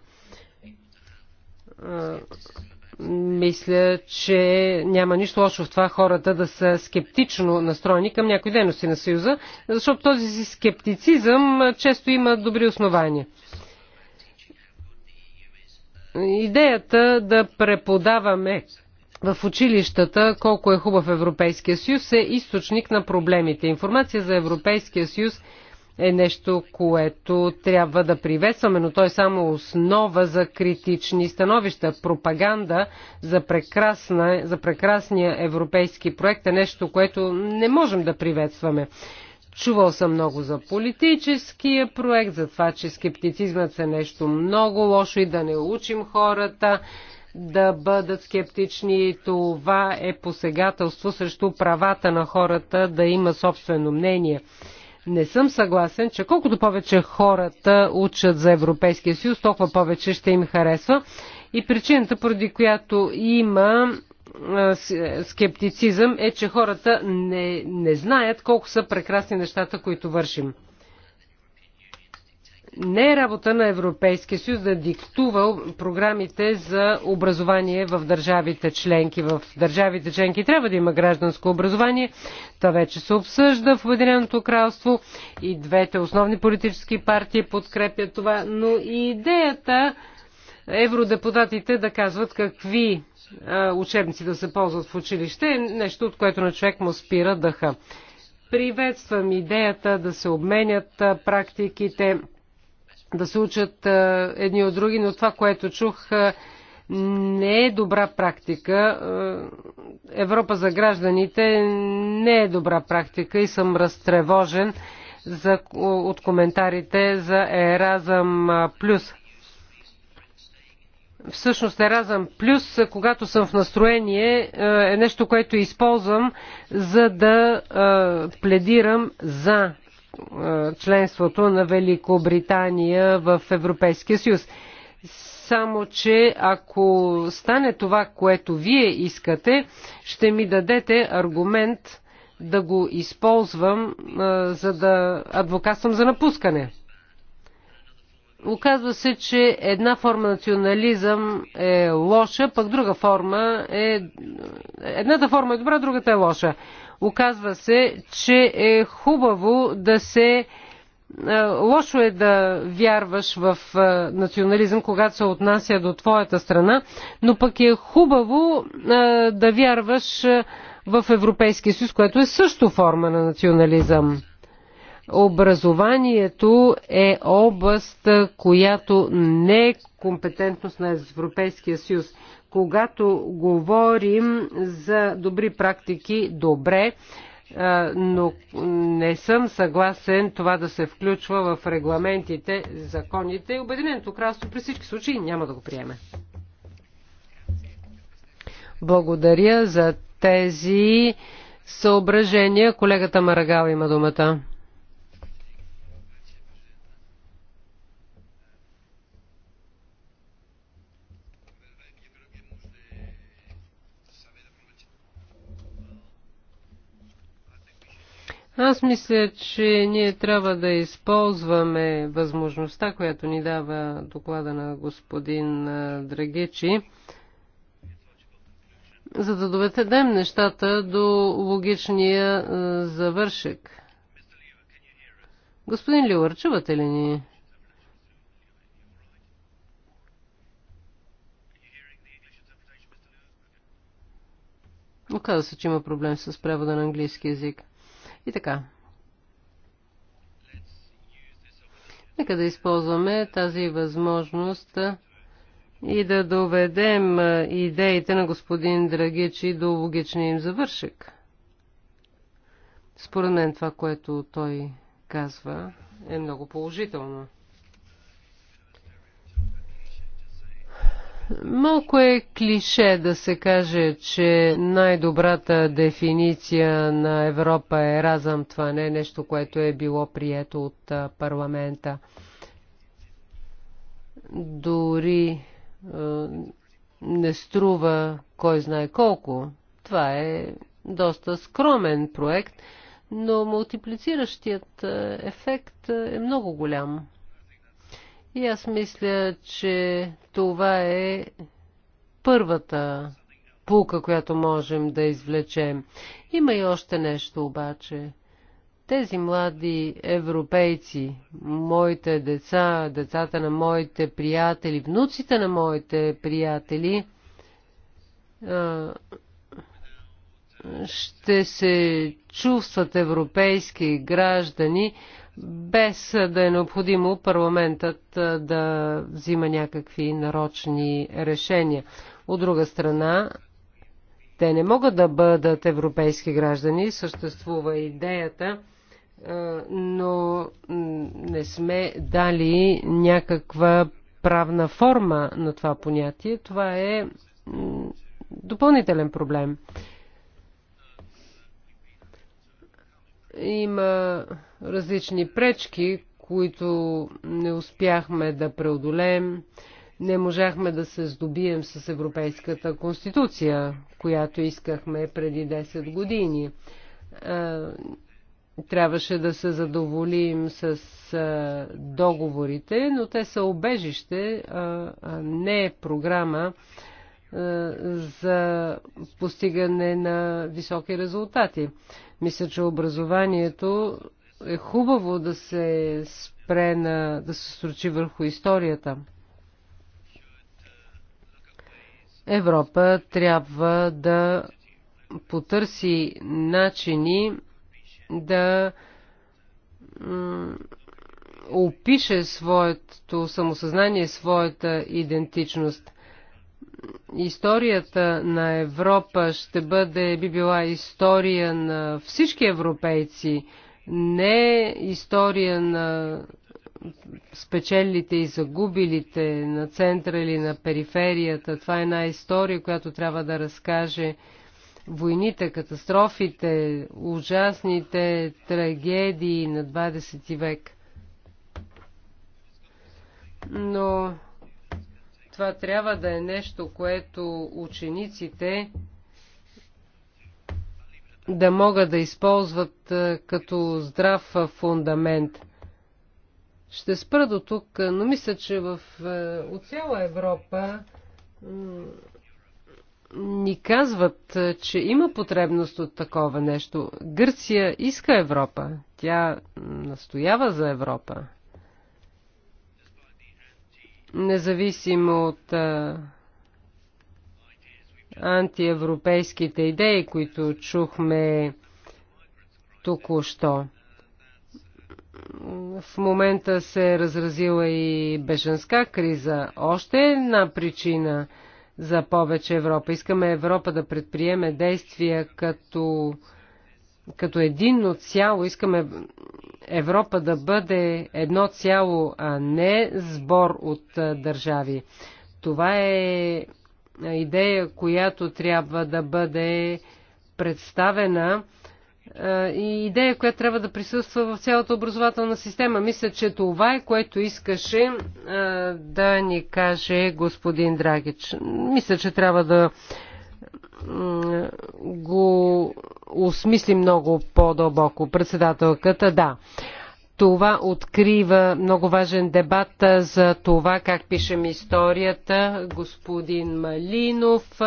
Мисля, че няма нищо лошо в това хората да са скептично настроени към някои дейности на Съюза, защото този скептицизъм често има добри основания. Идеята да преподаваме в училищата колко е хубав Европейския съюз е източник на проблемите. Информация за Европейския съюз – е нещо, което трябва да приветстваме, но то е само основа за критични становища. Пропаганда за, прекрасна, за прекрасния европейски проект е нещо, което не можем да приветстваме. Чувал съм много за политическия проект, за това, че скептицизмът е нещо много лошо и да не учим хората да бъдат скептични. Това е посегателство срещу правата на хората да има собствено мнение. Не съм съгласен, че колкото повече хората учат за Европейския съюз, толкова повече ще им харесва. И причината, поради която има скептицизъм, е, че хората не, не знаят колко са прекрасни нещата, които вършим. Не е работа на Европейския съюз да диктува програмите за образование в държавите членки. В държавите членки трябва да има гражданско образование. Това вече се обсъжда в Обединеното кралство и двете основни политически партии подкрепят това. Но и идеята евродепутатите да казват какви учебници да се ползват в училище е нещо, от което на човек му спира дъха. Приветствам идеята да се обменят практиките да се учат едни от други, но това, което чух, не е добра практика. Европа за гражданите не е добра практика и съм разтревожен за, от коментарите за Еразъм Плюс. Всъщност Еразъм Плюс, когато съм в настроение, е нещо, което използвам, за да пледирам за е, членството на Великобритания в Европейския съюз. Само, че ако стане това, което вие искате, ще ми дадете аргумент да го използвам, е, за да адвокатствам за напускане. Оказва се, че една форма национализъм е лоша, пък друга форма е... Едната форма е добра, другата е лоша. Оказва се, че е хубаво да се. Лошо е да вярваш в национализъм, когато се отнася до твоята страна, но пък е хубаво да вярваш в Европейския съюз, което е също форма на национализъм. Образованието е област, която не е компетентност на Европейския съюз. Когато говорим за добри практики, добре, но не съм съгласен това да се включва в регламентите, законите и Обединеното кралство при всички случаи няма да го приеме. Благодаря за тези съображения. Колегата Марагал има думата. Аз мисля, че ние трябва да използваме възможността, която ни дава доклада на господин Драгечи, за да доведем нещата до логичния завършек. Господин Лилър, чувате ли ни? Оказва се, че има проблем с превода на английски язик. И така. Нека да използваме тази възможност и да доведем идеите на господин Драгичи до логичния им завършек. Според мен това, което той казва, е много положително. Малко е клише да се каже, че най-добрата дефиниция на Европа е разъм. Това не е нещо, което е било прието от парламента. Дори не струва кой знае колко. Това е доста скромен проект, но мултиплициращият ефект е много голям. И аз мисля, че това е първата пулка, която можем да извлечем. Има и още нещо обаче. Тези млади европейци, моите деца, децата на моите приятели, внуците на моите приятели, ще се чувстват европейски граждани, без да е необходимо парламентът да взима някакви нарочни решения. От друга страна, те не могат да бъдат европейски граждани, съществува идеята, но не сме дали някаква правна форма на това понятие. Това е допълнителен проблем. Има различни пречки, които не успяхме да преодолеем. Не можахме да се здобием с Европейската конституция, която искахме преди 10 години. Трябваше да се задоволим с договорите, но те са обежище, а не програма е, за постигане на високи резултати. Мисля, че образованието е хубаво да се спре на, да се строчи върху историята. Европа трябва да потърси начини да опише своето самосъзнание, своята идентичност историята на Европа ще бъде, би била история на всички европейци, не история на спечелите и загубилите на центъра или на периферията. Това е една история, която трябва да разкаже войните, катастрофите, ужасните трагедии на 20 век. Но това трябва да е нещо, което учениците да могат да използват като здрав фундамент. Ще спра до тук, но мисля, че в, от цяла Европа ни казват, че има потребност от такова нещо. Гърция иска Европа. Тя настоява за Европа независимо от а, антиевропейските идеи, които чухме току-що. В момента се е разразила и беженска криза. Още една причина за повече Европа. Искаме Европа да предприеме действия като, като единно цяло. Искаме Европа да бъде едно цяло, а не сбор от държави. Това е идея, която трябва да бъде представена и идея, която трябва да присъства в цялата образователна система. Мисля, че това е, което искаше да ни каже господин Драгич. Мисля, че трябва да го осмисли много по-дълбоко. Председателката, да. Това открива много важен дебат за това как пишем историята. Господин Малинов.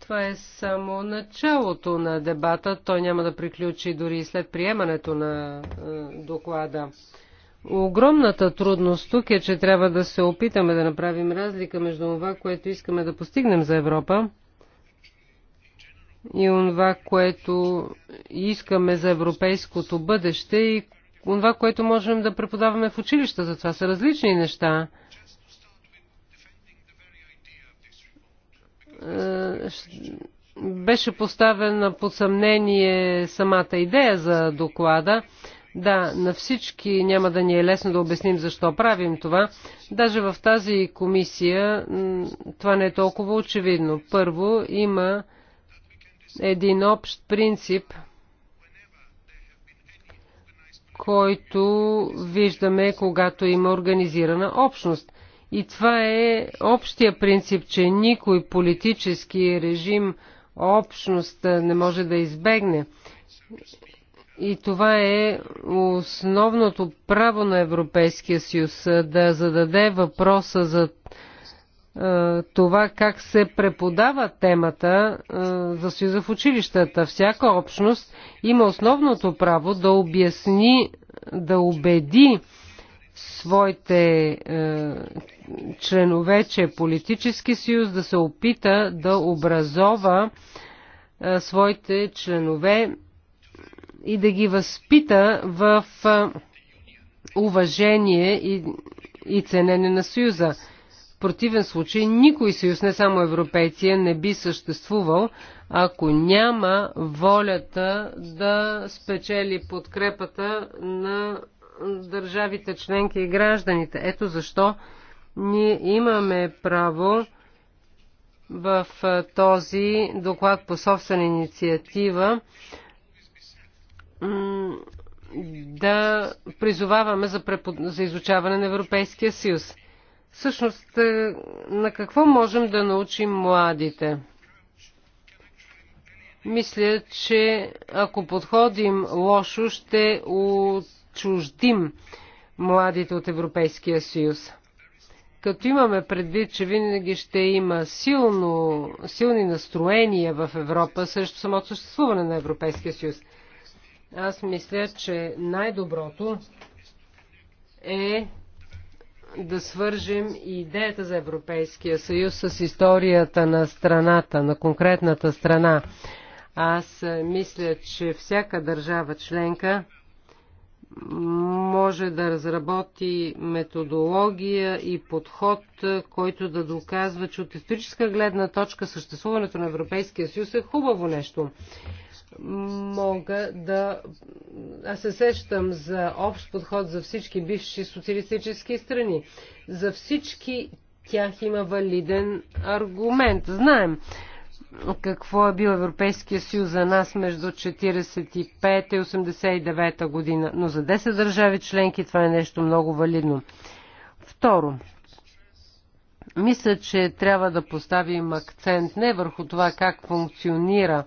Това е само началото на дебата. Той няма да приключи дори след приемането на доклада. Огромната трудност тук е, че трябва да се опитаме да направим разлика между това, което искаме да постигнем за Европа и това, което искаме за европейското бъдеще и това, което можем да преподаваме в училища. За това са различни неща. Е, беше поставена под съмнение самата идея за доклада. Да, на всички няма да ни е лесно да обясним защо правим това. Даже в тази комисия това не е толкова очевидно. Първо, има един общ принцип, който виждаме, когато има организирана общност. И това е общия принцип, че никой политически режим общност не може да избегне. И това е основното право на Европейския съюз да зададе въпроса за това как се преподава темата за съюза в училищата. Всяка общност има основното право да обясни, да убеди своите членове, че е политически съюз да се опита да образова своите членове и да ги възпита в уважение и, и ценене на Съюза. В противен случай никой съюз, не само европейция, не би съществувал, ако няма волята да спечели подкрепата на държавите членки и гражданите. Ето защо ние имаме право в този доклад по собствена инициатива да призоваваме за, препод... за изучаване на Европейския съюз. Всъщност, е, на какво можем да научим младите? Мисля, че ако подходим лошо, ще отчуждим младите от Европейския съюз. Като имаме предвид, че винаги ще има силно, силни настроения в Европа срещу самото съществуване на Европейския съюз – аз мисля, че най-доброто е да свържем идеята за Европейския съюз с историята на страната, на конкретната страна. Аз мисля, че всяка държава членка може да разработи методология и подход, който да доказва, че от историческа гледна точка съществуването на Европейския съюз е хубаво нещо мога да... Аз се сещам за общ подход за всички бивши социалистически страни. За всички тях има валиден аргумент. Знаем какво е бил Европейския съюз за нас между 45 и 89 година, но за 10 държави членки това е нещо много валидно. Второ, мисля, че трябва да поставим акцент не върху това как функционира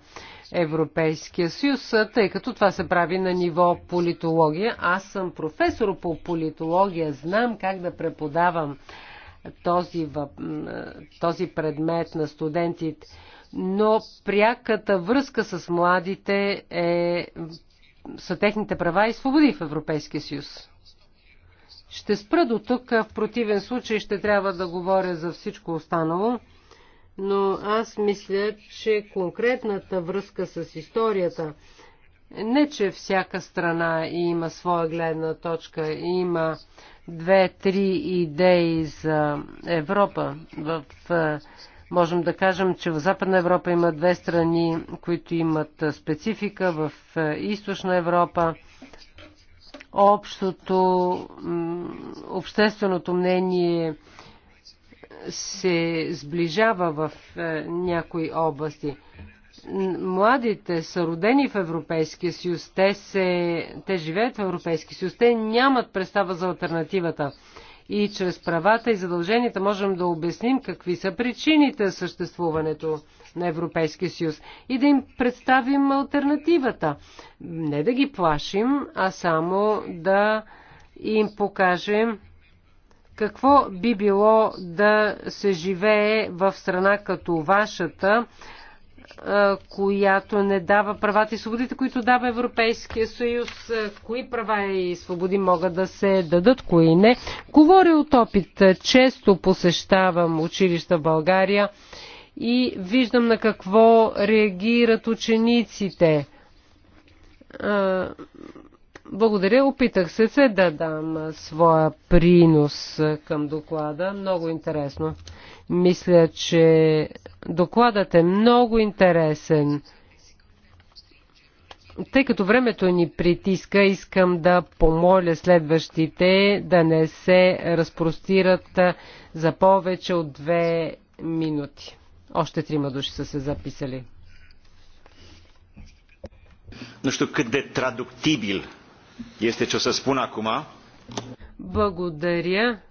Европейския съюз, тъй като това се прави на ниво политология. Аз съм професор по политология, знам как да преподавам този, този предмет на студентите, но пряката връзка с младите е, са техните права и свободи в Европейския съюз. Ще спра до тук, в противен случай ще трябва да говоря за всичко останало но аз мисля, че конкретната връзка с историята, не че всяка страна има своя гледна точка, има две-три идеи за Европа. В, можем да кажем, че в Западна Европа има две страни, които имат специфика, в е, Източна Европа общото, общественото мнение е се сближава в е, някои области. Младите са родени в Европейския съюз, те, се, те живеят в Европейския съюз, те нямат представа за альтернативата. И чрез правата и задълженията можем да обясним какви са причините съществуването на Европейския съюз и да им представим альтернативата. Не да ги плашим, а само да им покажем какво би било да се живее в страна като вашата, която не дава правата и свободите, които дава Европейския съюз. Кои права и свободи могат да се дадат, кои не. Говоря от опит. Често посещавам училища в България и виждам на какво реагират учениците. Благодаря. Опитах се се да дам своя принос към доклада. Много интересно. Мисля, че докладът е много интересен. Тъй като времето ни притиска, искам да помоля следващите да не се разпростират за повече от две минути. Още трима души са се записали. Нещо къде традуктибил este ce o să spun acum. Благодаря.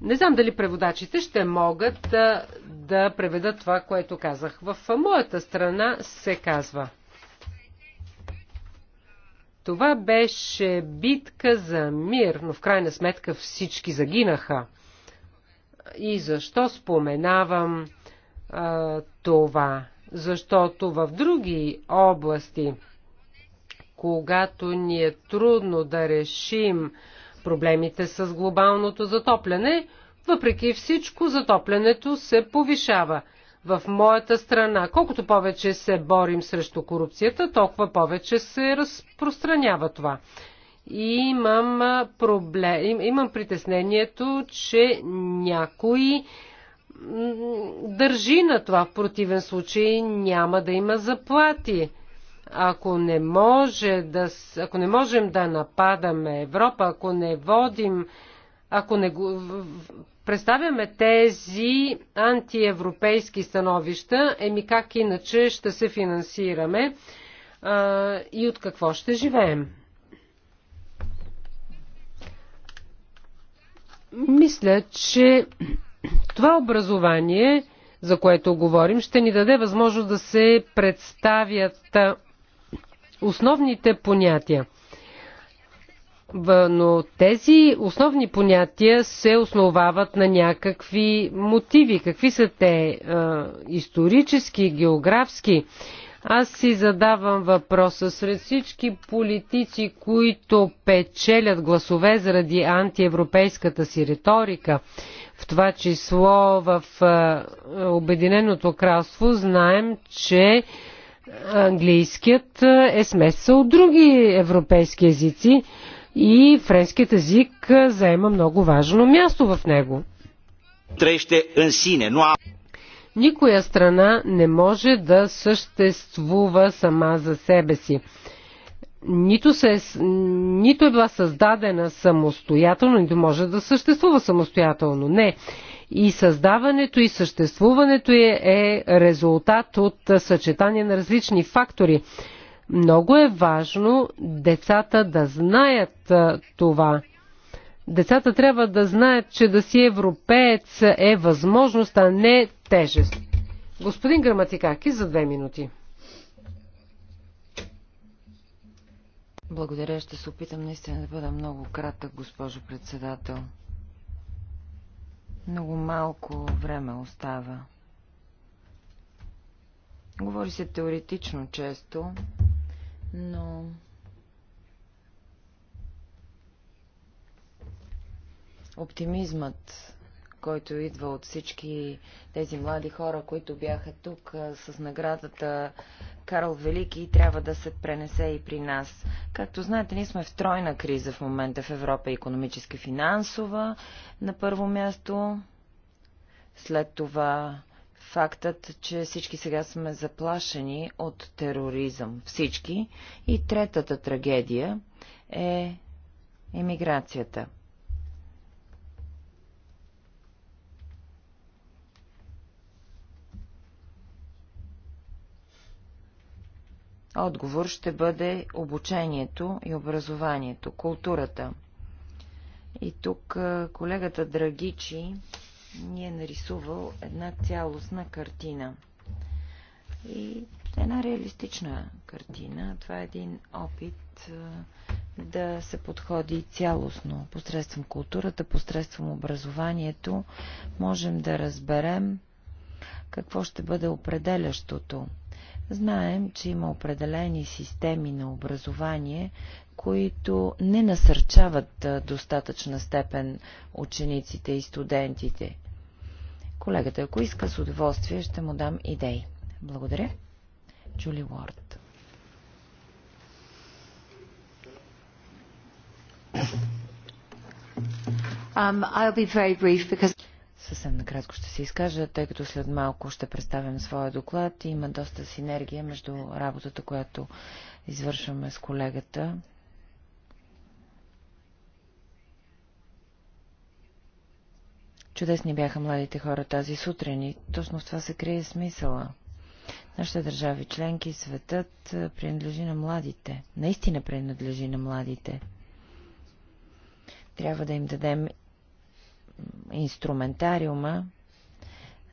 Не знам дали преводачите ще могат да, да преведат това, което казах. В моята страна се казва. Това беше битка за мир, но в крайна сметка всички загинаха. И защо споменавам а, това? Защото в други области когато ни е трудно да решим проблемите с глобалното затопляне, въпреки всичко затоплянето се повишава. В моята страна, колкото повече се борим срещу корупцията, толкова повече се разпространява това. И имам, проблем, имам притеснението, че някой държи на това. В противен случай няма да има заплати ако не, може да, ако не можем да нападаме Европа, ако не водим, ако не представяме тези антиевропейски становища, еми как иначе ще се финансираме а, и от какво ще живеем? Мисля, че това образование, за което говорим, ще ни даде възможност да се представят основните понятия. Но тези основни понятия се основават на някакви мотиви. Какви са те? Исторически, географски. Аз си задавам въпроса сред всички политици, които печелят гласове заради антиевропейската си риторика, в това число в Обединеното кралство, знаем, че английският е смесъл от други европейски езици и френският език заема много важно място в него. Никоя страна не може да съществува сама за себе си. Нито, се, е нито е била създадена самостоятелно, нито може да съществува самостоятелно. Не. И създаването и съществуването е, е резултат от съчетание на различни фактори. Много е важно децата да знаят това. Децата трябва да знаят, че да си европеец е възможност, а не тежест. Господин Граматикаки, за две минути. Благодаря. Ще се опитам наистина да бъда много кратък, госпожо председател. Много малко време остава. Говори се теоретично често, но... Оптимизмът който идва от всички тези млади хора, които бяха тук с наградата Карл Велики, трябва да се пренесе и при нас. Както знаете, ние сме в тройна криза в момента в Европа, економически финансова на първо място, след това фактът, че всички сега сме заплашени от тероризъм. Всички. И третата трагедия е емиграцията. Отговор ще бъде обучението и образованието, културата. И тук колегата Драгичи ни е нарисувал една цялостна картина. И една реалистична картина. Това е един опит да се подходи цялостно. Посредством културата, посредством образованието можем да разберем какво ще бъде определящото Знаем, че има определени системи на образование, които не насърчават достатъчна степен учениците и студентите. Колегата, ако иска с удоволствие, ще му дам идеи. Благодаря. Джули Уорд. Um, I'll be very brief because... Съвсем накратко ще се изкажа, тъй като след малко ще представям своя доклад. Има доста синергия между работата, която извършваме с колегата. Чудесни бяха младите хора тази сутрин и точно в това се крие смисъла. Нашите държави членки, светът е, принадлежи на младите. Наистина принадлежи на младите. Трябва да им дадем инструментариума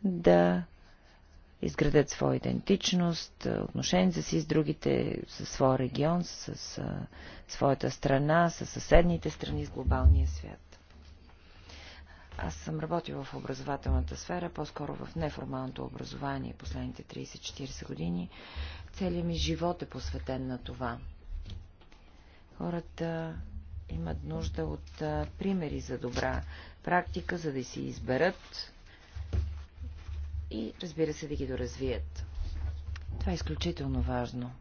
да изградят своя идентичност, е, отношенията си с другите, със своя регион, с е, своята страна, с съседните страни, с глобалния свят. Аз съм работил в образователната сфера, по-скоро в неформалното образование последните 30-40 години. Целият ми живот е посветен на това. Хората имат нужда от е, примери за добра практика, за да си изберат и разбира се да ги доразвият. Това е изключително важно.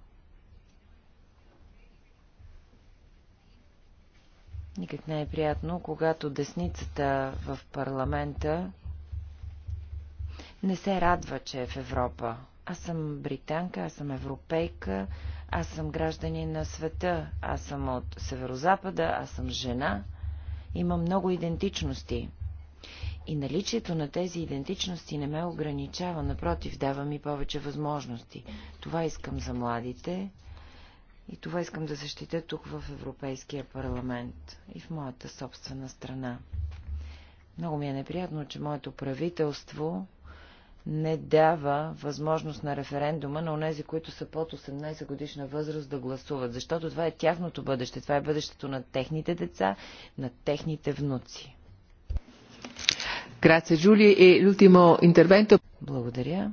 Никак не е приятно, когато десницата в парламента не се радва, че е в Европа. Аз съм британка, аз съм европейка, аз съм гражданин на света, аз съм от северо-запада, аз съм жена – има много идентичности. И наличието на тези идентичности не ме ограничава, напротив, дава ми повече възможности. Това искам за младите и това искам да защитя тук в Европейския парламент и в моята собствена страна. Много ми е неприятно, че моето правителство не дава възможност на референдума на онези, които са под 18 годишна възраст да гласуват, защото това е тяхното бъдеще, това е бъдещето на техните деца, на техните внуци. E Благодаря.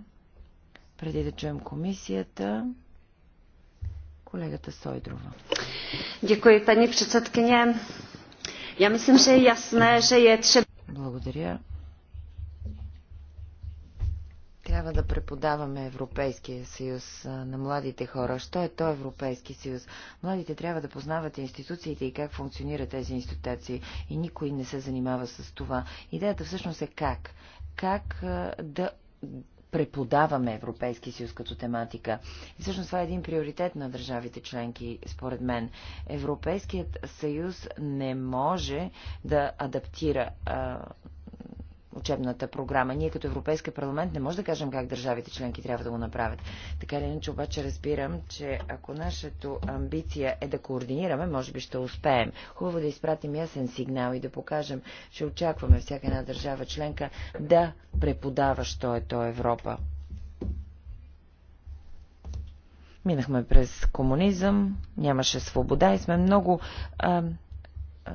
Преди да чуем комисията, колегата Сойдрова. Дякую, пани předsedkyně. Я myslím, че е ясно, че е... Благодаря, трябва да преподаваме Европейския съюз на младите хора. Що е то Европейски съюз? Младите трябва да познават институциите и как функционират тези институции. И никой не се занимава с това. Идеята всъщност е как. Как да преподаваме Европейски съюз като тематика. И всъщност това е един приоритет на държавите членки, според мен. Европейският съюз не може да адаптира а, учебната програма. Ние като Европейски парламент не може да кажем как държавите членки трябва да го направят. Така или иначе обаче разбирам, че ако нашето амбиция е да координираме, може би ще успеем. Хубаво да изпратим ясен сигнал и да покажем, че очакваме всяка една държава членка да преподава, що е то Европа. Минахме през комунизъм, нямаше свобода и сме много а, а,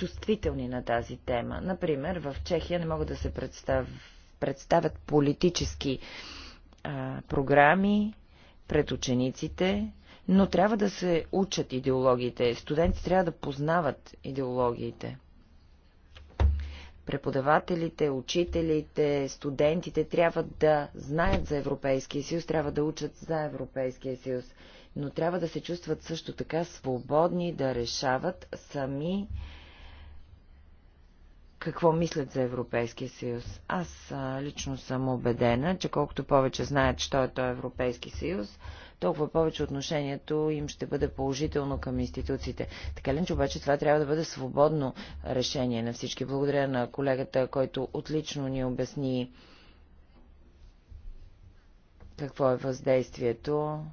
чувствителни на тази тема. Например, в Чехия не могат да се представ... представят политически а, програми пред учениците, но трябва да се учат идеологиите. Студентите трябва да познават идеологиите. Преподавателите, учителите, студентите трябва да знаят за Европейския съюз, трябва да учат за Европейския съюз, но трябва да се чувстват също така свободни да решават сами какво мислят за Европейския съюз. Аз а, лично съм убедена, че колкото повече знаят, що е той Европейски съюз, толкова повече отношението им ще бъде положително към институциите. Така ли, че обаче това трябва да бъде свободно решение на всички. Благодаря на колегата, който отлично ни обясни какво е въздействието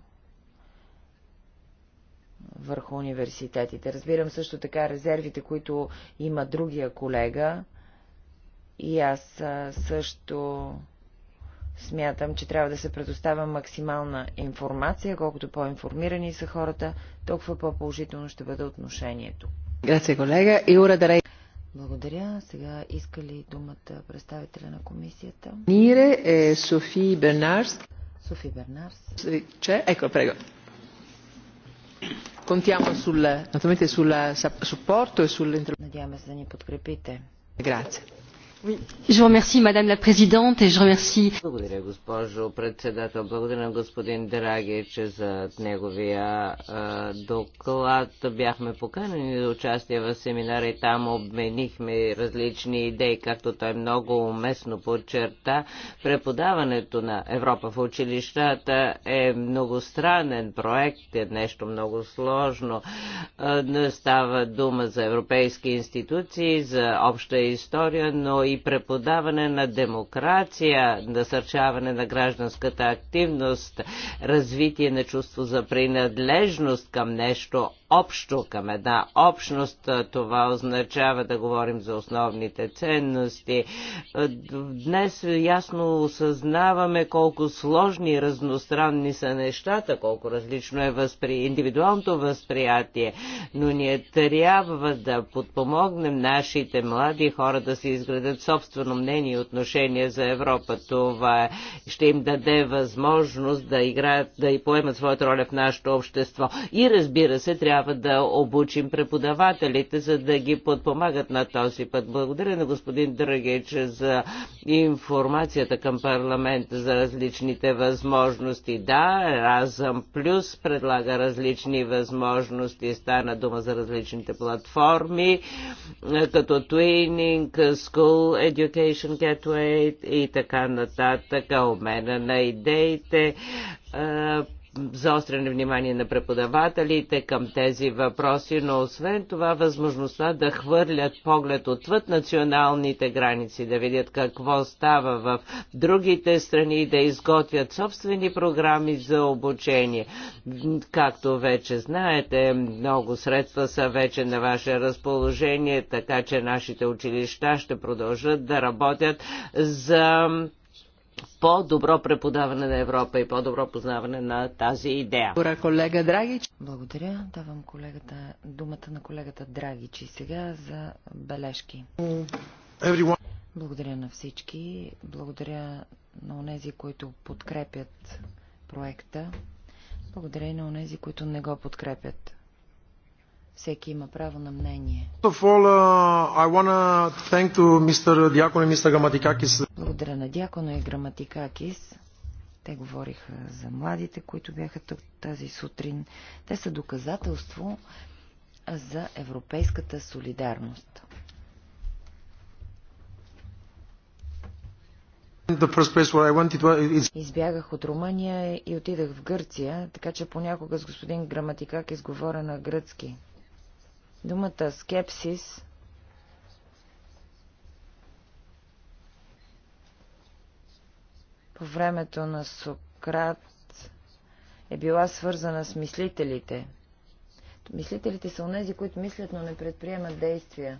върху университетите. Разбирам също така резервите, които има другия колега. И аз също смятам, че трябва да се предоставя максимална информация. Колкото по-информирани са хората, толкова по-положително ще бъде отношението. Грация, колега. И ура благодаря. Сега иска ли думата представителя на комисията? Нире е Софи Бернарс. Софи Бернарс. Че, еко, прегод. Контямо сул, натамете, сул саппорто и сул... Надяваме се да ни подкрепите. Грация. Благодаря, госпожо председател. Благодаря на господин Драгич за неговия доклад. Бяхме поканени за участие в семинара и там обменихме различни идеи, както той много уместно подчерта. Преподаването на Европа в училищата е многостранен проект, е нещо много сложно. Не става дума за европейски институции, за обща история, но и преподаване на демокрация, насърчаване на гражданската активност, развитие на чувство за принадлежност към нещо общо към една общност. Това означава да говорим за основните ценности. Днес ясно осъзнаваме колко сложни и разностранни са нещата, колко различно е възпри... индивидуалното възприятие, но ние трябва да подпомогнем нашите млади хора да се изградат собствено мнение и отношение за Европа. Това е. ще им даде възможност да играят, да и поемат своята роля в нашето общество. И разбира се, трябва трябва да обучим преподавателите, за да ги подпомагат на този път. Благодаря на господин Драгеч за информацията към парламента за различните възможности. Да, Разъм Плюс предлага различни възможности. Стана дума за различните платформи, като Twinning, School Education Gateway и така нататък, обмена на идеите заострене внимание на преподавателите към тези въпроси, но освен това възможността да хвърлят поглед отвъд националните граници, да видят какво става в другите страни и да изготвят собствени програми за обучение. Както вече знаете, много средства са вече на ваше разположение, така че нашите училища ще продължат да работят за по-добро преподаване на Европа и по-добро познаване на тази идея. Благодаря, колега Драгич. Благодаря. Давам колегата, думата на колегата Драгич и сега за бележки. Everyone. Благодаря на всички. Благодаря на онези, които подкрепят проекта. Благодаря и на онези, които не го подкрепят. Всеки има право на мнение. Uh, благодаря на Дякона и Граматикакис. Те говориха за младите, които бяха тук тази сутрин. Те са доказателство за европейската солидарност. Избягах от Румъния и отидах в Гърция, така че понякога с господин Граматикак изговоря на гръцки. Думата скепсис по времето на Сократ е била свързана с мислителите. Мислителите са онези, които мислят, но не предприемат действия.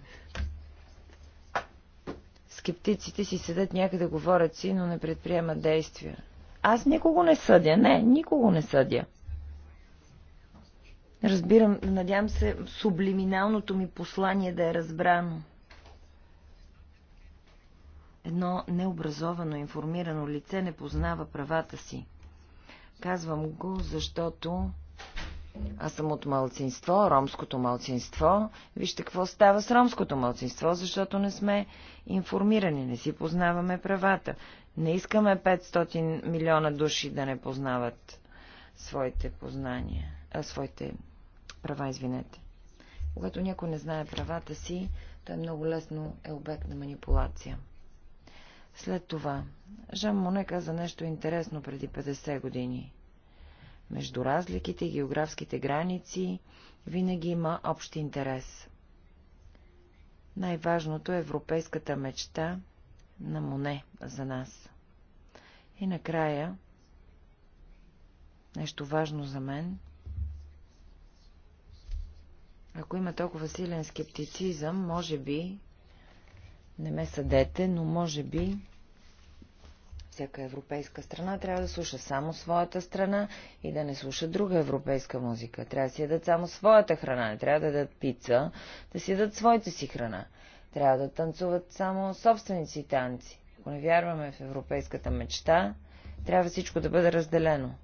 Скептиците си седят някъде, говорят си, но не предприемат действия. Аз никого не съдя. Не, никого не съдя. Разбирам, надявам се, сублиминалното ми послание да е разбрано. Едно необразовано, информирано лице не познава правата си. Казвам го, защото аз съм от малцинство, ромското малцинство. Вижте какво става с ромското малцинство, защото не сме информирани, не си познаваме правата. Не искаме 500 милиона души да не познават своите познания, а, своите права, извинете. Когато някой не знае правата си, той е много лесно е обект на манипулация. След това, Жан Моне каза нещо интересно преди 50 години. Между разликите и географските граници винаги има общ интерес. Най-важното е европейската мечта на Моне за нас. И накрая, нещо важно за мен, ако има толкова силен скептицизъм, може би не ме съдете, но може би всяка европейска страна трябва да слуша само своята страна и да не слуша друга европейска музика. Трябва да си ядат само своята храна, не трябва да ядат пица, да си ядат своите си храна. Трябва да танцуват само собственици танци. Ако не вярваме в европейската мечта, трябва всичко да бъде разделено.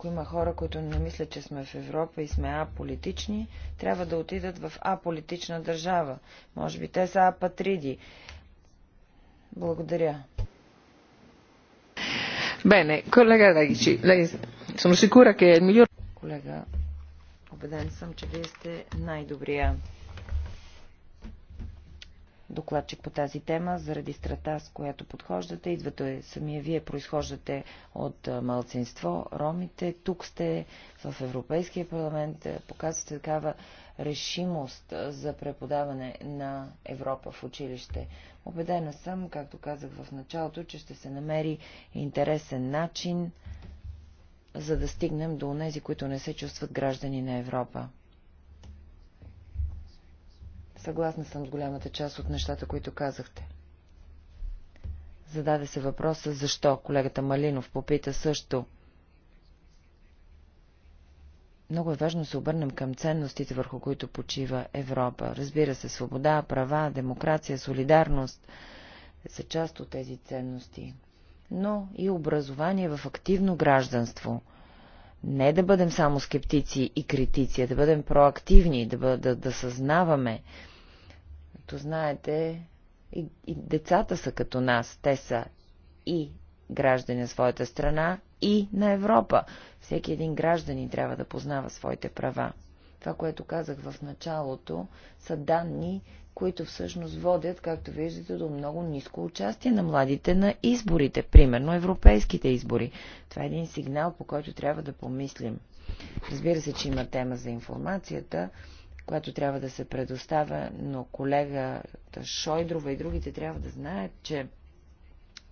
Ако има хора, които не мислят, че сме в Европа и сме аполитични, трябва да отидат в аполитична държава. Може би те са апатриди. Благодаря. Бене, колега Рагичи, съм сигура, че е милион... Колега, убеден съм, че вие сте най-добрия докладчик по тази тема, заради страта, с която подхождате. Идвате самия вие, произхождате от малцинство, ромите. Тук сте в Европейския парламент, показвате такава решимост за преподаване на Европа в училище. Обедена съм, както казах в началото, че ще се намери интересен начин за да стигнем до тези, които не се чувстват граждани на Европа. Съгласна съм с голямата част от нещата, които казахте. Зададе се въпроса, защо? Колегата Малинов попита също. Много е важно да се обърнем към ценностите, върху които почива Европа. Разбира се, свобода, права, демокрация, солидарност са част от тези ценности. Но и образование в активно гражданство. Не да бъдем само скептици и критици, а да бъдем проактивни, да, бъ, да, да съзнаваме, Както знаете, и, и децата са като нас. Те са и граждани на своята страна, и на Европа. Всеки един гражданин трябва да познава своите права. Това, което казах в началото, са данни, които всъщност водят, както виждате, до много ниско участие на младите на изборите, примерно европейските избори. Това е един сигнал, по който трябва да помислим. Разбира се, че има тема за информацията, която трябва да се предоставя, но колегата Шойдрова и другите трябва да знаят, че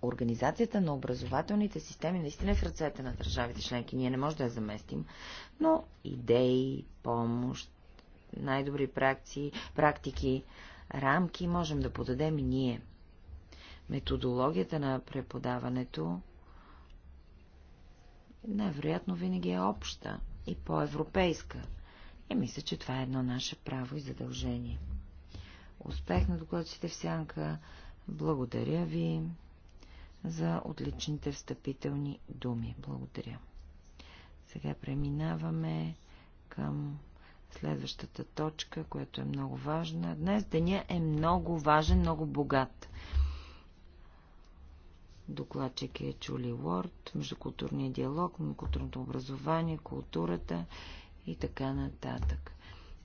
Организацията на образователните системи наистина е в ръцете на държавите членки. Ние не можем да я заместим, но идеи, помощ, най-добри практики, практики, рамки можем да подадем и ние. Методологията на преподаването най-вероятно винаги е обща и по-европейска. И мисля, че това е едно наше право и задължение. Успех на докладчите в сянка. Благодаря ви за отличните встъпителни думи. Благодаря. Сега преминаваме към следващата точка, която е много важна. Днес деня е много важен, много богат. Докладчик е Чули Уорд, междукултурния диалог, културното образование, културата и така нататък.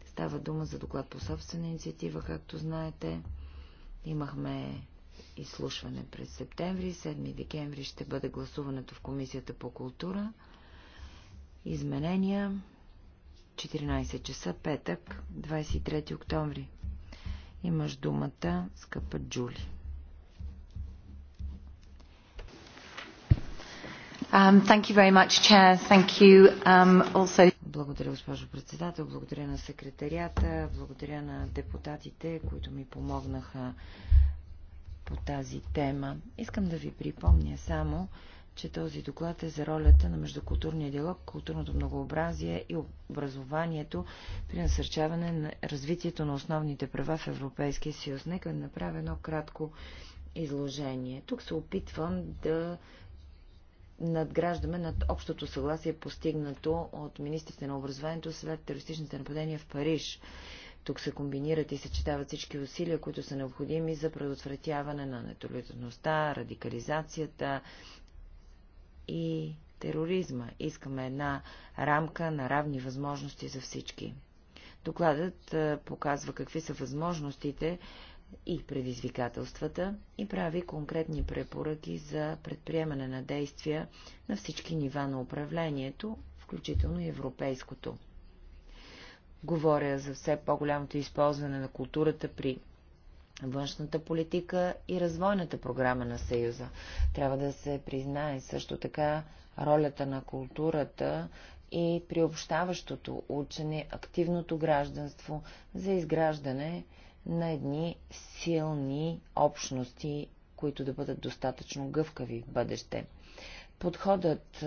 Става дума за доклад по собствена инициатива, както знаете. Имахме изслушване през септември, 7 декември ще бъде гласуването в Комисията по култура. Изменения 14 часа, петък, 23 октомври. Имаш думата, скъпа Джули. Um, thank you very much, Chair. Thank you um, also благодаря, госпожо председател, благодаря на секретарията, благодаря на депутатите, които ми помогнаха по тази тема. Искам да ви припомня само, че този доклад е за ролята на междукултурния диалог, културното многообразие и образованието при насърчаване на развитието на основните права в Европейския съюз. Нека да направя едно кратко изложение. Тук се опитвам да надграждаме над общото съгласие, постигнато от министрите на образованието след терористичните нападения в Париж. Тук се комбинират и съчетават всички усилия, които са необходими за предотвратяване на нетолерантността, радикализацията и тероризма. Искаме една рамка на равни възможности за всички. Докладът показва какви са възможностите, и предизвикателствата и прави конкретни препоръки за предприемане на действия на всички нива на управлението, включително и европейското. Говоря за все по-голямото използване на културата при външната политика и развойната програма на Съюза. Трябва да се признае също така ролята на културата и приобщаващото учене, активното гражданство за изграждане на едни силни общности, които да бъдат достатъчно гъвкави в бъдеще. Подходът,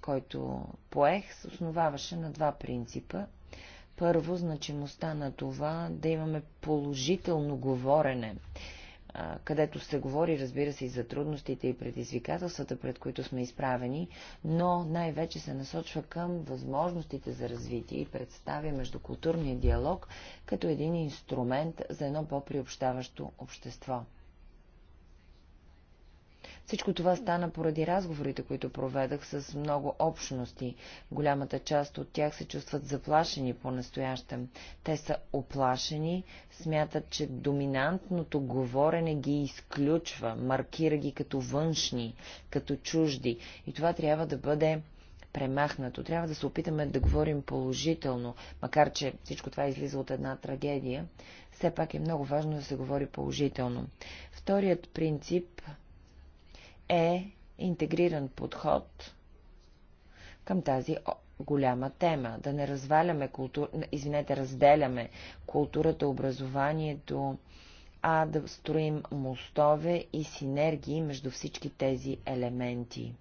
който поех, се основаваше на два принципа. Първо, значимостта на това да имаме положително говорене където се говори, разбира се, и за трудностите и предизвикателствата, пред които сме изправени, но най-вече се насочва към възможностите за развитие и представя междукултурния диалог като един инструмент за едно по-приобщаващо общество. Всичко това стана поради разговорите, които проведах с много общности. Голямата част от тях се чувстват заплашени по-настоящем. Те са оплашени, смятат, че доминантното говорене ги изключва, маркира ги като външни, като чужди. И това трябва да бъде премахнато. Трябва да се опитаме да говорим положително, макар че всичко това излиза от една трагедия. Все пак е много важно да се говори положително. Вторият принцип е интегриран подход към тази голяма тема. Да не разваляме култур... извинете, разделяме културата, образованието, а да строим мостове и синергии между всички тези елементи.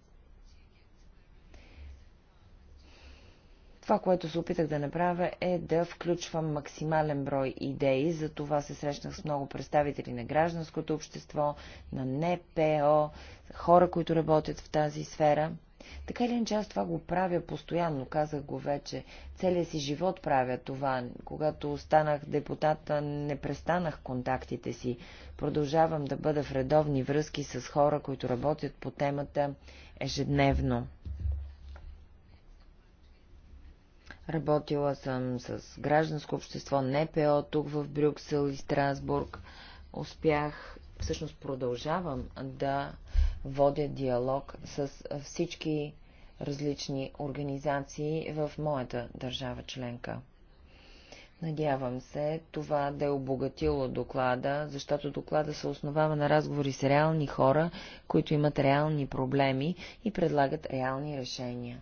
Това, което се опитах да направя е да включвам максимален брой идеи. За това се срещнах с много представители на гражданското общество, на НПО, хора, които работят в тази сфера. Така или иначе аз това го правя постоянно, казах го вече. Целият си живот правя това. Когато станах депутата, не престанах контактите си. Продължавам да бъда в редовни връзки с хора, които работят по темата ежедневно. Работила съм с гражданско общество, НПО, тук в Брюксел и Страсбург. Успях, всъщност продължавам да водя диалог с всички различни организации в моята държава членка. Надявам се това да е обогатило доклада, защото доклада се основава на разговори с реални хора, които имат реални проблеми и предлагат реални решения.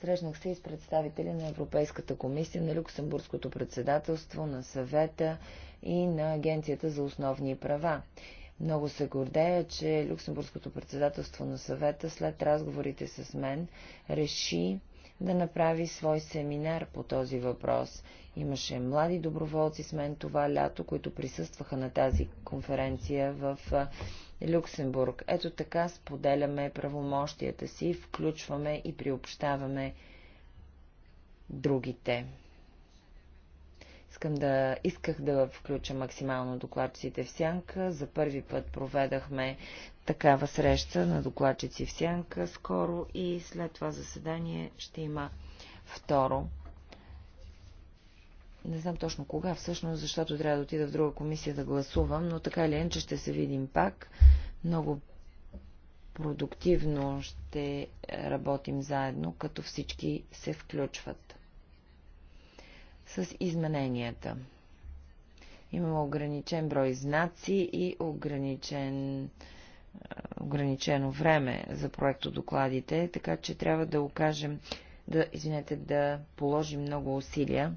Срещнах се и с представители на Европейската комисия, на Люксембургското председателство, на съвета и на Агенцията за основни права. Много се гордея, че Люксембургското председателство на съвета след разговорите с мен реши да направи свой семинар по този въпрос. Имаше млади доброволци с мен това лято, които присъстваха на тази конференция в Люксембург. Ето така споделяме правомощията си, включваме и приобщаваме другите. Искам да, исках да включа максимално докладците в сянка. За първи път проведахме такава среща на докладчици в Сянка скоро и след това заседание ще има второ. Не знам точно кога всъщност, защото трябва да отида в друга комисия да гласувам, но така или иначе ще се видим пак. Много продуктивно ще работим заедно, като всички се включват. С измененията. Имаме ограничен брой знаци и ограничен ограничено време за проекто докладите, така че трябва да окажем, да, извинете, да положим много усилия,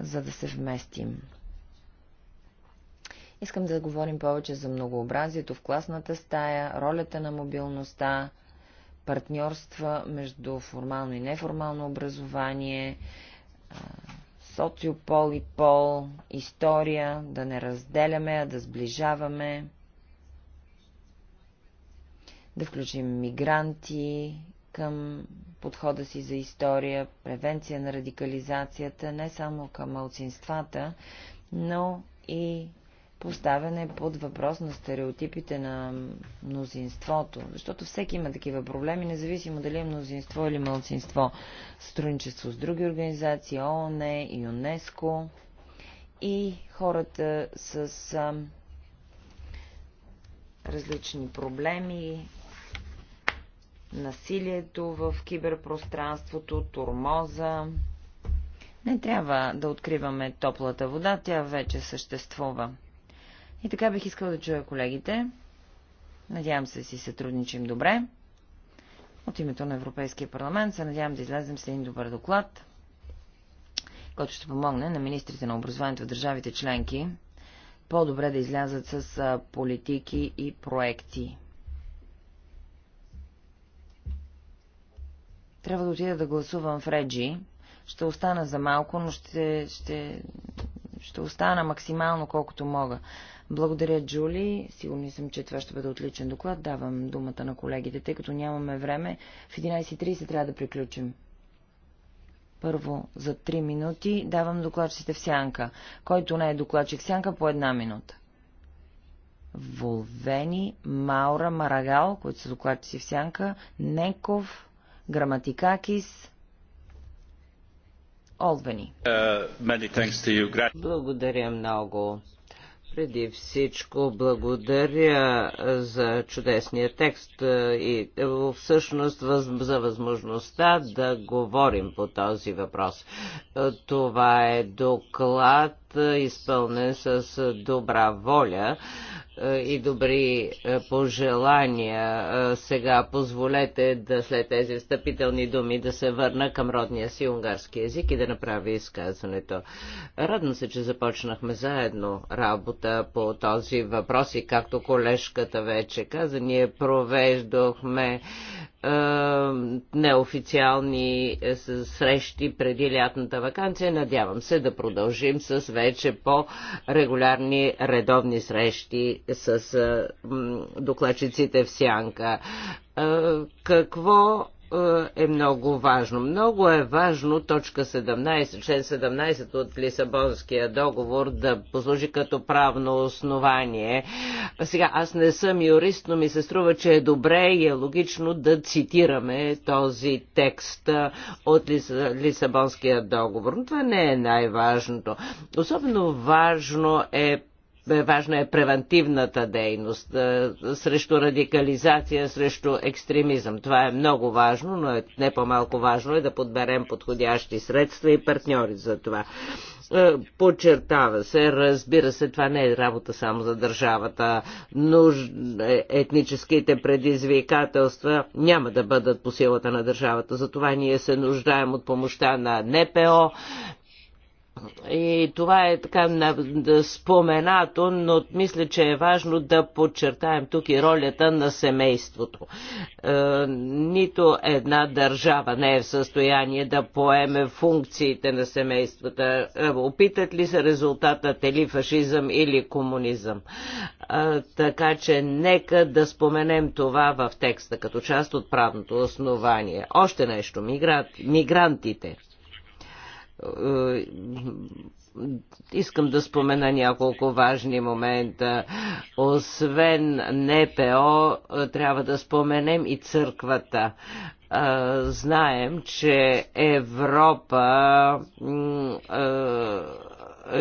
за да се вместим. Искам да говорим повече за многообразието в класната стая, ролята на мобилността, партньорства между формално и неформално образование, социопол и пол, история, да не разделяме, а да сближаваме да включим мигранти към подхода си за история, превенция на радикализацията, не само към малцинствата, но и поставяне под въпрос на стереотипите на мнозинството, защото всеки има такива проблеми, независимо дали е мнозинство или малцинство. Сътрудничество с други организации, ООН, ЮНЕСКО и хората с различни проблеми, насилието в киберпространството, турмоза. Не трябва да откриваме топлата вода, тя вече съществува. И така бих искал да чуя колегите. Надявам се си сътрудничим добре. От името на Европейския парламент се надявам да излезем с един добър доклад, който ще помогне на министрите на образованието в държавите членки по-добре да излязат с политики и проекти. Трябва да отида да гласувам в Реджи. Ще остана за малко, но ще, ще, ще остана максимално колкото мога. Благодаря, Джули. Сигурни съм, че това ще бъде отличен доклад. Давам думата на колегите, тъй като нямаме време. В 11.30 трябва да приключим. Първо за 3 минути давам докладчите в сянка. Който не е докладчик в сянка, по една минута. Волвени, Маура, Марагал, които са докладчици в сянка, Неков, Граматикакис, Олвени. Uh, благодаря много. Преди всичко благодаря за чудесния текст uh, и uh, всъщност за възможността да говорим по този въпрос. Това е доклад, е, изпълнен с е, добра воля е, и добри пожелания. Сега позволете да след тези встъпителни думи да се върна към родния си унгарски язик и да направя изказването. Радно се, че започнахме заедно работа по този въпрос и както колежката вече каза, ние провеждохме е, неофициални е, срещи преди лятната вакансия. Надявам се да продължим с вече по-регулярни редовни срещи с е, докладчиците в Сянка. Какво е много важно. Много е важно точка 17, член 17 от Лисабонския договор да послужи като правно основание. Сега, аз не съм юрист, но ми се струва, че е добре и е логично да цитираме този текст от Лисабонския договор. Но това не е най-важното. Особено важно е е, важна е превентивната дейност е, срещу радикализация, срещу екстремизъм. Това е много важно, но е не по-малко важно е да подберем подходящи средства и партньори за това. Е, подчертава се, разбира се, това не е работа само за държавата. Нуж... Етническите предизвикателства няма да бъдат по силата на държавата. Затова ние се нуждаем от помощта на НПО, и това е така споменато, но мисля, че е важно да подчертаем тук и ролята на семейството. Е, нито една държава не е в състояние да поеме функциите на семействата. Е, опитат ли се резултатът или е фашизъм или комунизъм? така че нека да споменем това в текста като част от правното основание. Още нещо. Мигрант, мигрантите е, искам да спомена няколко важни момента. Освен НПО, е, трябва да споменем и църквата е, знаем, че Европа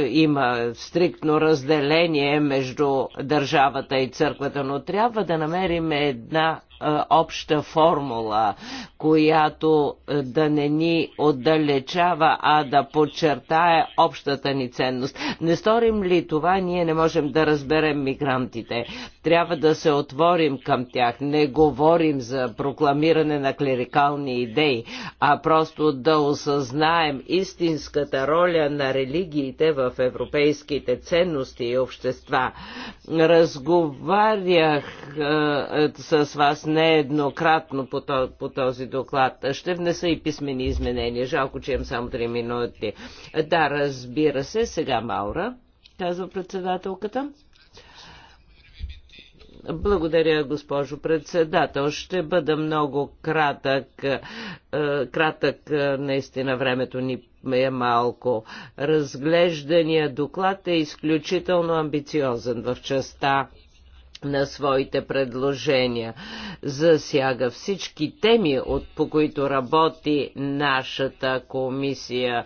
има стриктно разделение между държавата и църквата, но трябва да намерим една е, обща формула, която е, да не ни отдалечава, а да подчертае общата ни ценност. Не сторим ли това, ние не можем да разберем мигрантите. Трябва да се отворим към тях. Не говорим за прокламиране на клерикални идеи, а просто да осъзнаем истинската роля на религиите в европейските ценности и общества. Разговарях е, е с вас нееднократно по този доклад. Ще внеса и писмени изменения. Жалко, че имам само 3 минути. Да, разбира се. Сега Маура, казва председателката. Благодаря, госпожо председател. Ще бъда много кратък. Е, кратък, е, наистина, времето ни е малко. Разглеждания доклад е изключително амбициозен в частта на своите предложения. Засяга всички теми, от, по които работи нашата комисия.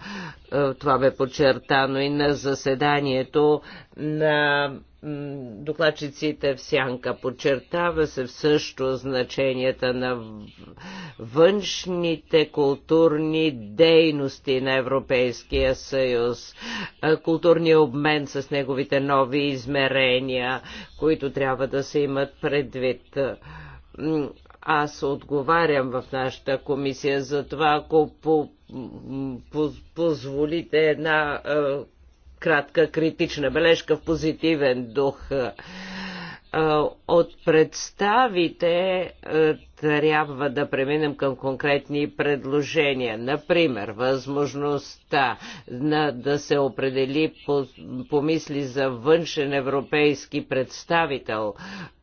Е, това бе подчертано и на заседанието на докладчиците в сянка. Подчертава се също значенията на външните културни дейности на Европейския съюз, културния обмен с неговите нови измерения, които трябва да се имат предвид аз отговарям в нашата комисия за това, ако по, по, позволите една кратка критична бележка в позитивен дух. От представите трябва да преминем към конкретни предложения. Например, възможността на, да се определи, по, помисли за външен европейски представител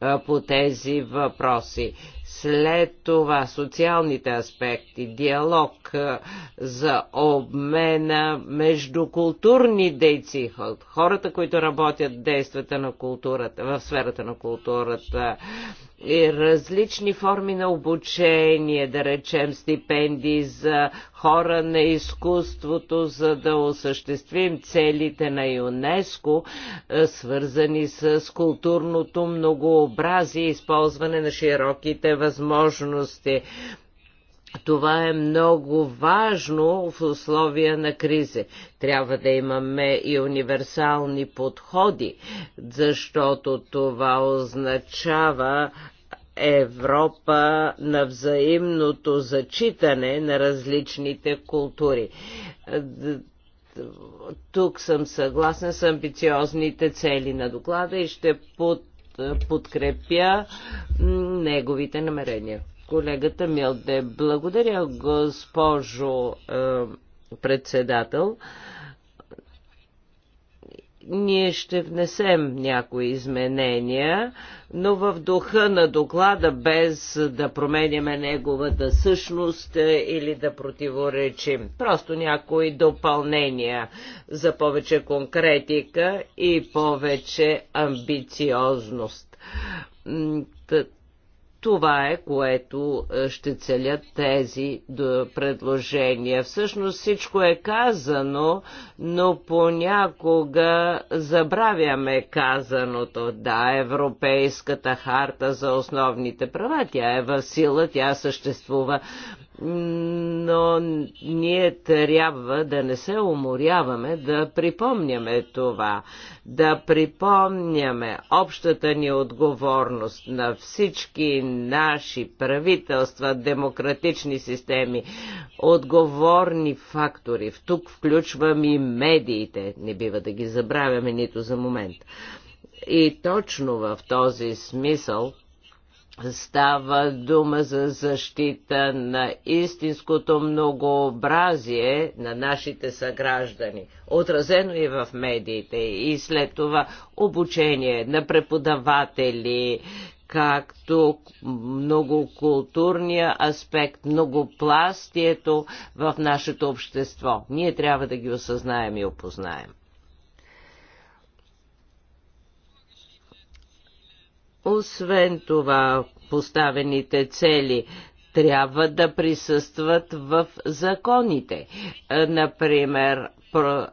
а, по тези въпроси. След това социалните аспекти, диалог за обмена между културни дейци, хората, които работят действията на културата, в сферата на културата, и различни форми на обучение, да речем стипендии за хора на изкуството, за да осъществим целите на ЮНЕСКО, е, свързани с културното многообразие и използване на широките възможности. Това е много важно в условия на кризи. Трябва да имаме и универсални подходи, защото това означава Европа на взаимното зачитане на различните култури. Тук съм съгласна с амбициозните цели на доклада и ще под, подкрепя неговите намерения колегата Милде. Благодаря, госпожо е, председател. Ние ще внесем някои изменения, но в духа на доклада, без да променяме неговата същност е, или да противоречим. Просто някои допълнения за повече конкретика и повече амбициозност това е, което е, ще целят тези предложения. Всъщност всичко е казано, но понякога забравяме казаното. Да, Европейската харта за основните права, тя е в сила, тя съществува но ние трябва да не се уморяваме да припомняме това, да припомняме общата ни отговорност на всички наши правителства, демократични системи, отговорни фактори. В тук включвам и медиите, не бива да ги забравяме нито за момент. И точно в този смисъл Става дума за защита на истинското многообразие на нашите съграждани, отразено и в медиите, и след това обучение на преподаватели, както многокултурния аспект, многопластието в нашето общество. Ние трябва да ги осъзнаем и опознаем. Освен това, поставените цели трябва да присъстват в законите. Е, например,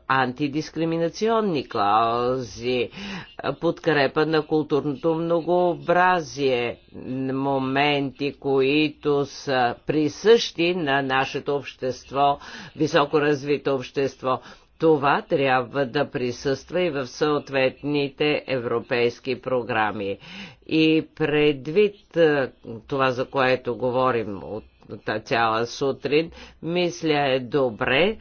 антидискриминационни клаузи, е, подкрепа на културното многообразие, моменти, които са присъщи на нашето общество, високо развито общество. Това трябва да присъства и в съответните европейски програми. И предвид това, за което говорим от цяла сутрин, мисля е добре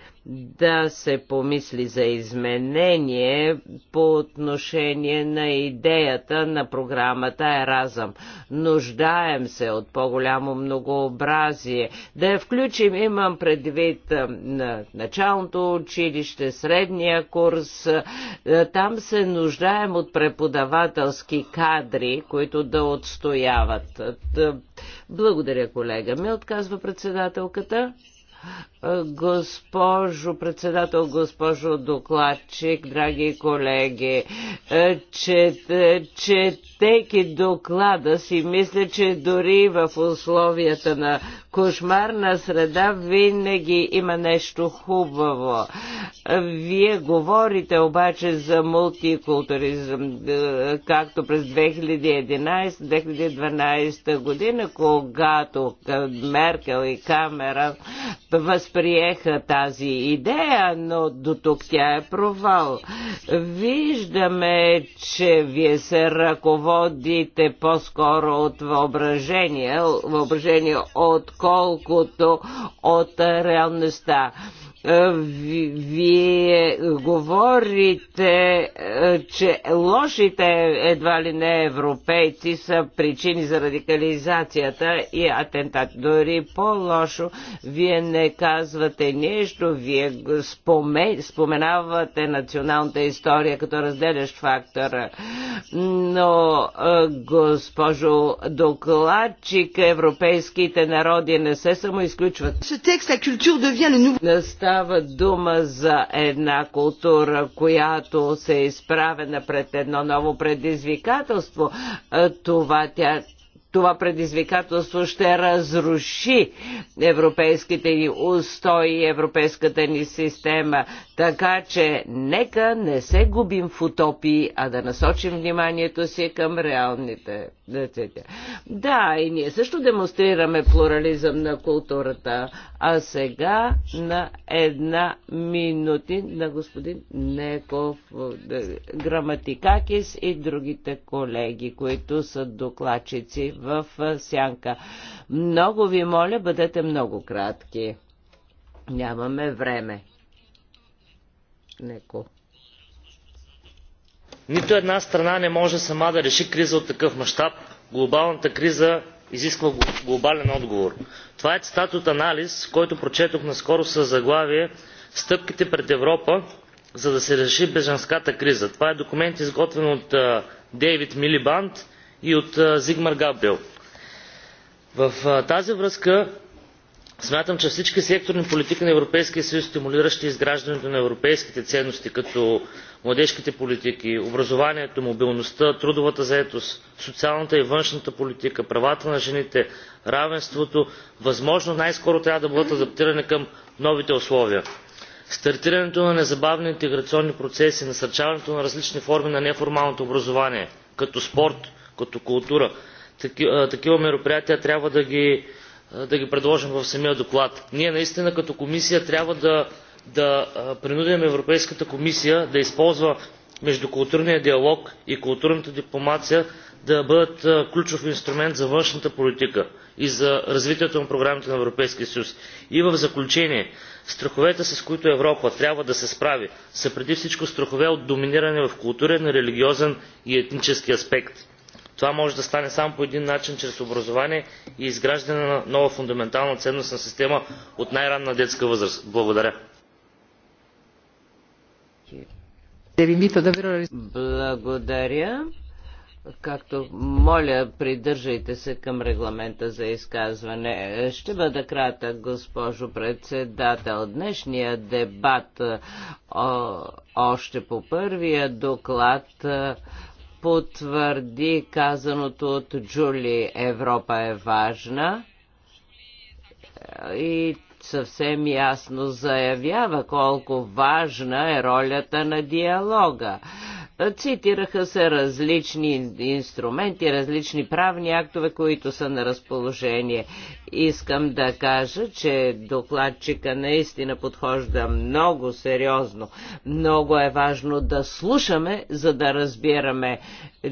да се помисли за изменение по отношение на идеята на програмата Еразъм. Нуждаем се от по-голямо многообразие. Да я включим, имам предвид на началното училище, средния курс. Там се нуждаем от преподавателски кадри, които да отстояват. Благодаря, колега Милтка казва председателката. Госпожо председател, госпожо докладчик, драги колеги, е, е, четейки че доклада си, мисля, че дори в условията на кошмарна среда винаги има нещо хубаво. Вие говорите обаче за мултикултуризъм, е, както през 2011-2012 година, когато Меркел и Камера възприемат възприеха тази идея, но до тук тя е провал. Виждаме, че вие се ръководите по-скоро от въображение, въображение отколкото от реалността вие говорите, че лошите едва ли не европейци са причини за радикализацията и атентат. Дори по-лошо, вие не казвате нищо, вие споменавате националната история като разделящ фактор. Но, госпожо докладчик, европейските народи не се самоизключват. Ce texte, la culture Става дума за една култура, която се е изправена пред едно ново предизвикателство. Това тя това предизвикателство ще разруши европейските ни устои, европейската ни система. Така че нека не се губим в утопии, а да насочим вниманието си към реалните деците. Да, и ние също демонстрираме плурализъм на културата. А сега на една минути на господин Неков, Граматикакис и другите колеги, които са докладчици в в сянка. Много ви моля, бъдете много кратки. Нямаме време. Неко. Нито една страна не може сама да реши криза от такъв мащаб. Глобалната криза изисква глобален отговор. Това е цитат от анализ, който прочетох наскоро с заглавие Стъпките пред Европа, за да се реши беженската криза. Това е документ изготвен от Дейвид Милибанд и от Зигмар Габриел. В тази връзка смятам, че всички секторни политики на Европейския съюз, стимулиращи изграждането на европейските ценности, като младежките политики, образованието, мобилността, трудовата заетост, социалната и външната политика, правата на жените, равенството, възможно най-скоро трябва да бъдат адаптирани към новите условия. Стартирането на незабавни интеграционни процеси, насърчаването на различни форми на неформалното образование, като спорт, като култура. такива мероприятия трябва да ги, да ги предложим в самия доклад. Ние наистина като комисия трябва да, да принудим Европейската комисия да използва междукултурния диалог и културната дипломация да бъдат ключов инструмент за външната политика и за развитието на програмите на Европейския съюз. И в заключение, страховете с които Европа трябва да се справи са преди всичко страхове от доминиране в културен, религиозен и етнически аспект това може да стане само по един начин чрез образование и изграждане на нова фундаментална ценностна система от най ранна детска възраст. благодаря. Благодаря. Както моля, придържайте се към регламента за изказване. Ще бъда кратък, госпожо председател. Днешния дебат о, още по първия доклад потвърди казаното от Джули Европа е важна и съвсем ясно заявява колко важна е ролята на диалога. Цитираха се различни инструменти, различни правни актове, които са на разположение. Искам да кажа, че докладчика наистина подхожда много сериозно. Много е важно да слушаме, за да разбираме.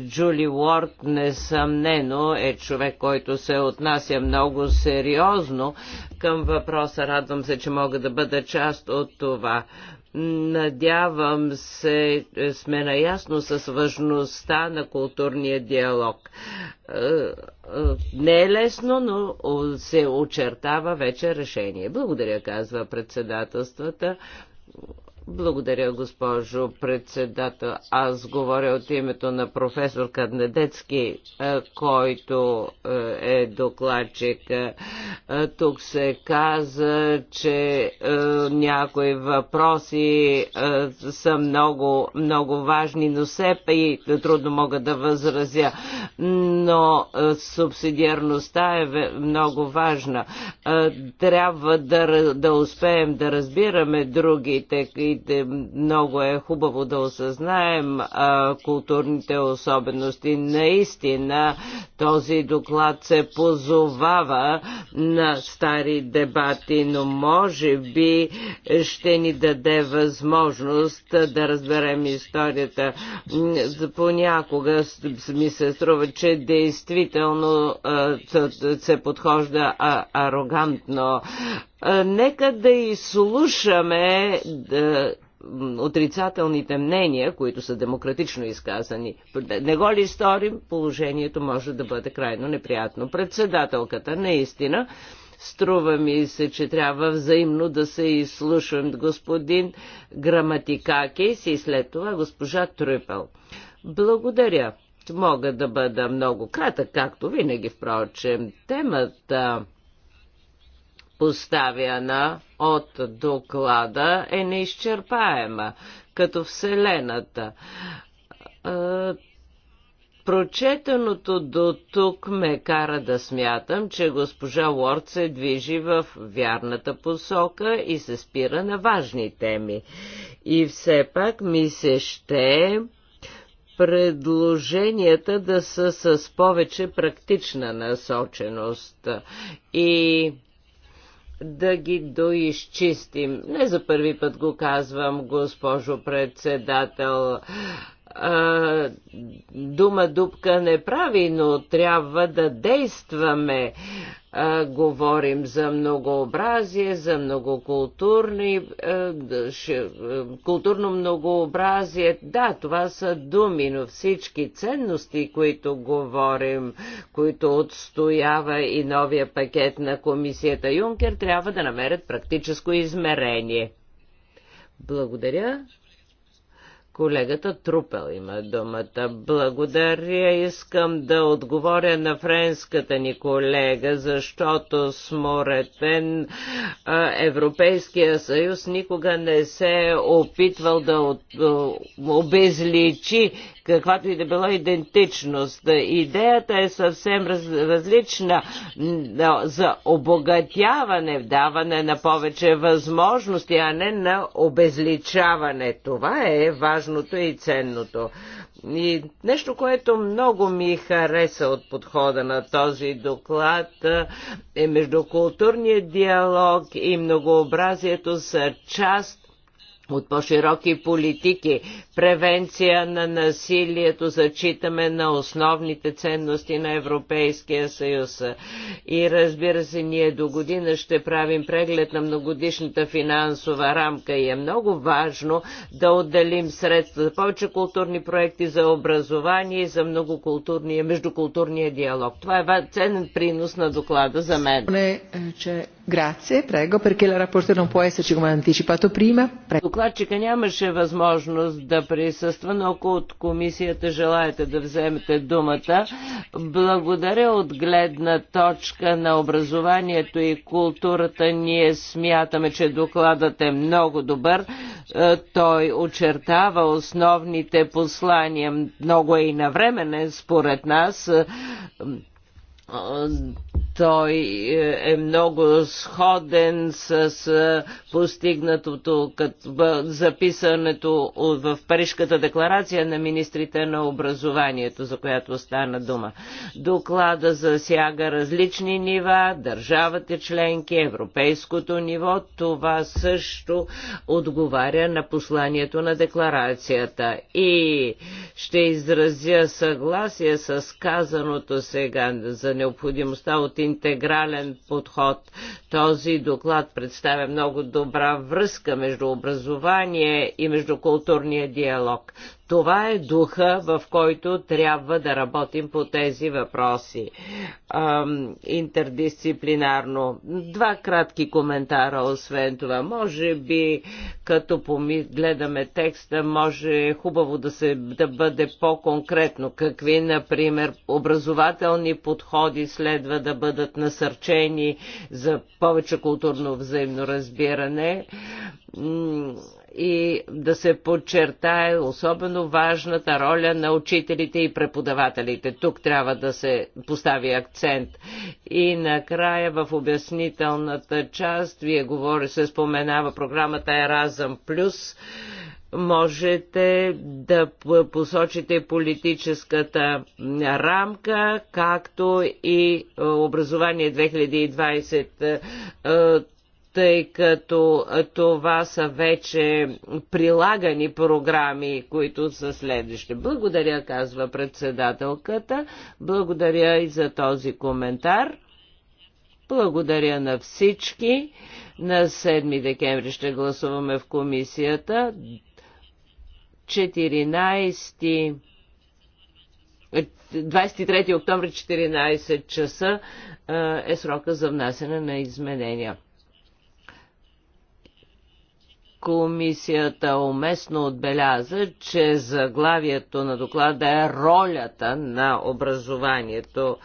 Джули Уорд несъмнено е човек, който се отнася много сериозно към въпроса. Радвам се, че мога да бъда част от това. Надявам се, е, сме наясно с важността на културния диалог. Е, е, не е лесно, но се очертава вече решение. Благодаря, казва председателствата. Благодаря, госпожо председател. Аз говоря от името на професор Каднедецки, е, който е, е докладчик. Е, тук се каза, че някои въпроси са много, много важни, но все и трудно мога да възразя. Но субсидиарността е много важна. Трябва да, да успеем да разбираме другите и и много е хубаво да осъзнаем а, културните особености. Наистина този доклад се позовава на стари дебати, но може би ще ни даде възможност да разберем историята. Понякога ми се струва, че действително се подхожда арогантно Нека да изслушаме да, отрицателните мнения, които са демократично изказани. Не го ли сторим, положението може да бъде крайно неприятно. Председателката наистина Струва ми се, че трябва взаимно да се изслушвам господин Граматикакис и след това госпожа Трюпел. Благодаря. Мога да бъда много кратък, както винаги, впрочем. Темата поставяна от доклада е неизчерпаема, като Вселената. Прочетеното до тук ме кара да смятам, че госпожа Уорд се движи в вярната посока и се спира на важни теми. И все пак ми се ще предложенията да са с повече практична насоченост и да ги доизчистим. Не за първи път го казвам, госпожо председател а, дума дупка не прави, но трябва да действаме. А, говорим за многообразие, за многокултурни, а, ш, културно многообразие. Да, това са думи, но всички ценности, които говорим, които отстоява и новия пакет на комисията Юнкер, трябва да намерят практическо измерение. Благодаря. Колегата Трупел има думата. Благодаря. Искам да отговоря на френската ни колега, защото с моретен Европейския съюз никога не се е опитвал да обезличи каквато и да било идентичност. Идеята е съвсем раз, различна за обогатяване, даване на повече възможности, а не на обезличаване. Това е важното и ценното. И нещо, което много ми хареса от подхода на този доклад е междукултурният диалог и многообразието са част от по-широки политики, превенция на насилието, зачитаме на основните ценности на Европейския съюз. И разбира се, ние до година ще правим преглед на многодишната финансова рамка и е много важно да отделим средства за повече културни проекти, за образование и за многокултурния, междукултурния диалог. Това е ценен принос на доклада за мен. Grazie, prego, perché la rapporto non può esserci come anticipato prima. Докладчика нямаше възможност да присъства, но ако от комисията желаете да вземете думата, благодаря от гледна точка на образованието и културата. Ние смятаме, че докладът е много добър. Е, той очертава основните послания. Много е и навременен според нас е, той е, е много сходен с е, постигнатото като записането в Парижката декларация на министрите на образованието, за която стана дума. Доклада засяга различни нива, държавата членки, европейското ниво. Това също отговаря на посланието на декларацията. И ще изразя съгласие с казаното сега за необходимостта от интегрален подход. Този доклад представя много добра връзка между образование и между културния диалог. Това е духа, в който трябва да работим по тези въпроси. Ам, интердисциплинарно. Два кратки коментара, освен това. Може би, като поми, гледаме текста, може е хубаво да, се, да бъде по-конкретно. Какви, например, образователни подходи следва да бъдат насърчени за повече културно взаимно разбиране и да се подчертае особено важната роля на учителите и преподавателите. Тук трябва да се постави акцент. И накрая в обяснителната част, вие говори, се споменава програмата Еразъм Плюс, можете да посочите политическата рамка, както и е, образование 2020 тъй като това са вече прилагани програми, които са следващи. Благодаря, казва председателката. Благодаря и за този коментар. Благодаря на всички. На 7 декември ще гласуваме в комисията. 14 23 октомври 14 часа е, е срока за внасяне на изменения. Комисията уместно отбеляза, че заглавието на доклада е ролята на образованието.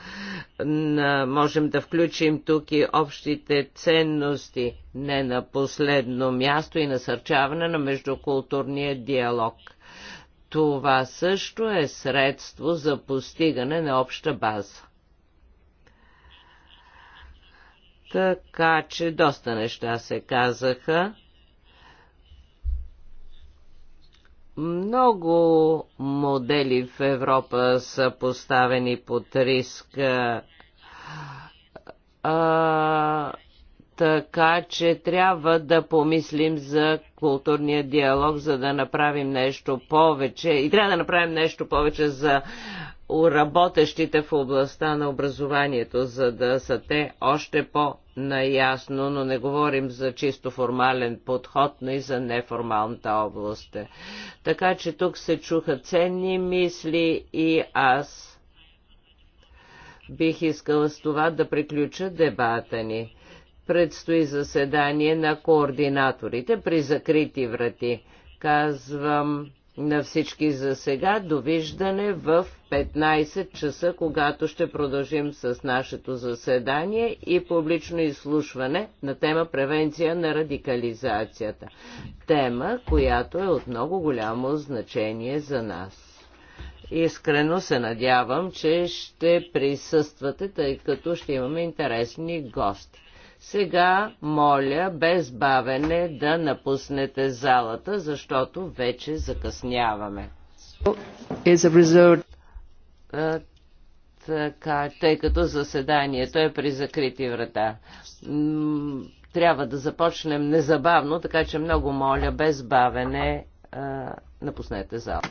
Можем да включим тук и общите ценности, не на последно място и насърчаване на междукултурния диалог. Това също е средство за постигане на обща база. Така че доста неща се казаха. Много модели в Европа са поставени под риск. А, така че трябва да помислим за културния диалог, за да направим нещо повече. И трябва да направим нещо повече за работещите в областта на образованието, за да са те още по-наясно, но не говорим за чисто формален подход, но и за неформалната област. Така че тук се чуха ценни мисли и аз бих искала с това да приключа дебата ни. Предстои заседание на координаторите при закрити врати. Казвам на всички за сега. Довиждане в 15 часа, когато ще продължим с нашето заседание и публично изслушване на тема превенция на радикализацията. Тема, която е от много голямо значение за нас. Искрено се надявам, че ще присъствате, тъй като ще имаме интересни гости. Сега моля без бавене да напуснете залата, защото вече закъсняваме. така, тъй като заседанието е при закрити врата. Трябва да започнем незабавно, така че много моля без бавене напуснете залата.